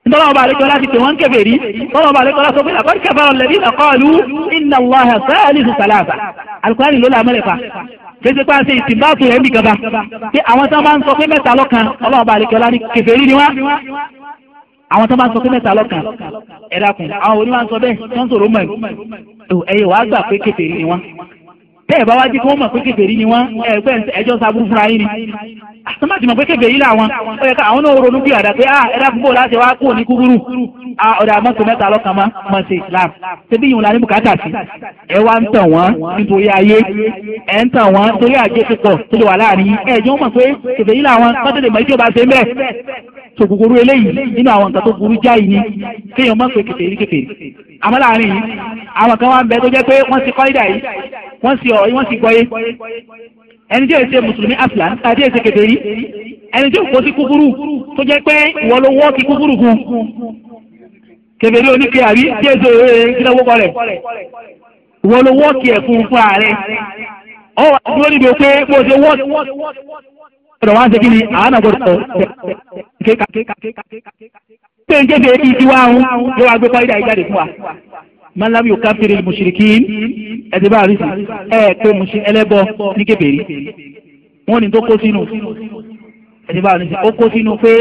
C: nítorí àwọn balẹ̀ kọ́lá ti pè wọ́n kẹfẹ́ rí wọ́n àwọn balẹ̀ kọ́lá sọ pé àkọ́rí kẹfẹ́rọ̀ lẹ́bí ìlàkọ́ọ̀lù iná wàhà sáàlìsù sàlàsà alukurani ló la mẹ́lẹ̀fà fẹsẹ̀ pa ṣe ìtìmbáàtò rẹ̀ ń bì pé àwọn sábà ń sọ pé mẹ́ta lọ́kan ọlọ́run balẹ̀ kọ́lá ni kẹfẹ́ rí ni wá àwọn tó bá sọ pé mẹ́ta lọ́kàn ẹ dákun àwọn onímọ̀ sọ bẹ́ẹ̀ tó ń sọ̀rọ̀ mọ̀ ẹ̀yẹ wàá gbà pé kékeré ni wọ́n tẹ́ ẹ̀ bá wá jí kí wọ́n mọ̀ pé kèfèrí ni wọ́n ẹgbẹ́ ẹjọ́ sábúrú fúnra yín ni àtúmọ̀ ah, ti mọ̀ pé kèfèrí làwọn ó yẹ ká àwọn náà ronú bí ọ̀dà pé ah ẹ̀dá fúnbọ̀ láti wá kúrò ní kúrúrú ah ọ̀dà mọ́tò mẹ́ta lọ́kàn mọ́ mọ́ sí Islam ṣébí yìí wọn la ní bùkátà sí ẹ wá ń tàn wọ́n nítorí ayé ẹ ń tàn wọ́n torí àjẹsípọ̀ tó lè wà láàrin ẹ̀jọ́ mọ̀ pé kèfèrí làwọn kọ́tẹ́lẹ̀ mọ̀ tí ó bá ṣe ń bẹ̀ tó kúkúrú eléyìí nínú àwọn nǹkan tó burú jáì ọ̀rọ̀ yìí wọ́n ti gbọ́yé ẹni tí yóò ṣe mùsùlùmí afla àti èsè kèfèrí ẹni tí yóò kó sí kúkúrú tó jẹ́ pé ìwọ ló wọ́ kí kúkúrú fún kèfèrí oníke àbí tí èsè ìdánwókọ rẹ̀ ìwọ ló wọ́ kí ẹ̀ fún fún ààrẹ ọ wà dúró níbi pé bó ṣe wọ́ ọ̀rọ̀ wá ń ṣe kí ni àánà gbọ́dọ̀ kéka kéka kéka kéka kéka kéka kéka kéka kéka kéka kéka kéka kéka kéka
B: kéka
C: malawi o káfíìrì mushrikin ẹ̀dẹ̀ bá àrísì ẹ̀ pé mushi ẹlẹ́bọ ní kébèrè wọ́n ní tó kó sínú ẹ̀dẹ̀ bá àrísì ó kó sínú pé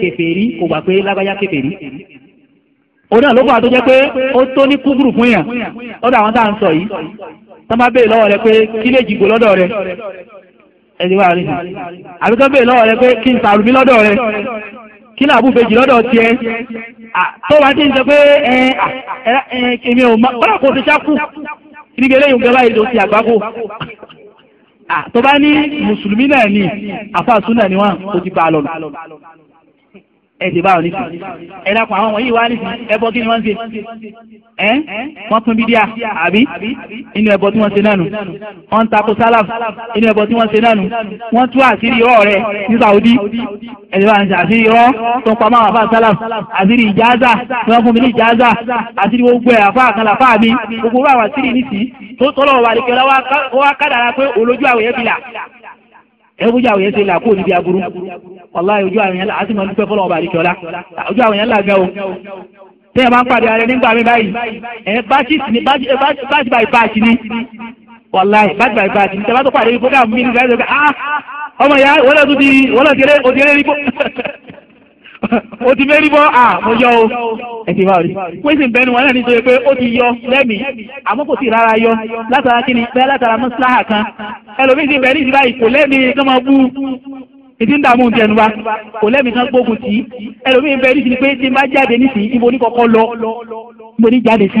C: kèfèrí kò gbà pé lágbájá kèfèrí oní àlọ́ fà tó jẹ́ pé ó tó ní kúgùrù fún yàn
B: lọ́dọ̀ àwọn tá à ń sọ yìí tán bá lọ́wọ́ rẹ pé kí lè jìgbò lọ́dọ̀ rẹ ẹ̀dẹ̀ bá àrísì àbíkọ́ béèrè lọ́wọ́ rẹ pé kí n sàrùmí lọ́dọ̀ rẹ
C: kí ni àbúfèjì lọ́dọ̀ tiẹ̀
B: tó wá sí ń sọ pé èmi ò má kọ́lá kò ti ṣákù níbi eléyìí gbẹ báyìí ló ti àgbákò tó bá ní mùsùlùmí náà ni àfàsùn náà ni wọn kò ti bá a
C: ẹ̀sìn báwọn ní sùn
B: ẹ̀dá kan àwọn wọ̀nyí wá ní sùn ẹbọ kí ni wọ́n ń ṣe ẹ́ wọ́n pín bídíà àbí inú ẹbọ tí wọ́n ṣe náà nù wọ́n ń takò sálàf inú ẹbọ tí wọ́n ṣe náà nù wọ́n tú àṣírí irọ́ rẹ̀ ní Saudi
C: ẹ̀sìn báwọn àṣírí irọ́ tó ń pamọ́ àwọn sálàf àṣírí ìjáza tí wọ́n fún mi ní ìjáza àṣírí gbogbo ẹ̀ afá kan làfá mi gbogbo àwọn àṣírí nìsí tó tọ́lọ̀ wà ẹwújà àwọn yẹn ṣe làkó níbi aburú wàláhì ojú àwọn yẹn àti màá dúpẹ́ fọlọ́wọ́ bàrí kíọ́lá ojú àwọn yẹn làgẹ́ o tẹ́yẹ̀ bá ń pàdé ara nígbà mi báyìí
B: ẹ̀ báṣìṣì ni báṣì
C: báyìí báṣì ni wàláhì báṣì báyìí báṣì ni tẹ́lá tó pàdé program mi nígbà yẹn sọ pé ah, ọmọ ìyá wọ́n lọ́ọ́ tún ti wọ́n lọ́ọ́ <laughs> <laughs> o ti mẹ́rí bọ́ à mo yọ o ẹ ti bá o rí wọ́n sì ń bẹnu wọn náà nítorí pé ó ti yọ lẹ́mìí àmọ́ kò sí rárá yọ látara kí ni bẹ́ẹ̀ látara mọ́síláhà kan ẹlòmíín ti bẹ̀ ní ìsìláyì kò lẹ́mìí kí wọ́n bú ìdí ń dààmú ti ẹnu wa kò lẹ́mìí kan gbógun tì í ẹlòmíín bẹ̀ ní ìsìláyì pé tí n bá jáde nísìnyí ibo ní kọ́kọ́ lọ ibo ní jáde sí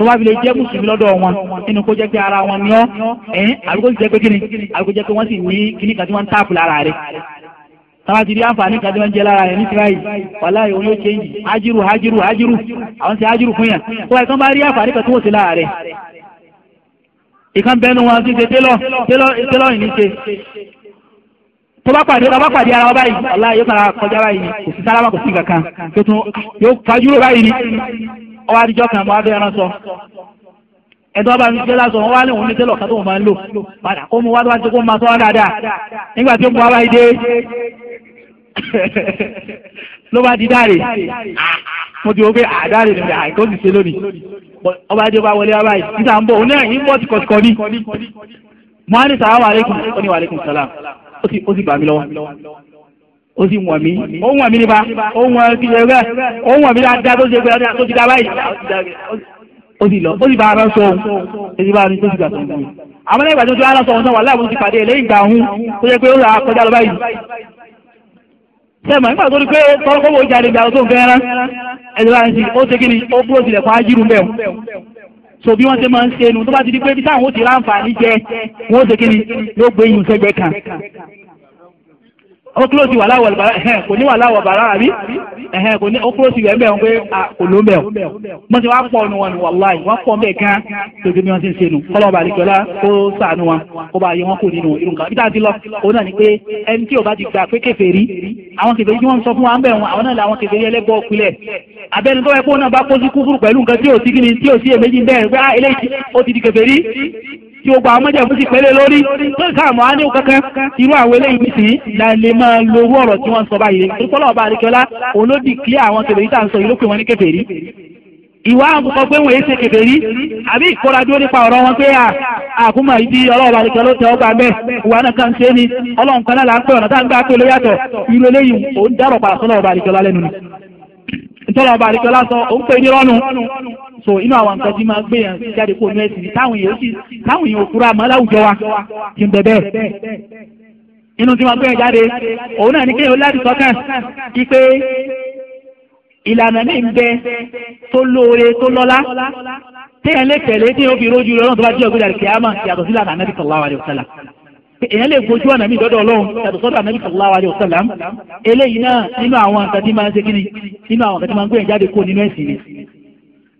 C: tó bá fi lè jẹ́ mùsùlùmí lọ́dọ̀ wọn nínú kó jẹ́ pé ara wọn ni ọ́ ẹ̀ẹ́n àbíkó sì jẹ́ pé kíni àbíkó jẹ́ pé wọ́n sì ní kíní kan tí wọ́n ń táàpù lára rẹ̀ tọ́wọ́ ti rí àǹfààní kan tí wọ́n ń jẹ lára rẹ̀ ní tíráyì wàhálà ìwọ̀n yóò ṣe ń yìí ájírù ájírù ájírù àwọn ti ájírù fún yàn tó wáyé tán bá rí àǹfààní kan tí wọ́n ṣe lára rẹ̀ ìkan bẹnu wọn ti ṣe télọ̀ tó bá pàdé bá pàdé ara wa báyìí wàhálà yóò kọjá báyìí kò sí sálámà kò sí kankan tó tún yóò fajúrò báyìí ni ọwọ́ adijọ́ kan mọ́ abẹ́ ẹran sọ
B: ẹ̀dọ́ bá mi ṣe lásọ wọn wá léwọn ní tẹ́lọ̀ kan tó wọn máa ń lò
C: padà kó mu wá tó wá ti kó mu máa sọ́wọ́ dáadáa
B: nígbà tí ó mu wá báyìí dé <laughs>
C: ló bá di dáre
B: mo ti wo pé àdáre ni àìkó
C: sì ṣe lónìí ọba adé bá wọlé wá báyìí níta ń bọ̀ òun náà yín bọ́ tìkọ̀tìkọ̀ ní mohani sàlámù aleykum ó ní wàleykum sàlámù ó sì bà mí lọ́wọ́ ó sì wọ̀n mí ó wọ̀n mí nípa ó wọ̀n kí ẹ bẹ́ẹ̀ ó wọ̀n mí dáadáa tó ṣe pé ó ti dá báyìí o sì lọ o sì bá ara sọ ohun o sì bá ara ní tó sì gbà tó ń gbé àwọn ẹgbẹ́ tó ti wá lọ́sọ̀rọ̀ náà wà láàbùn ti pàdé lẹ́yìn ìgbà ọ̀hún tó jẹ́ pé ó rà kọjá lọ báyìí sẹ́mọ̀ nígbà tó rí pé tọ́lọ́kọ́wọ́ ìjà lè gbà tó ń fẹ́ rán ẹ̀dọ́ láti sí ó ṣe kí ni ó kúrò sílẹ̀ fún ajírun bẹ́ẹ̀ so bí wọ́n ṣe máa ń ṣe nu tó bá ti di pé bí táwọn ó ti ráǹfààní jẹ wọ́n ó ṣe kí ni yóò gbé ìyún sẹ́gbẹ̀ẹ́ kan ó kúlóòsì wà láwọ̀ bàrà ẹ̀hẹ́n kò ní wà láwọ̀ bàrà àbí ẹ̀hẹ́n kò ní ó kúlóòsì rẹ̀ bẹ́ẹ̀ pé kò ló ń bẹ̀ wọ́n ti wá pọ̀ nu wọn ni wàláì wọ́n pọ̀ bẹ́ẹ̀ gan gbogbo bí wọ́n ti ń ṣe nu kọ́lọ́ọ̀bà àlejòlá kó sàánú wọn kó bá yẹ wọn kò nínú irun kan bíta ti lọ òun náà ni pé ẹni tí ò bá ti gbà pé kèfèrí àwọn kèfèrí tí wọ́n sọ fún wa ń bẹ̀ wọn àwọn náà làwọn kèfèrí ẹlẹ́gbọ́ òkulẹ̀ abẹ́ni tó yẹ kó náà bá kó sí pẹ̀lú nǹkan tí ò sí kí tí gbogbo àwọn mọ́jẹ̀mú sì pẹ́lẹ́ lórí tó ń sáàmù á ní òun kankan irú àwọn eléyìí sì la lè máa lo owó ọ̀rọ̀ tí wọ́n sọ báyìí ọba àríkẹ́lá olódì kí àwọn kèfèrí tá à ń sọ yìí ló wọ́n ní kèfèrí ìwà àbùkọ pé wọ́n èsè kèfèrí àbí dúró nípa wọn pé àkúmọ̀ ibi so inú àwọn nǹkan tí máa gbé yàn jáde kó nú ẹ̀sìn táwọn èèyàn sì táwọn èèyàn òkúra àmọ́ láwùjọ wa kì í bẹ̀ bẹ́ẹ̀ inú tí wọ́n gbé yàn jáde òun náà ní kéèyàn láti sọ́kàn kí pé ìlànà ní ìbẹ tó lóore tó lọ́lá téèyàn lè tẹ̀lé téèyàn fi rójú lọ́rùn tó bá jẹ́ ògbéjà kìámà yàtọ̀ sí lànà Ànábì sallallahu alaihi wasallam èèyàn lè fojú ọ̀nà mi dọ́dọ̀ ọlọ́run yàtọ̀ sọ́dọ̀ Ànábì sallallahu alaihi wasallam eléyìí náà nínú àwọn nǹkan tí máa ń ṣe kíni nínú àwọn nǹkan máa ń gbé yàn jáde kó nínú ẹ̀sìn ni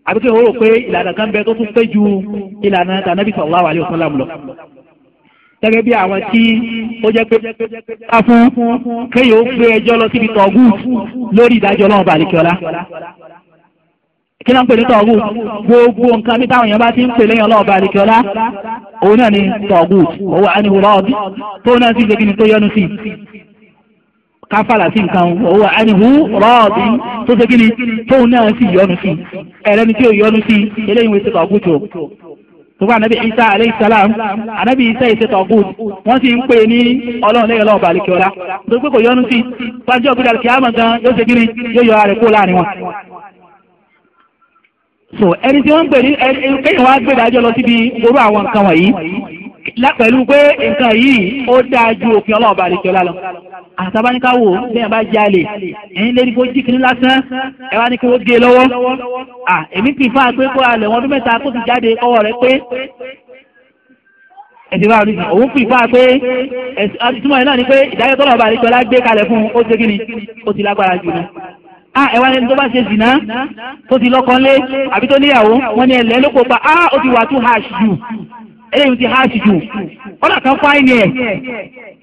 C: àbí kí wọ́n rò pé ìlànà kan bẹ tó tún pé ju ìlànà tànàbí sallallahu alaihi wasallam lọ gẹ́gẹ́ bí àwọn tí ó jẹ́ pé ká fún kéèyàn ó gbé ẹjọ́ lọ síbi tọ́gù lórí ìdájọ́ ọlọ́run bàlíkíọ́lá kí ló ń pè ní tọ́gù
B: gbogbo nǹkan bí táwọn èèyàn bá ti ń pè lẹ́yìn ọlọ́run bàlíkíọ́lá òun náà ni tọ́gù òun àníhùrọ́ọ̀dì
C: tó náà sì ṣe káfàlà sí nǹkan òwò ànihu rọ́ọ̀bì tó ṣe kíni tóun náà sì yọnu sí ẹlẹ́ni tí ò yọnu sí eléyìí wọ́n ti tọ̀ gújò tùgbọ́n anabi isa aleyhi salam anabi isa ìṣe tọ̀gùd wọ́n sì ń pè ní ọlọ́run lẹ́yìn ọlọ́run balikiola tó pé kò yọnu sí fájọ́ gbé dàlùkì àmọ̀ gan yóò ṣe kíni yóò yọ ara rẹ̀ kó láàrin wọn so ẹni tí wọ́n ń pè ní ẹni kéèyàn wá gbé dájọ́ lọ síbi orú àwọn nǹkan wọ̀nyí lápẹ̀lú pé nǹkan yìí ó dáa ju òfin ọlọ́run bá àlejò lálọ. àtàbáníkáwò bẹ́ẹ̀ bá jalè ẹ̀yin lórí kó jí kiri lásán ẹ wá ní kí wọ́n gé e
B: lọ́wọ́.
C: èmi kì í fà pé kó alẹ̀ wọn ọdún mẹ́ta kó ti jáde kọ́wọ́ rẹ pé ẹ̀sìn bá rí òun fi fà pé àtúntúmọ̀ ẹ̀ náà ni pé ìdájọ́ tọ́lọ̀ bá àlejò lá gbé kalẹ̀ fún un ó ṣe kí ni ó ti lágbára jù ni a ẹ̀wà ẹni tó bá ṣe zìnà tó ti lọ́kọ́ lé àbí tó níyàwó wọ́n ní ẹ̀lẹ́ ló kópa a ó ti wà tún hash jù eléyìí ti háàsì jù kọ́lá kan fáìní ẹ̀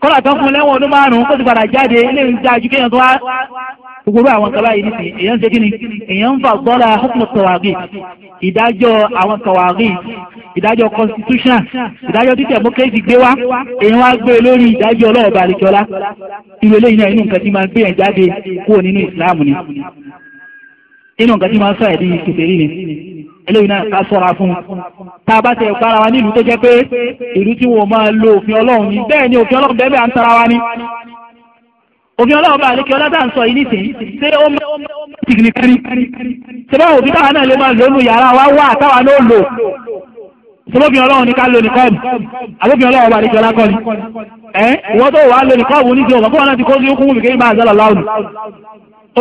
C: kọ́lá kan fún lẹ́wọ̀n ọdún márùn-ún kó ti padà jáde eléyìí ti dájú kéèyàn tó wá gbogbo àwọn kaba yìí nìsín èèyàn ń ṣe kí ni èèyàn ń fà gbọ́dọ̀ hukumu tawari ìdájọ́ àwọn tawari ìdájọ́ constitution ìdájọ́ títẹ̀ mú kéèjì gbé wá èèyàn wá gbé e lórí ìdájọ́ ọlọ́ọ̀bà àríkọ́lá irú eléyìí náà inú nǹkan tí máa ń gbé yẹn jáde kúrò nínú ìsìláàmù ni inú nǹkan tí máa ń sọ ẹ̀dí kèfèrí ni eléyìí náà ká sọ́ra fún un
B: tá a bá tẹ̀ para wa nílùú tó jẹ́ pé ìlú tí wọ́n
C: máa lo òfin ọlọ́run ni bẹ́ẹ̀ ni òfin ọlọ́run bẹ́ẹ̀ bẹ́ẹ̀ à ń tara wa ni òfin ọlọ́run bá àlékè ọlọ́dà ń sọ yìí nísìnyí ṣé ó máa tìgìrì kiri ṣé báwo òfin táwa náà lè máa lónú yàrá wa wà táwa náà lò sọlọ́bìn ọlọ́run ní ká lò ní kọ́ọ̀bù àbóbìn ọlọ́run bá àlékè ọlákọ́ni
B: ẹ̀ ìwọ́n tó wà á lò ní kọ́ọ̀bù oníṣẹ́
C: ọ̀gbọ́n náà ti kó sí okùn wù mí kéyìn máa zálà láwùn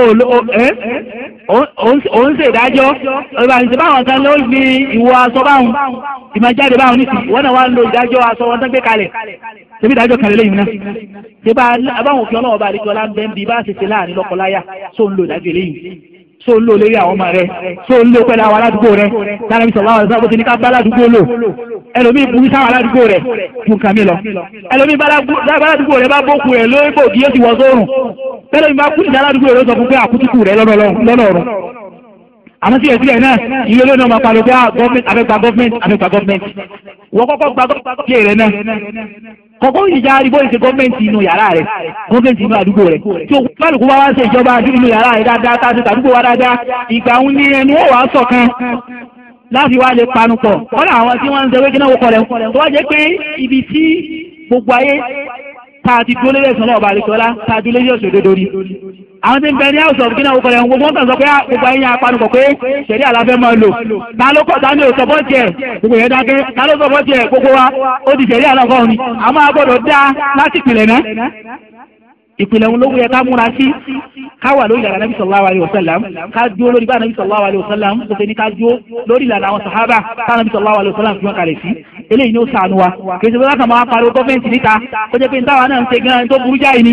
C: òun ṣe ìdájọ́ ìbànújẹ́ báwọn kan ló fi ìwọ aṣọ báwọn ìmọ̀jáde báwọn nìsí wọ́n náà wá ń lo ìdájọ́ aṣọ wọn tó gbé kalẹ̀
B: ṣebí ìdájọ́ kalẹ̀ lẹ́yìn náà
C: ṣé báwọn òfin ọlọ́wọ́ bá àdéjọ́ lá ń bẹ́ẹ̀ bí bá ṣe ṣe láàrin lọ́kọláya ṣó ń lo ìdájọ́ eléyìí tó ń lò lórí àwọn ọmọ rẹ tó ń lò pẹ̀lú àwọn aládùúgbò rẹ lára mi sọ̀rọ̀ àwọn ọ̀sán bó ti ní ká bá aládùúgbò lò
B: ẹlòmíì burú sáwọn aládùúgbò rẹ ju nǹkan mi lọ
C: ẹlòmíì bá aládùúgbò rẹ bá bókù rẹ lórí bògì yóò ti wọ sórùn ẹlòmíì bá kú ìdá aládùúgbò rẹ ló sọ fún pé àkútùkù rẹ lọ́nà ọ̀run àmọ́ sí ẹ̀sílẹ̀ náà iye lónìí ọmọ pariwo pé abẹ́gba ah, gọ́ọ̀mẹ̀ntì abẹ́gba gọ́ọ̀mẹ̀ntì wọ́n kọ́kọ́ gba gọ́ọ̀mẹ̀ntì rẹ̀ náà kọ́kọ́ ìjà arìbó ìṣe gọ́ọ̀mẹ̀ntì inú yàrá rẹ̀ gọ́ọ̀mẹ̀ntì inú àdúgbò rẹ̀ tí o kálukú bá wá ṣe ìjọba inú yàrá rẹ̀ dáadáa tá a ṣe tàdúgbò wa dáadáa ìgbà ń ní ẹnu ó wàá ṣọ̀kan láti wá lè panupọ̀ wọ́n àwọn tí wọ́n ń ṣe wéjì náà wọ́kọ̀ rẹ̀ tó wá jẹ́ pé ibi tí gbogbo ayé tá ti dúró lé àwọn tí ń bẹ ní house of guinea òkòlẹ̀ ń gbogbo ń tàn sọ pé ah, gbogbo ẹ̀yìn apanukọ̀ pé ṣẹ̀rí àlàfẹ́ máa lò ta ló kọ̀ ta ni ò sọ̀bọ̀ tiẹ̀ gbogbo yẹn dákẹ́ ta ló sọ̀bọ̀ tiẹ̀ gbogbo wa ó ti ṣẹ̀rí àlàkọ́ ni àmọ́ a gbọ́dọ̀ dá láti ìpìlẹ̀ náà ìpìlẹ̀ òun ló wúyẹ ká múra sí ká wà lórí ìlànà nàbìsọ̀ láwa àlè òsàlám ká dúró lórí bá nàbìsọ̀ láwa àlè òsàlám kò sí ní ká dúró lórí ìlànà àwọn sàhábà ká nàbìsọ̀ láwa àlè òsàlám fi wọn kalẹ̀ sí eléyìí ni ó sànù wa kì í ṣe pé wọn kàn máa pariwo gọ́fẹ̀ǹtì níta kó jẹ́ pé ní táwa náà ń ṣe gan-an tó burú jáì ni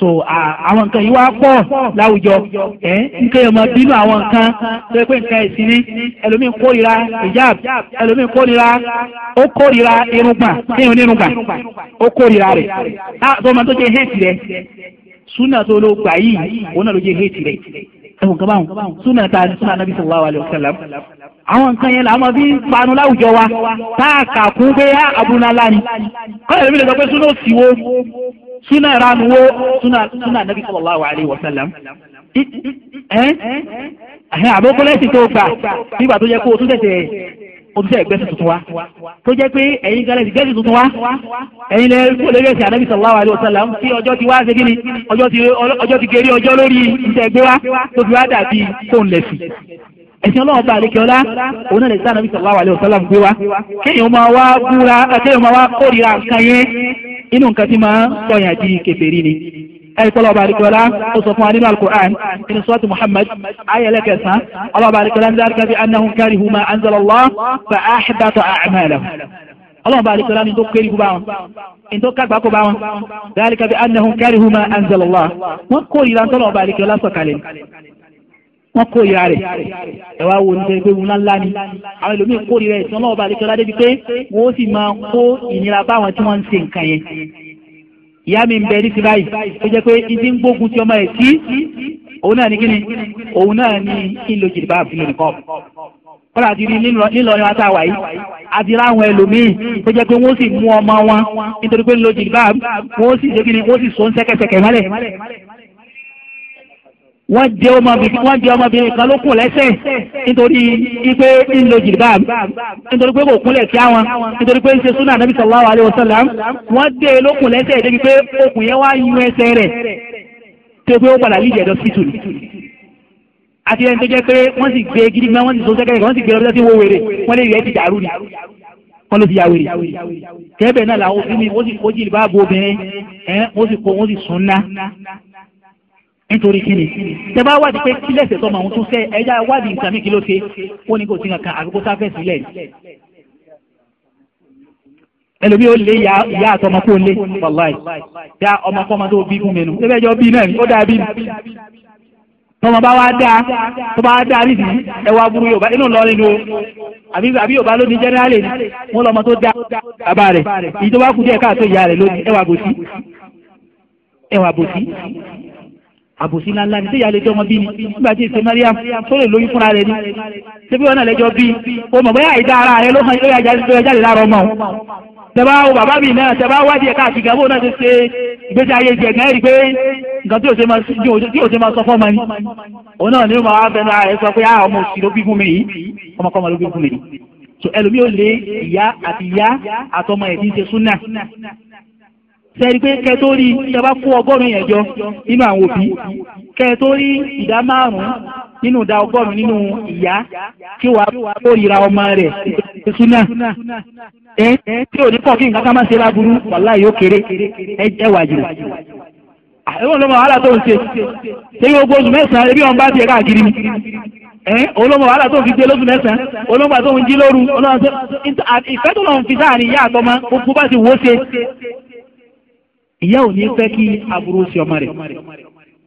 C: so àwọn nǹkan yìí wá pọ̀ láwùjọ ẹ ń kéèyàn bínú àwọn nǹkan tó yẹ pé nǹkan ẹ̀sìn ni ẹlòmíín kórìíra hijab ẹlòmíín kórìíra ó kórìíra irungba kéèyàn onírungba
B: ó kórìíra rẹ̀ ah, tó máa tó jẹ́ hate rẹ̀
C: súnà tó ló gbà yìí ẹ̀wọ̀n kan báwọn súnà ta ni súnà nàbí sallallahu alayhi wa sallam. àwọn nǹkan yẹn làwọn fi panu láwùjọ wa
B: tá a kà kún pé á abúnálá ni
C: kọ́lẹ̀ mi lè sọ pé súnà òsì wo súnà ìranu wo súnà nàbí sallallahu alayhi wa sallam àbókọ́lẹ́sì tó gbà nígbà tó yẹ kó o tún tẹ̀sẹ̀ o tún tẹ̀ gbẹ́sẹ̀ tuntun wa tó jẹ́ pé ẹ̀yin gẹ́lẹ́ ti gbẹ́sẹ̀ tuntun wa ẹ̀yin lẹ́ kó lè gbèsè ànábì sallallahu alaihi wasallam tí ọjọ́ ti wá ṣe kí ni ọjọ́ ti geri ọjọ́ lórí ìtẹ̀gbé wa tó fi wá dàbí fóun lẹ̀sìn ẹ̀sìn ọlọ́run bá àlékè ọlá òun náà lè sá ànábì sallallahu alaihi wasallam gbé wa kéèyàn máa wá búra kéèyàn máa wá kórìíra nǹkan yẹn inú nǹkan tí máa sọyàn di kèfèrí ni ẹ̀kọ́lọ́ ọba àríkọ́lá ó sọ fún anínú alukur'an inú sọ́ọ̀tì muhammad ayẹlẹ́ kẹsàn-án ọlọ́ọ̀ba àríkọ́lá ń dárúkọ bí anahun kárí huma anzalọ́lá fa ahdatha a'malahum
B: ọlọ́ọ̀ba àríkọ́lá ni tó kéré kú bá wọn
C: ní tó kágbá kú bá wọn dárúkọ bí anahun kárí huma anzalọ́lá wọ́n kórìíra ń tọ́lọ́ọ̀ba àríkọ́lá sọ̀kalẹ̀ wọ́n kórìíra rẹ̀ ẹ̀wá wo nígbà ìgbé wọn ńlá ni àwọn ẹlòmíín kórìíra ìsìn ọlọ́ọ̀ba àríkọ́lá débi pé wọ́n sì máa kó ìnira báwọn tí wọ́n ń ṣe nǹkan yẹn ìyá mi ń bẹ ní ti báyìí tó jẹ́ pé ìdí ń gbógun ti ọmọ rẹ̀ sí òun náà ní kíni òun náà ní ìlò jìdìbá àbúlé nìkan kọ́lá ti rí nílọrin ata wà yìí àti ráwọn ẹlòmíì tó jẹ́ pé wọ́n sì mú ọmọ wọn nítorí pé ń lo wọ́n sì ṣe kíni wọ́n sì so ń sẹ́kẹ̀sẹ̀kẹ̀ mọ́lẹ̀ wọ́n jẹ́ ọmọbìnrin kan ló kùn lẹ́sẹ̀ nítorí ipe ńlò jìlbáàm nítorí pé kò kúnlẹ̀ kí àwọn nítorí pé ń ṣe súnà nàbí sallallahu alaihi wasallam wọ́n dé e lókùn lẹ́sẹ̀ débi pé okùn yẹn wá yún ẹsẹ̀ rẹ̀ tó pé ó padà lídìí ẹ̀dọ̀ sí tùlù. àti ẹni tó jẹ́ pé wọ́n sì gbé gidi gbọ́n wọ́n sì so sẹ́kẹ̀rẹ̀ wọ́n sì gbé e ọdún tí wọ́n wèrè wọ́n lè rí ẹ ti dàrú ni wọ́n ló ti yà wèrè kẹ́ẹ̀bẹ̀ náà làwọn obìnrin wọ́n sì kó jìlbáàbù obìnrin
B: wọ́n sì kó wọ́n sì sún ná
C: nítorí kíni tẹ́ bá wádìí pé kí lẹ́sẹ̀ tọmọ òun tún fẹ́ ẹja wádìí nǹkan mi kí ló ṣe ó ní kò sí nǹkan àbíkó sáfẹ́ sílẹ̀ ẹlòmí ó lé ìyá àtọmọ kó lé wàláì dá ọmọ kọ́mọ tó bí fún mi nù ẹgbẹ́ jọ bí náà ó dáa bí nù tọmọ bá wá dáa tó bá dáa nídìí ẹ wá burú yorùbá inú lọ nínú àbí àbí yorùbá ló ní jẹnẹrálì ni wọn lọmọ tó dáa bàbá rẹ ìjọba kùdí ẹ káàtó ìyá rẹ lónìí ẹwà bòsí ẹwà bòsí àbòsí ńláńlá ni séyà lè jọ ọmọ bí ni nígbà tí èsè mariam tó lè lóyún fúnra rẹ ni
B: ṣébí wọn náà lẹjọ bí
C: o mọ̀ bóyá àìdá ara rẹ ló hàn lóyà jáde lára ọmọ o tẹ́bá o bàbá mi náà tẹ́bá wádìí ẹ̀ka àti ìgbàgbọ́ náà ti ṣe ìgbésí ayé ìjẹ̀ gan ẹ̀rí pé nǹkan tí o ṣe máa sọ fọ́ ọmọ ni òun náà ni ó máa wá fẹ́ náà ẹ sọ pé àwọn ah, ọmọ òsì ló bí fún mi yìí ọmọkọ́mọ ló bí fún mi yìí so ẹlòmíì ò lé ìyá àti ìyá àtọmọ ẹ̀ sẹ́ni pé kẹ́ tó rí ìjọba kó ọgọ́rùn-ún yẹn jọ nínú àwọn òbí kẹ́ tó rí ìdá márùn-ún nínú ìdá ọgọ́rùn-ún nínú ìyá kí wàá kórìíra ọmọ rẹ̀ ìsúná ẹ tí ò ní pọ̀ kí nǹkan ká má ṣe láburú wàhálà yóò kéré ẹ jẹ́ wàjú. àwọn olómọ wàhálà tó ń ṣe ṣé yóò gbóòdù mẹ́sàn-án ẹbí wọn bá tiẹ̀ káàkiri ni olómọ wàhálà tó ń fi gbé lóṣù mẹ́sàn-án olómọ tó ń jí lóru ìfẹ́ tó lọ́n fi sáà ní ìyá àtọmọ gbogbo bá ti wò ṣe ìyá ò ní fẹ́ kí aburú sí ọmọ rẹ̀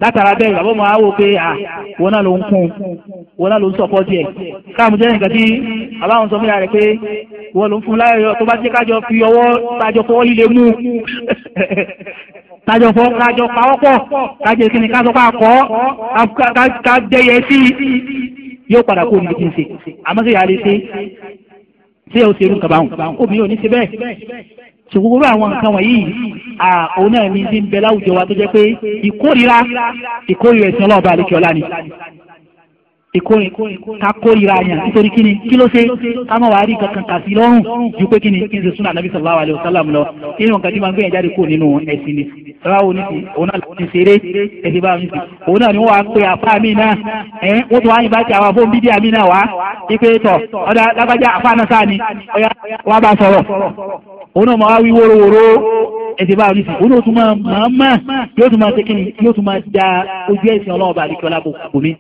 C: látara bẹ́ẹ̀ bàbá ọmọ àwò pé à ah, wọn náà ló ń kún wọn náà ló ń sọ̀kọ́ díẹ̀ káàmù jẹ́ nǹkan tí bàbá àwọn sọ fúnra rẹ̀ pé wọn ló ń fún láyọ̀ tó bá jẹ́ kájọ fi ọwọ́ tájọ fọwọ́ líle mú tájọ <laughs> fọ kájọ pawọ́pọ̀ kájọ kíni kájọ pàkọ́ kájẹyẹ sí yóò padà kó omi kìí ṣe àmọ́ sí ìyá rẹ̀ ṣe ṣé o ṣe irú kaba òun obìnrin ṣùgbọ́n àwọn nǹkan wọ̀nyí òun náà ní ti ń bẹ láwùjọ wa tó jẹ́ pé ìkórira
B: ìkórira ẹ̀sìn ọlọ́ọ̀bá àdékíọ́lá ni
C: ìkórè ká kórira yàn nítorí kíni kí ló ṣe ká má wàá rí kankan kà sí lọ́rùn ju pé kíni kí n ṣe súnà nàbí sallallahu alaihi wasallam lọ nínú nǹkan tí máa ń gbé yẹn nínú ẹ̀sìn ni rárá o ní sí òun náà ti ṣeré ẹ̀sìn bá mi sí òun náà ni wọ́n wá pe àfa mi náà ẹ̀ wọ́n tún wá yín bá àwọn fóun bídíà mi náà wá ní tọ̀ ọ̀dà lágbájá àfa náà sáà ni ọ̀yá òun náà máa wí wórówóró ẹ̀sìn bá rí sí òun náà tún máa máa má yóò tún máa ṣe kíni yóò tún máa da ojú ẹ̀sìn ọlọ́ọ̀bà àdìkọ́lá kò mí.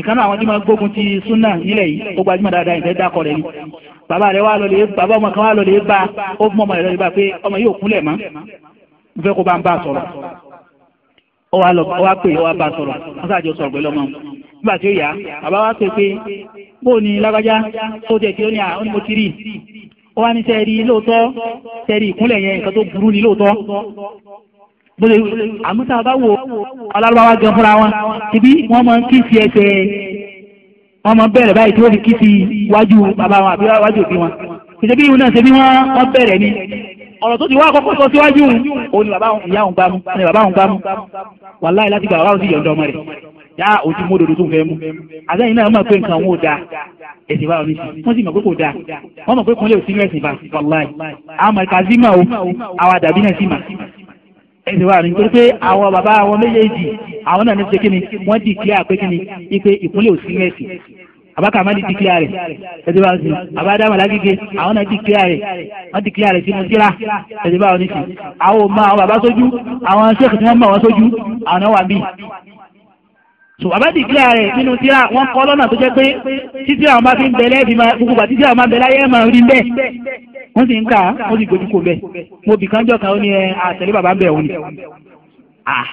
C: ìkànnì àwọn tí máa gbógun ti súnà nílẹ̀ yìí ó gbajúmọ̀ dáadáa ìfẹ́ dákọ̀ rẹ̀ ni bàbá rẹ̀ wá lọ́lẹ̀ bàbá ọmọ kan wá lọ́lẹ̀ bá ó fún ọmọ rẹ̀ lọ́lẹ̀ bá pé ọmọ yóò kúnlẹ̀ mọ́ mo fẹ́ kó bá ń bá sọ̀rọ̀ ó wá lọ ó wá pè ó wá bá sọ̀rọ̀ wọ́n sàjọ sọ̀rọ̀ pẹ̀lú ọmọ nígbà tí ó yá bàbá wá pè pé bóò ni lágbájá tó tẹ̀ tí ó ní ó wá ní sẹ́ẹ̀rí lóòótọ́ sẹ́ẹ̀rí ìkúnlẹ̀ yẹn nǹkan tó burú ni lóòótọ́ bóde àmúta bá wo alárúbáwá gan fúnra wọn ibi wọ́n máa ń kí sí ẹsẹ̀ wọ́n máa ń bẹ̀rẹ̀ báyìí tí ó fi kí sí wájú bàbá wọn àbí wájú òbí wọn kò ìhun náà ṣe bí wọ́n bẹ̀rẹ̀ ni ọ̀rọ̀ tó ti wá àkọ́kọ́ sọ síwájú òun ni bàbá ìyá òun gbámú ni bàbá òun gbámú wàláì láti gbà bàbá òun sì yọ̀ǹda ọmọ rẹ̀ yá òtí mú òdòdó tó ń fẹ́ mú àtẹ̀yìn náà mọ̀ pé nǹkan wọn ò dáa ẹ̀sìn báwọn ní sí wọ́n sì mọ̀ pé kò dáa wọ́n mọ̀ pé kúnlẹ̀ ò sínú ẹ̀sìn bá wàláì àmọ̀ kazima o àwọn àdàbí náà sì mà ẹ̀sìn báwọn ní pé àwọn bàbá àwọn méjèèjì àwọn náà ní ipe ìkúnlẹ̀ ò sínú abaka amadi ti clear rẹ ẹtì bá sí abadama lagige àwọn náà ti clear rẹ
B: wọn ti clear rẹ sínú síra ẹtì bá wọn ní sí
C: àwọn ọmọ àwọn bàbá sójú àwọn sèkì tí wọn mọ wọn sójú so bàbá ti clear rẹ sínú síra wọn kọ lọ́nà tó jẹ́ pé títí àwọn bá fi ń bẹlẹ fi máa gbogbo àti títí àwọn máa bẹlẹ ayé máa
B: wọn sì ń kà wọn sì gbójú kò
C: mo bì kánjọ kan ó ní ẹ àtẹlẹ bàbá ń bẹ òun ni. Ah,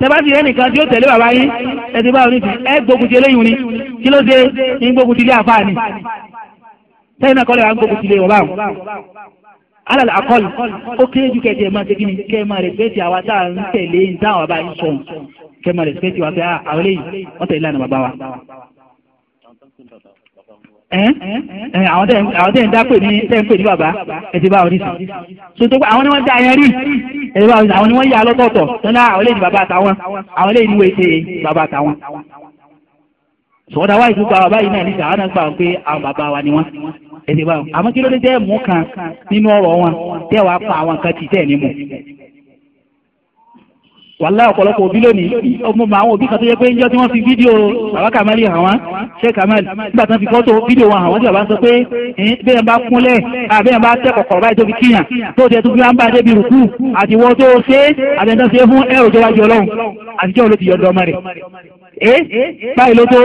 C: tẹ́bátì ẹnìkan tí ó tẹ̀lé bàbá yín ẹtì báwo ní ti ẹ gbógun ti eléyìí ni kí ló dé ní gbógun ti ilé àfáà ni sẹ́yìn náà kọ́lẹ̀ wà ń gbógun ti ilé wọ̀ báwọn alal akọl ó kéré ju kẹtì máa ṣe kí ni kẹ máa rẹsipẹti àwa tá à ń tẹ̀lé ń dáhùn àbá yín sọ̀hún kẹ máa rẹsipẹti wa pé ah, àwọn eléyìí wọ́n tẹ̀lé lánàá bàbá wa àwọn tẹ̀ ń dápè ní tẹ̀ ń pè ní bàbá ẹ̀dí bá orí sùn so tó pé àwọn ni wọ́n dá yẹn rí ẹ̀dí bá orí sùn àwọn ni wọ́n yà lọ́tọ̀ọ̀tọ̀ tó ní ah, àwọn eléyìí bàbá àtàwọn àwọn eléyìí ni wọ́n ṣe bàbá àtàwọn sọ̀dá wáyé gbogbo àwọn báyìí náà ní sàwọn náà gbà wọn pé àwọn bàbá wa ni wọn ẹ̀dí bá wọn àmọ́ kí ló dé jẹ́ mú kan nínú ọ̀rọ̀ wọn tẹ́ wàá pa àwọn kan tì tẹ́ ní mú wàláhì ọ̀pọ̀lọpọ̀ òbí lónìí ọmọ àwọn òbí kan tó yẹ pé ń jọ tí wọ́n fi fídíò bàbá kamali hàn wọ́n ṣe kamali nígbà tí wọ́n fi fọ́tò fídíò wọn hàn wọ́n sì bàbá sọ pé bẹ́ẹ̀ bá kúnlẹ̀ àbẹ́ẹ̀ bá tẹ́ kọ̀kọ̀ báyìí tó fi kíyàn tó tẹ́ tó fi máa ń bá débi rùkú àti wọ́n tó ṣe àtẹ̀tẹ̀ ṣe fún ẹ̀rọ tó wájú ọlọ́run àtijọ́ ló ti yọ̀dọ̀ ọmọ rẹ̀ ee báyìí ló tó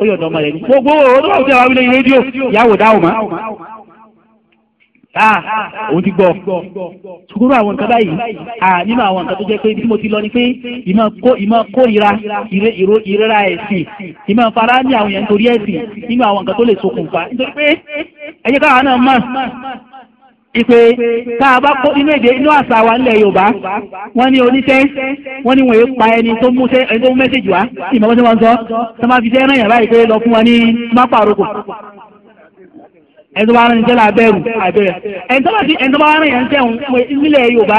C: ó yọ̀dọ̀ ọmọ rẹ̀ gbogbo òwò tó
B: ah òun ti gbọ́ ṣùgbọ́n àwọn nǹkan báyìí ah nínú àwọn nǹkan tó jẹ́ pé bí mo ti lọ ni pé ìmọ̀ kó ìmọ̀ kórira ìrora
C: ẹ̀sìn ìmọ̀ fara ní àwọn èèyàn torí ẹ̀sìn nínú àwọn nǹkan tó lè ṣokùnfà nítorí pé ẹ jẹ́ káwọn náà mọ̀ ìpè tá a bá kó inú èdè inú àṣà wa nílẹ̀ Yorùbá wọ́n ní oníṣẹ́ wọ́n ní wọ́n yóò pa ẹni tó mú ẹni tó mú mẹ́sẹ̀jì wá ìmọ̀ wọ́n ti wọ́n sọ tó máa fi ṣẹ́ ẹ̀ràn yàrá ìpè lọ fún wọn ní mápá àròkò ẹ̀dọ́ bá rìn tẹ́lẹ̀ abẹ́rù abẹ́rẹ̀ ẹ̀dọ́ bá rìn yẹn tẹ̀hún nílẹ̀ Yorùbá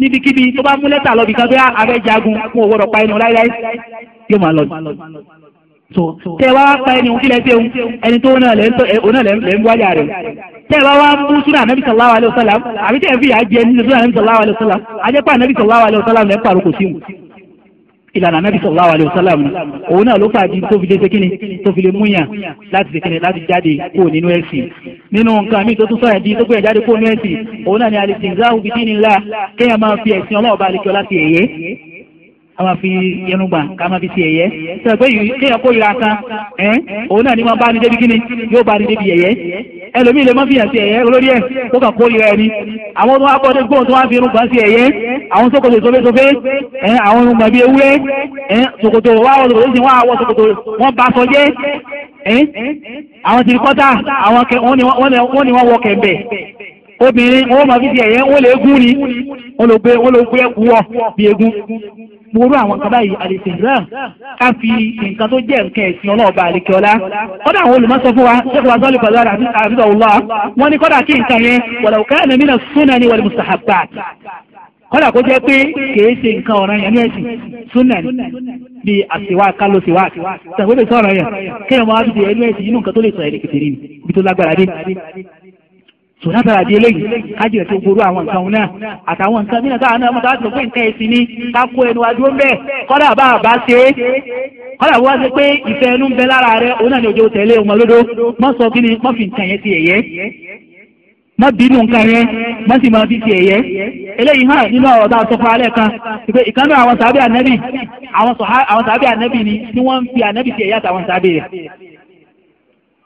C: níbikíbi tó bá mú lẹ́tà lọ́bi kan tó yá ah, abẹ́ jagun fún òwúrọ̀ pa ẹnu láíláí yóò máa lọ tẹ wá pa ẹni òun kílẹ̀ tẹ̀hún ẹni tó náà lẹ́ ń wájà rẹ̀ tẹ wá wá mú súnà anábì sallallahu alaihi wasallam àbí tẹ̀ fi yà á jẹ nínú súnà anábì sallallahu alaihi wasallam àjẹpá anábì sallallahu alaihi wasallam lẹ́ pàrọ̀ kò sí mu ìlànà anabi sallallahu alayhi wa sallam òun náà ló fàájì tó fi lé sekini tó fi lé múyàn láti sekini láti jáde kúrò nínú ẹ̀sìn nínú nǹkan mi tó tún sọ̀rọ̀ di tó gbé jáde kúrò nínú ẹ̀sìn òun náà ni alìsìn záhùn bìdínìlá kéèyàn máa fi ẹ̀sìn ọlọ́ọ̀bá àlekíọ́lá ti ẹ̀yẹ a máa fi yẹnugbà ká máa fi ti ẹ̀yẹ́ sọ pé kéèyàn kó ìra kan ẹ̀ òun náà ni wọ́n bá ní débi kíni yóò bá ní débi ẹ̀yẹ́ ẹlòmíì lè má fi hàn sí ẹ̀yẹ́ olórí ẹ̀ tó kàn kó ìra ẹni àwọn tó wá kọ́ dégbò tó wá fi irun kan sí ẹ̀yẹ́ àwọn ṣòkòtò sófésófé ẹ̀ àwọn irun gbàgbé ewúrẹ́ ẹ̀ ṣòkòtò wá wọ ṣòkòtò sí wọn àwọ ṣòkòtò wọn bá sọ jẹ́ ẹ̀ àwọn tìrìkọ́tà àwọn wọn ni wọn wọ kẹ̀mbẹ̀ obìnrin wọn máa fi ti ẹ̀yẹ́ wọn lè gún ni wọn lè gbé ẹkú wọ bí egun gbòòrò àwọn kan báyìí alìsìndram ká fi nǹkan tó jẹ́ nǹkan ẹ̀sìn ọlọ́ọ̀ba àlekẹ́ọ́lá kọ́dà àwọn olùmọ́sọ fún wa ṣẹ́kù wa sọ́ọ́lì pàdé àbíbọ̀ ọ̀la wọ́n ní kọ́dà kí nǹkan yẹn walau kana mina sunani wal mustahabbat kọ́dà kó jẹ́ pé kìí ṣe nǹkan ọ̀ràn yẹn ní ẹ̀sìn súnà bíi àṣewà kálọ̀ ṣèwà tàbí ó lè sọ̀rọ̀ yẹn kéèyàn máa fi ṣe sòlátàrà di eléyìí kájìrì tó gbòòrò àwọn nǹkan náà àtàwọn nǹkan mìíràn káwọn náà mọ̀tò àti òpin nǹkan ẹ̀sìn ni ká kó ẹnu wa dúró mbẹ́ kọ́dà bá a bá ṣe é kọ́dà bó wá ṣe pé ìfẹ́ ẹnu ń bẹ lára rẹ òun náà ni òjò tẹ̀lé ọmọ lódó mọ́ sọ kí ni mọ́ fi nǹkan yẹn ti ẹ̀yẹ́ mọ́ bínú nǹkan yẹn mọ́ sì máa fi ti ẹ̀yẹ́
B: eléyìí hàn nínú ọ̀rọ̀ tá a sọ fún alẹ́ kan pé ìkan náà àwọn sàbẹ̀ ànẹ́bì
C: àwọn sàbẹ̀ ànẹ́bì ni tí wọ́n ń fi ànẹ́bì ti ẹ̀yẹ́ àtàwọn sàbẹ̀ rẹ̀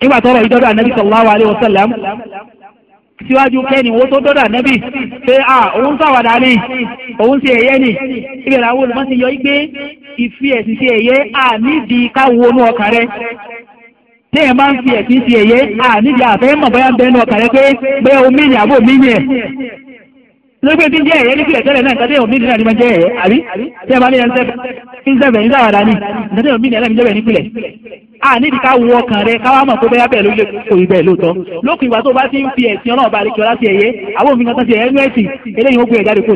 C: nígbà tọrọ ìdọ́dọ̀ ànẹ́bì sallallahu alaihi wasallam síwájú kẹ́ni owó tó dọ́dà nẹ́bì pé à òun sàwàdà ni òun ṣe ẹ̀yẹ́ ni ibẹ̀ làwọn olùmọ̀ ti yọ pé ìfi ẹ̀sìn ṣe ẹ̀yẹ́ ànídìí káwo inú ọkàn rẹ téèyàn bá ń fi ẹ̀sìn ṣe ẹ̀yẹ́ ànídìí àfẹ́ mọ̀ bóyá ń bẹ́ẹ̀ nú ọkàn rẹ pé bóyá omi ni àbó omi ni ẹ̀ lórí pé tí ń jẹ́ ẹ̀yẹ́ ní kílẹ̀ tẹ́lẹ̀ náà nǹkan tí èèyàn mílíọ̀nù àdìmọ́ jẹ́ ẹ̀yẹ́ àbí tí ẹ bá léyàn ń sẹ́fẹ̀ ní sáwàdà ní nǹkan tí èèyàn mílíọ̀nù àdìmọ́ jẹ́ ní kílẹ̀. a nídìí ká wo ọkàn rẹ káwá mọ̀ pé bẹ́ẹ̀ bẹ́ẹ̀ ló lè kó ibẹ̀ lóòótọ́ lókun ìgbà tó bá ti ń fi ẹ̀sìn ọlọ́run bá àríkẹ́ ọlá ti ẹ̀yẹ àwọn òfin kan ti ẹ̀yẹ nú ẹ̀sìn eléyìí ó gbé ẹ̀jáde kó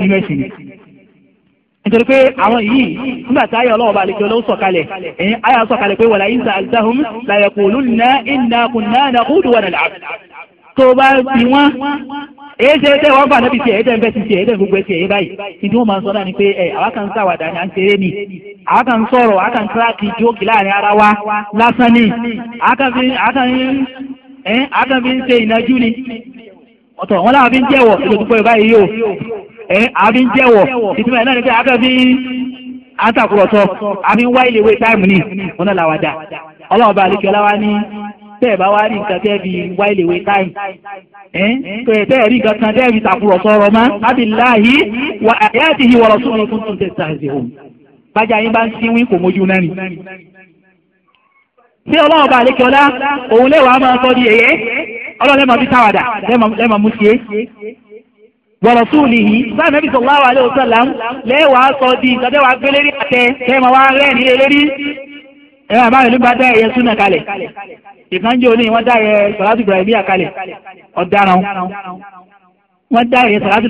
C: nítorí pé àwọn yìí nígbà tí ayọ̀ ọlọ́wọ́ bá lè kí ọlọ́wọ́ sọ̀kalẹ̀ ẹ̀yìn ayọ̀ sọ̀kalẹ̀ pé wàlá yín sa àlùsáhùn la yaqulunna inna kunna naqudu wa nal'ab tó bá bí wọ́n
B: èyí ṣe tẹ́ wọ́n gbà níbi tiẹ̀
C: ẹ̀dẹ̀ ń bẹ́ ti tiẹ̀ ẹ̀dẹ̀ gbogbo ẹ̀ tiẹ̀ yé báyìí ìdí wọn máa ń sọ náà ni pé ẹ̀ àwa kan ń sàwádà ni à ń ṣeré ni àwa kan ń sọ̀rọ̀ àwa kan ń kíláàkì jókì láàrin ara wa lásán ni àwa kan fi ń ṣe ìnájú ni ọ̀tọ̀ wọn láwọn fi ń jẹ́wọ̀ ìdòtúpọ̀ ìbáyìí yóò ẹ̀ àwa fi ń jẹ́wọ̀ ìtumọ̀ ẹ̀ náà ni pé àwa kan fi àtàkùrọ̀sọ àfi ń wá ilé ìwé táìmù ni wọn náà làwàdà ọlọ́run bá àlekẹ́ ọlá wa ní tẹ́ ẹ̀ bá wá rí nǹkan tẹ́ bí táì tẹ́ ẹ̀ rí nǹkan kan tẹ́ ẹ̀ mọ́ abiláhi wà wọ̀rọ̀ tún òun bájà yín bá ń kò mójú náà ni. ṣé ọlọ́run bá ọlá òun máa sọ di èyẹ
B: ọlọ́run lẹ́mọ̀ bí táwàdà lẹ́mọ̀ mú sí sáà
C: ìkànjẹ́ òní wọ́n dá rẹ̀ sọ̀látù ibrahim àkàlẹ̀ ọ̀daràn wọ́n dá rẹ̀ sọ̀látù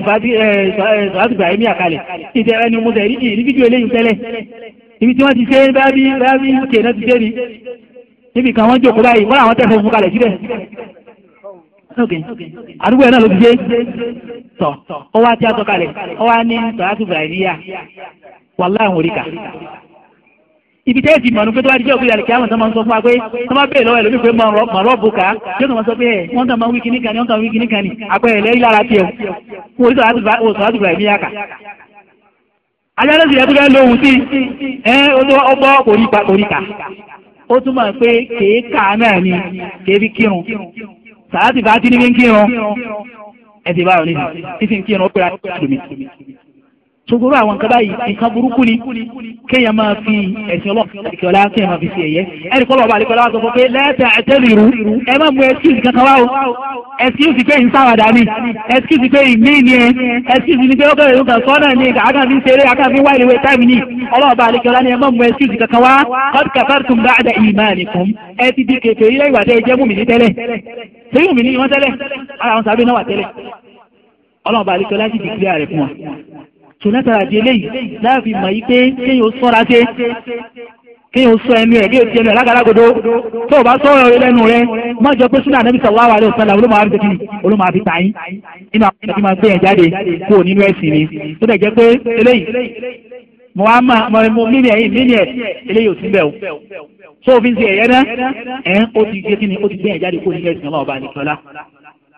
C: ibrahim àkàlẹ̀ ìtẹ̀rẹ̀ ni ní fídíò eléyìí tẹ́lẹ̀ ibi tí wọ́n ti ṣe bí uk náà ti ṣe rí níbi kan wọ́n jókòó báyìí wọ́n làwọn tẹ̀sán fún kalẹ̀ síbẹ̀
B: àdúgbò náà ló ti ṣe tọ̀ a oríkà
C: ibi tẹ́ ẹ̀ ti mọ̀ ní pé tó bá di jẹ́ òkú ìyàlẹ̀ kí àwọn tó máa ń sọ fún wa pé tó máa bèèrè lọ́wọ́ ẹ̀ lómi pé mọ̀ rọ́ọ̀bù ká yóò tó máa sọ pé ẹ̀ wọ́n tó máa wí kíní kan ní wọ́n tó máa wí kíní kan ní àpẹẹrẹ lẹ́yìn lára tiẹ̀ wọ́n orí sọ̀rọ̀ àdúgbò ẹ̀mí yàkà. ajálẹ́sì yẹn tó fẹ́ lóhùn sí ẹ ọgbọ́ oríkà oríkà ó túmọ̀ pé kéèkà náà ni kéèbí kírun sàrátì bá ti ní sogoro àwọn kaba yìí nǹkan burúkú ni kéèyàn máa fi ẹ̀sìn ọlọ́ọ̀kẹ́lá kéèyàn máa fi ṣe ẹ̀yẹ ẹnì kọ́lọ̀ ọba àlekọ́lá wa sọ fún pé lẹ́tà ẹ̀tẹ́lìrú ẹ má mú ẹ̀sìn kankan wá o ẹ̀sìn ti pé ìsáwàdà ni ẹ̀sìn ti pé ìmí ni ẹ ẹ̀sìn ti pé ọkọ̀ ìlú kan sọ náà ni àgàn fi ṣeré àgàn fi wáìlì wé táìmù ni ọlọ́ọ̀ba àlekọ́lá ni ẹ má mú ẹ̀sìn ti kankan sòlátara di eléyìí láàfin mọ̀ yìí pé kéèyàn ó sọ́ra ṣe kéèyàn ó sọ ẹnu ẹ̀ kéèyàn ti ẹnu ẹ̀ lágàlágodo tó o bá sọ̀rọ̀ rẹ lẹ́nu rẹ má jọ pé súnà ànábì sallallahu alaihi wasallam olómọ àfi tẹ̀kí olómọ àfi tàyín nínú àwọn ìtàkì máa gbé yẹn jáde kó o nínú ẹ̀sìn ni tó dẹ̀ jẹ́ pé eléyìí mo á máa mo mo mímì ẹ̀yìn mímì ẹ̀ eléyìí ò sí bẹ́ẹ̀ o tó o fi ń ṣe ẹ̀yẹ́ náà ẹ̀ ó ti gbé kí ni ó ti gbé yẹn jáde kó o nínú ẹ̀sìn ọlọ́ọ̀bá nìkan lá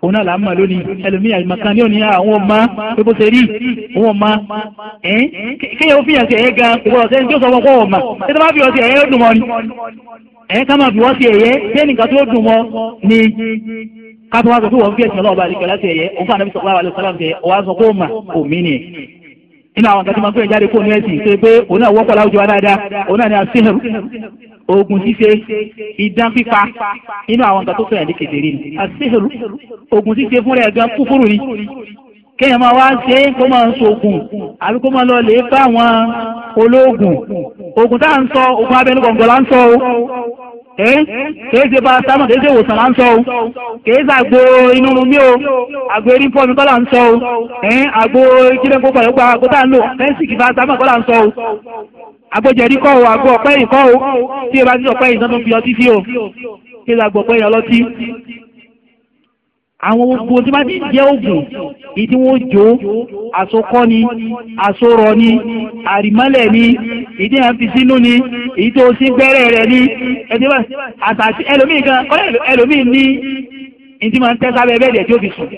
C: òun náà là ń mọ̀ lónìí ẹlòmíì àìmọ̀kan ní ah, òní àwọn ọmọ pé bó ṣe rí òun ọmọ kéèyàn ó fi hàn sí ẹ̀yẹ gan kò gbọdọ̀ sẹ́ni tí ó sọ fún ọmọ ṣé tó bá fi hàn sí ẹ̀yẹ dùn mọ́ ni ẹ̀yẹ ká máa fi wọ́n sí ẹ̀yẹ bí ẹnìkan tó dùn mọ́ ni ká tó wá sọ pé wọ́n fi ẹ̀sìn ọlọ́ọ̀bá àlìkẹ́ láti ẹ̀yẹ òun fún inú àwọn nǹkan tí wọ́n fẹ́ jáde kó ní ẹ̀sìn ṣe pé òun náà wọ́pọ̀ láwùjọ wa dáadáa òun náà ni àṣehàn oògùn ṣíṣe idán pípa inú àwọn nǹkan tó fẹ́ràn ní kedere ni àṣehàn oògùn ṣíṣe gan kúkúrú ni kéèyàn máa wá ṣe é kó máa ń ṣoògùn àbí kó máa lọ lè bá àwọn olóògùn oògùn tá à ń sọ oògùn abẹ́nú gbọ̀ngàn là ń sọ o
B: kèé ṣe paracetamol kèé ṣe ìwòsàn là ń sọ o kèé ṣe àgbo inú mu mí o àgbo erin pọ̀ mi kọ́ là ń sọ o
C: àgbo ìjìnlẹ̀ gbogbo àgbo àgbo tá à ń lò fẹ́ǹsìkì paracetamol kọ́ là ń sọ o
B: àgbo jẹ̀dí kọ́ o àgbo ọ̀pẹ́yìn kọ́
C: o tí ẹ àwọn gbogbo tí bá ti jẹ́ oògùn ìdí wọn jó àsokọ́ ni àsorọ̀ ni àrìmọ́lẹ̀ ni ìdí yẹn fi sínú ni èyí tó sí gbẹ́rẹ́ rẹ̀ ni ẹtí bá àtàtì ẹlòmíì gan ẹlòmíì ní ìdí máa ń tẹ́ sábẹ́ bẹ́ẹ̀ dẹ̀ tí ó fi sùn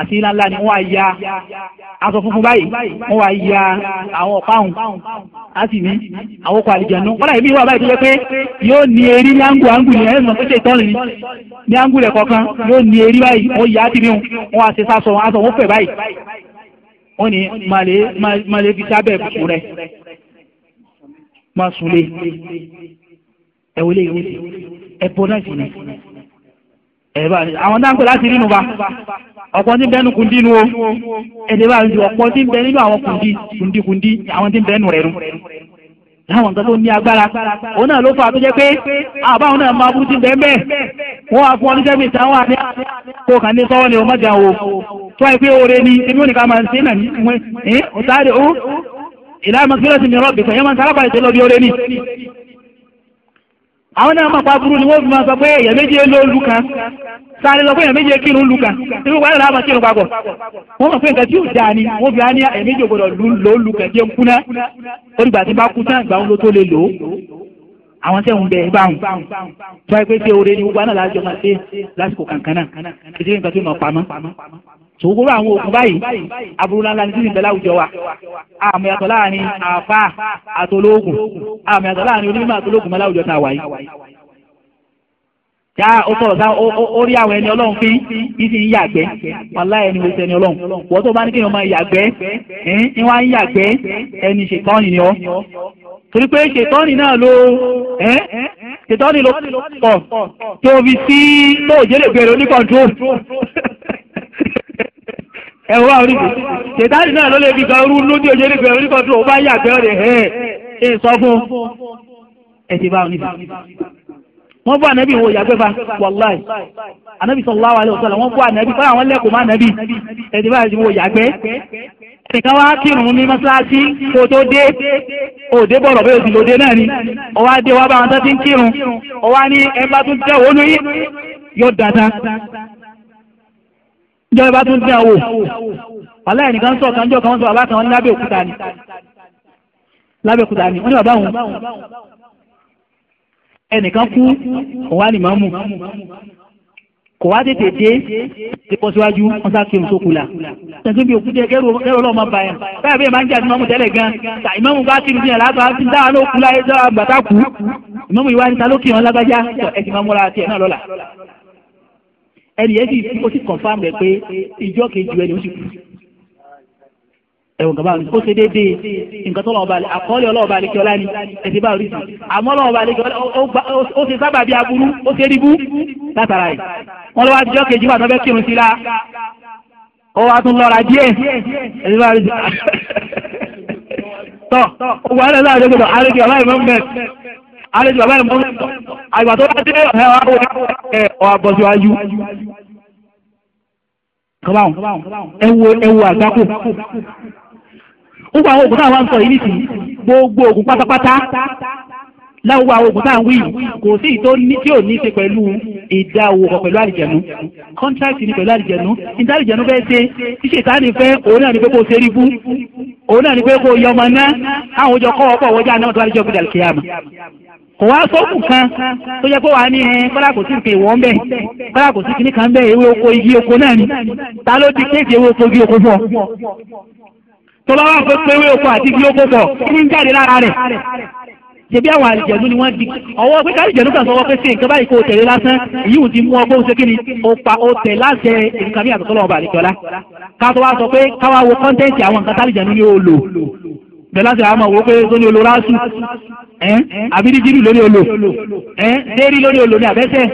C: àti ilá ńlá ni wọ́n á ya aṣọ funfun báyìí wọ́n á ya àwọn ọ̀páhùn á ní àwọn ọkọ̀ àlìjẹ̀nu wọ́n láì bí ìwà báyìí tó jẹ́ pé yóò ní erí ní áńgù áńgù ni ẹ̀rọ tó ṣe ìtọ́rin ni ní áńgù rẹ̀ kọ̀ọ̀kan yóò ní erí báyìí wọ́n yà á ti rí wọn àti sásọ aṣọ wọn fẹ̀ báyìí wọ́n ní màlẹ́ fi sábẹ̀ bùkún rẹ̀ máa sùn lé ẹ̀wọ̀lẹ́ ìwé ẹ̀bọ náà sì ni ẹ̀bá ni àwọn dáńpẹ́ láti rínú ba ọ̀pọ̀ tí ń bẹ́nu kùndí nu o ẹ̀dẹ̀ bá ju ọ̀pọ̀ tí ń bẹ nínú àwọn kùndí kùndí kùndí àwọn tí ń bẹ́nu rẹ̀ rú láwọn nǹkan tó ní agbára òun náà ló fà tó jẹ́ pé àbáwọn náà máa burú ti bẹ́ẹ̀ bẹ́ẹ̀ wọ́n á fún ọ níṣẹ́ bíi táwọn àti kó kàn ní sọ́wọ́ ni o mọ̀jà o tó àìpé oore ni ebi òní ká máa ṣe náà ní ìwé ọ̀tá rẹ̀ ó ìlànà fílẹ̀ sí mi rọ̀ àwọn náà máa pàbúrú ni wọ́n fi máa sọ pé èèyàn méjì ló lù kan sáré lọ pé èèyàn méjì kírun lù kan ibi wàhálà náà máa kírun papọ̀ wọ́n mọ̀ pé nǹkan tí ò dáa ni wọ́n fi á ní èèyàn méjì gbọ́dọ̀ lò lù kan jẹun kúná onígbà tí bá kú tán ìgbà wọn ló tó lè lò ó àwọn tẹ̀ ń bẹ ẹ báwọn tó wáyé pé tí oore ni gbogbo àná lásìkò kankan náà kìdí nǹkan tó máa pamọ́ sòwòrò àwọn òògùn báyìí aburú ńlá ní sísìn bẹ́lá àwùjọ wa àmì àtọ̀ láàrin àfa àtolóògùn àmì àtọ̀ láàrin onímọ̀ àtolóògùn mọ́lá àwùjọ tá a wà yìí. yá ó sọ̀rọ̀ sá ó rí àwọn ẹni ọlọ́run fín kí sì ń yàgbẹ́ wàlá ẹni wo sẹni ọlọ́run wọ́n tó bá ní kéèyàn máa yàgbẹ́ ń wá ń yàgbẹ́ ẹni ṣètọ́ni ni ọ́
B: torí pé ṣètọ́ni náà ló
C: ṣètọ́ni ló pọ̀ tó fi sí ẹ wá orí mi ṣètàlì náà ló lè fi gan rú lójú ojú orí kan kan tó o bá yà bẹ́ẹ̀ rẹ̀ ẹ̀ ẹ̀ sọ fún ẹ ti bá oníbi wọ́n bọ́ ànábì wo ìyàgbẹ́ fa wàláì ànábì sallallahu alaihi wasallam wọ́n bọ́ ànábì fọ́nà àwọn lẹ́kùn máa ànábì ẹ̀dí báyìí wo ìyàgbẹ́ ẹnìkan wá kírun ní mọ́ṣáláṣí kó tó dé òde bọ̀rọ̀ bẹ́ẹ̀ òsì lòde náà ni ọwá dé wa bá wọn tó ti ń kírun
B: ọwá ní ẹ bá tún
C: ìjọba bá tún dín àwò wàhálà ẹnìkan sọ kan jọ kan sọ bàbá kan wọn ní lábẹ́òkúta ni lábẹ́òkúta ni wọ́n ní bàbá òun ẹnìkan kú òun á ní màmú kò wá tètè dé ipò síwájú wọn sá kírun tó kù la tẹ̀sí bí òkú jẹ kẹrù ọlọ́mọ bá yẹn báyà bí ìmáàmù jẹ àti ìmáàmù tẹ́lẹ̀ gan ta ìmáàmù bá kírun fìyàn látọ̀ àti dáhà ló kú láyé dáhà gbàtà kú ìmáàmù ìwádìí ta ló kírun lágbájá ẹ̀sìn máa múra tiẹ̀ náà lọ́la ẹni yẹn sì ó sì confam rẹ̀ pé ìjọ kejì ẹni ó sì kú ẹ̀wọ̀n gàbá ó ṣe déédéé nǹkan tó lọ́ọ̀bà àkọọ́lẹ̀ ọlọ́ọ̀bà àlekẹ́ ọlá ni ẹ̀sìn bá oríṣi àmọ́ ọlọ́ọ̀bà àlekẹ́ ó ṣe sábà bí aburú ó ṣe ríbú látara ẹ̀
B: wọ́n lọ́wọ́ àtijọ́ kejì wà tó fẹ́ kírun sí la
C: ó wá tún lọ́ra díẹ̀ ẹ̀sìn bá oríṣi
B: <laughs> tọ́ òwò àlẹ́ láàrin gbọ́dọ̀ àlekẹ́ ọlá ìmọ̀ mẹ́rin
C: àlejò bàbá ẹ̀ mọ́ àgbà tó bá dé ẹ̀ wá wọ ẹ̀ ọ̀ àbọ̀síwájú. kọ́báwọn ẹ wo ẹ wo àgbákò ó àwọn oògùn táwọn ń sọ yìí nìsín gbogbo oògùn pátápátá láwùwá oògùn tá à ń wí kò sí ìtò ní tí ò ní ṣe pẹ̀lú ìdáwò pọ̀ pẹ̀lú àlìjẹ̀nu kọ́ńtrákì ni pẹ̀lú àlìjẹ̀nu níta àlìjẹ̀nu fẹ́ ṣe ṣíṣe ìta ni òun náà ni pé kó ṣe rí fún òun náà ni pé kó yọ ọmọ náà àwọn òjò kọ́ ọ̀pọ̀ ọ̀wọ́jà náà tó àlìjọ́ gbẹ̀dẹ̀ àlìkèyàmù kò wá sọ́ọ̀kù kan tó jẹ́ pé wàá ní ẹ eh, kọ́lá kò sí nǹkan ìwọ̀n bẹ́ẹ̀ kọ́lá kò sí kíní bẹ́ẹ̀ ewé oko igi oko náà ni
B: ta ló di kéèké ewé oko igi oko fún ọ.
C: tó wà pé pé ewé oko àti igi oko pọ̀ kí ni jáde lára rẹ̀ ṣebí àwọn àlìjẹ̀nu ni wọ́n di ọwọ́ pé kálíjẹ̀nu kan sọwọ́ pé ṣe nǹkan báyìí kó tẹ̀lé lásán èyí ti mú ọgbọ́n oṣù kíni o pa o tẹ̀ láṣẹ nǹkan bí àbíkọ́lọ́ bẹ̀láṣẹ̀ àmọ̀ wo pé tó ní olo ráṣù àbídíjìlù lórí olo déèrí lórí olo ní àbẹ́sẹ̀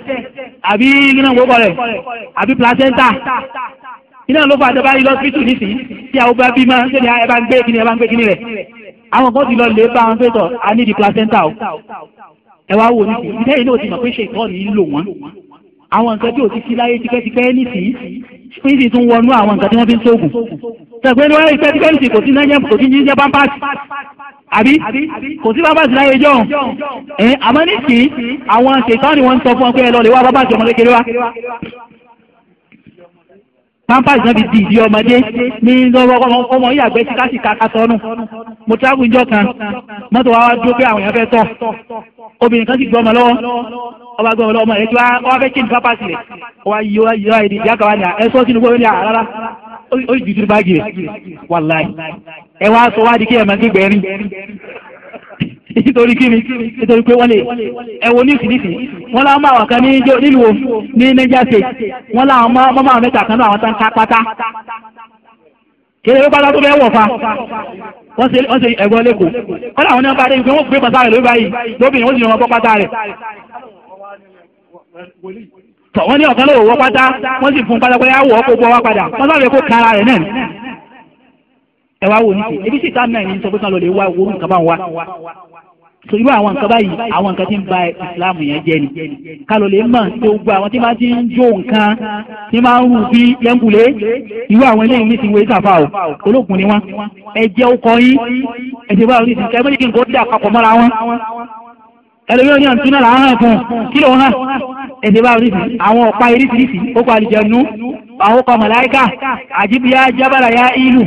B: àbí iná wo kọ̀ rẹ̀ àbí placenta iná ló fà àtẹ́bá yìí lọ́sibítù nísìnyí
C: tí àwọn bá bí máa ń sẹ́ni ẹ bá ń gbé kíni ẹ bá ń gbé kíni rẹ̀ àwọn kan ti lọ lè bá wọn pẹ́tọ̀ a ní di placenta o ẹ wá wò nísìnyí ìdẹ́yìn náà ti mọ̀ pé ṣe ìtọ́ ni ń lò wọ́n àwọn nǹkan tí ò ti sí láyé tipẹ́tipẹ́ nísìnyí ìsì tún wọnú àwọn nǹkan tí wọ́n fi ń sóògùn tẹ̀gbẹ́ ni wọ́n rí pẹ́ẹ́tì pẹ́ẹ́tì kò sí náà kò sí jíjẹ́ pampasì
B: àbí kò sí pampasì láyé jọ ẹ̀ àmọ́ nísìnyí àwọn ṣètọ́ ni wọ́n ń sọ fún ọ pé ẹ lọ lè wá pampasì ọmọ kékeré wa
C: pampers náà fi di ìdí ọmọdé ní lọ́wọ́ ọmọ yìí àgbẹ̀ síkásíká kásánù
B: mo travel ìjọ kan mọ́tò wa wá dúró pé àwọn èèyàn fẹ́ tọ̀
C: obìnrin kan sì gbọ́ ọmọ lọ́wọ́
B: ọba gbọ́ ọmọ lọ́wọ́
C: ọmọ tí fẹ́ pampers rẹ̀ yí wá yí wá ìdí à sínú gbọ́ rárá ó dùdú báàgì rẹ̀
B: nítorí kíni nítorí pé wọ́n lè
C: ẹ̀wọ̀n ní ìsìnìsìn wọ́n láwọn máa wà kan ní nílùú wo ní Niger state wọ́n láwọn máa máa mẹ́ta kan náà àwọn tá ń ká pátá kéré ló pátá tó bẹ́ẹ̀ wọ̀ fa wọ́n ṣe wọ́n ṣe ẹ̀gbọ́n lẹ́kọ̀ọ́ kọ́lá àwọn náà bá dé ìgbé wọ́n gbé pátá rẹ̀ lórí báyìí lóbìnrin wọ́n sì yọ̀ wọ́n bọ́ pátá rẹ̀
B: tọ̀ wọ́n ní ọ̀kan lóò wọ́ pátá wọ́n sì fún pátápátá yà wọ́ gbogbo wa padà wọ́n sáré kó kára rẹ̀ náà
C: ẹ wá wò ní sí ebi sì tá náà ní sọ pé kan lọ lè wá owó nǹkan bá ń so irú àwọn nǹkan báyìí àwọn nǹkan tí ń ba ìsìláàmù yẹn jẹ́ ni kálọ̀ lè mọ̀ tó gbọ́ àwọn tí máa ti ń jó nǹkan tí máa ń rú bí lẹ́ńkùlé irú àwọn eléyìí ní ti wo ìsàfà o ológun ni wọn ẹ jẹ́ ọkọ yín ẹ ti bá wọn ní ti kẹ́ mẹ́lìkì nǹkan ó mọ́ra wọn ẹlòmíràn ní àǹtí náà làwọn hàn fún kí ló hàn ẹ ti bá wọn àwọn ọ̀pá irísirísi فأوقى ملائكة عجب يا جبل يا إيلو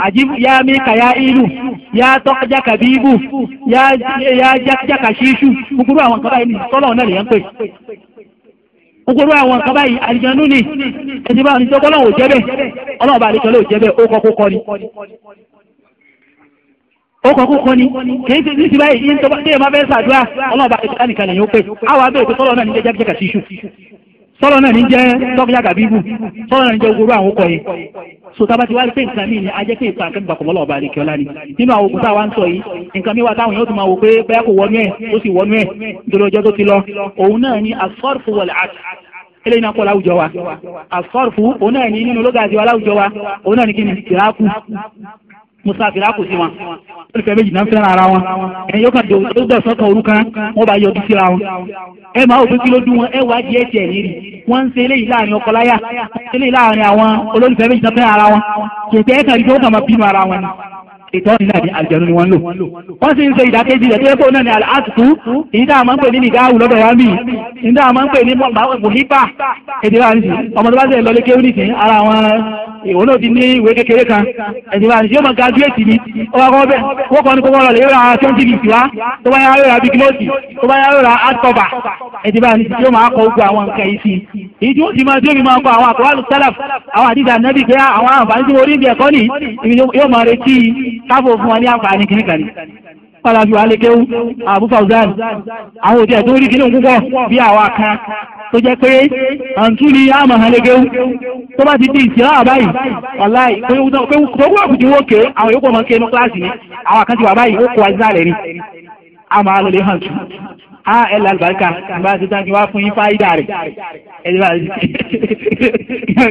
C: عجب يا ميكا يا إيلو يا تقجا كبيبو يا يا جاكجا كشيشو gbogbo àwọn nǹkan báyìí tọ́lọ̀ náà lè yẹn pè gbogbo àwọn nǹkan báyìí àlìjẹnú ni ẹni bá oníṣẹ́ ọlọ́run ò jẹ́ bẹ́ẹ̀ ọlọ́run bá àlìjẹ́ ló jẹ́ bẹ́ẹ̀ ó kọ́kọ́ kọ́ ni ó kọ́kọ́ kọ́ ni kìí ṣe níṣẹ́ báyìí ní tẹ́yẹ̀ máa fẹ́ ṣàdúrà ọlọ́run bá àlìjẹ́ nìkan lè yẹn pè àwọn abẹ́rẹ́ tó tọ́lọ̀ náà ní jẹ́jẹ́ kàṣíṣù sọ́rọ̀ náà ní jẹ́ tọ́kíyà gàbíbù sọ́rọ̀ náà ní jẹ́ ogoro àwọn ọkọ̀ yìí so tá a bá ti wá rí pé nǹkan mi ni a jẹ́ pé ìpa nǹkan gbàgbọ́ mọ́lọ́ ọba àdìkẹ́ ọ̀la ni nínú àwọn ogun tá a wá ń sọ yìí nǹkan mi wá táwọn yóò tún máa wò pé bẹ́ẹ̀ kò wọnú ẹ̀ ó sì wọnú ẹ̀ nítorí ọjọ́ tó ti lọ òun náà ni asọ́rùfù wọlé àti eléyìí náà kọ́ láwùjọ wa asọ́rùfù òun náà ni nínú lóga àti wa láwùjọ wa òun náà ni kí ni ìrákù musafiri a kò sí wọn olùfẹ́ méjì náà ń fẹ́ràn ara wọn ẹ̀yin yóò kàn dé o gbọ́ sọ́kàn orúkọ wọn bá yọjú síra wọn ẹ máa òfin kí ló dún wọn ẹ wá díẹ̀ tiẹ̀ nírì wọ́n ń ṣe eléyìí láàrin ọkọ láyà eléyìí láàrin àwọn olólùfẹ́ méjì náà fẹ́ràn ara wọn kìí tẹ́ ẹ̀ka ìjọba máa bínú ara wọn ni ìtọ́ni náà ní àlùjànnú ni wọ́n lò. wọ́n sì ń ṣe ìdákejì rẹ̀ tẹ́lẹ̀ fóònù náà ní àtútù èyí tá a máa ń pè ní nìgáàwù lọ́dọ̀ wa mí èyí tá a máa ń pè ní mọ̀hípà èdè wa nìsí ọmọ tó bá sẹ̀ lọ lé kéwú nìsí ara àwọn ìwọ náà ti ní ìwé kékeré kan èdè wa nìsí yóò máa gàdúrẹ́tì ni ó wá kọ́ bẹ́ẹ̀ wọ́n kọ́ ni kókó rọ̀ lè yóò ra twenty bits wa tó bá yára yóò ra big note tó bá yára yóò ra hardcover èdè wa nìsí yóò máa kọ gbogbo àwọn nǹkan yìí wọ́n ti máa dé mi káfò fún wa ní àǹfààní kìíní kan padà fi wà lékewu Abu Fawzan
B: àwọn òde ẹ̀tọ́ orí kìíní púpọ̀ bí kan tó jẹ́ pé àǹtú ni àmọ̀ hàn lékewu
C: tó bá ti di ìsìlá àbáyì wàláì pé wọ́n kùtù wọ́n àwọn yòókù ni a máa lọ lè hàn tù a ẹ lọ àlùbáríkà nígbà tí tán kí wọ́n á fún yín fáyidà rẹ̀ ẹ lè báyìí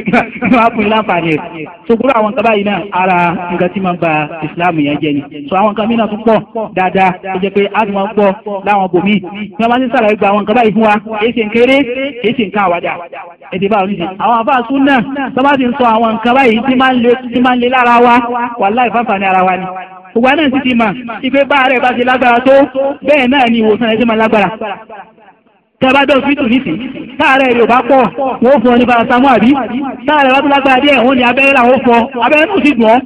C: kí wọ́n fún yín láǹfààní rẹ̀ so gbúrò àwọn nǹkan báyìí náà ara nǹkan tí máa ń ba Islam yẹn jẹ ni so àwọn nǹkan mìíràn tún pọ̀ dáadáa ó jẹ́ pé a tún máa ń gbọ́ láwọn bòmíì tí wọ́n bá ti ń sàlàyé gba àwọn nǹkan báyìí fún wa kìí ṣe nkéré kìí ṣe nǹkan àwàdà èdè bá oníṣe àwọn àfáàsù náà tó bá ti ń sọ àwọn nǹkan báyìí gbogbo àná sì ti mà ìpè bá rẹ̀ bá ti lágbára tó bẹ́ẹ̀ náà ni ìwòsàn ẹ̀ ti máa lágbára
B: tẹ́bá dọ̀ sí tùnísì
C: táàrẹ̀ rẹ̀ ò bá pọ̀ wọ́n fún ọ ní paracetamol àbí táàrẹ̀ bá tó lágbára díẹ̀ wọ́n ní abẹ́rẹ́ làwọn fọ abẹ́rẹ́ tó sì dùn ọ́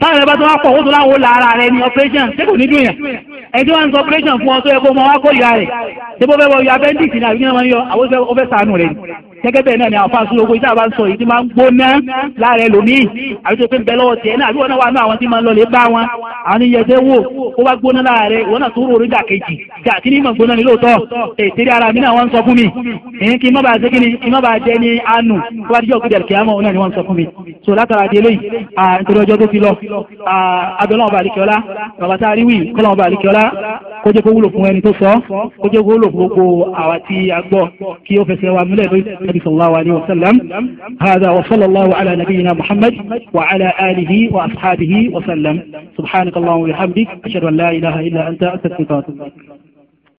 B: táàrẹ̀ bá tó wá pọ̀ wọ́n tó láwọn
C: la ara rẹ̀ ní operation ṣé kò ní dùn yẹn ẹni tí wọ́n ń sọ operation fún ọ tó yẹ kó mọ wá kó ìra rẹ̀ ṣé bó fẹ́ wọ yọ appendix ní àbí wọ́n yọ àwọn ó fẹ́ sànù rẹ̀ gẹ́gẹ́ bẹ́ẹ̀ náà ni àwọn fáṣọ ogun ìta bá ń sọ yìí ti máa ń gbóná lára ẹlòmíì àbí tó pé ń bẹ lọ́wọ́ tiẹ̀ náà àbí wọn náà wà ní àwọn tí máa ń lọ lè bá wọn àwọn ní yẹtẹ wò ó bá gbóná lára rẹ̀ wọn náà tó rò orí dà jà kí ni mọ̀ gbóná ni lóòótọ́ ètè ara mi náà wọ́n sọ fún mi èyí kí n má bàa ṣe kíni kí n má bàa jẹ ní anu tó bá dijọ́ gbẹdẹ̀ kíámọ̀ òun náà ni wọ́n sọ fún mi so látara di eléyìí nítorí ọjọ́ tó ti lọ abẹ́lẹ́ ọba àríkíọ́lá bàbá tá a rí wì kọ́lá ọba àríkíọ́lá kó jẹ́ kó wúlò fún ẹni tó sọ kó jẹ́ kó wúlò fún gbogbo àwa tí a gbọ́ kí ó fẹsẹ̀ wa múlẹ̀ lórí nabi sallallahu alayhi wa sallam hadha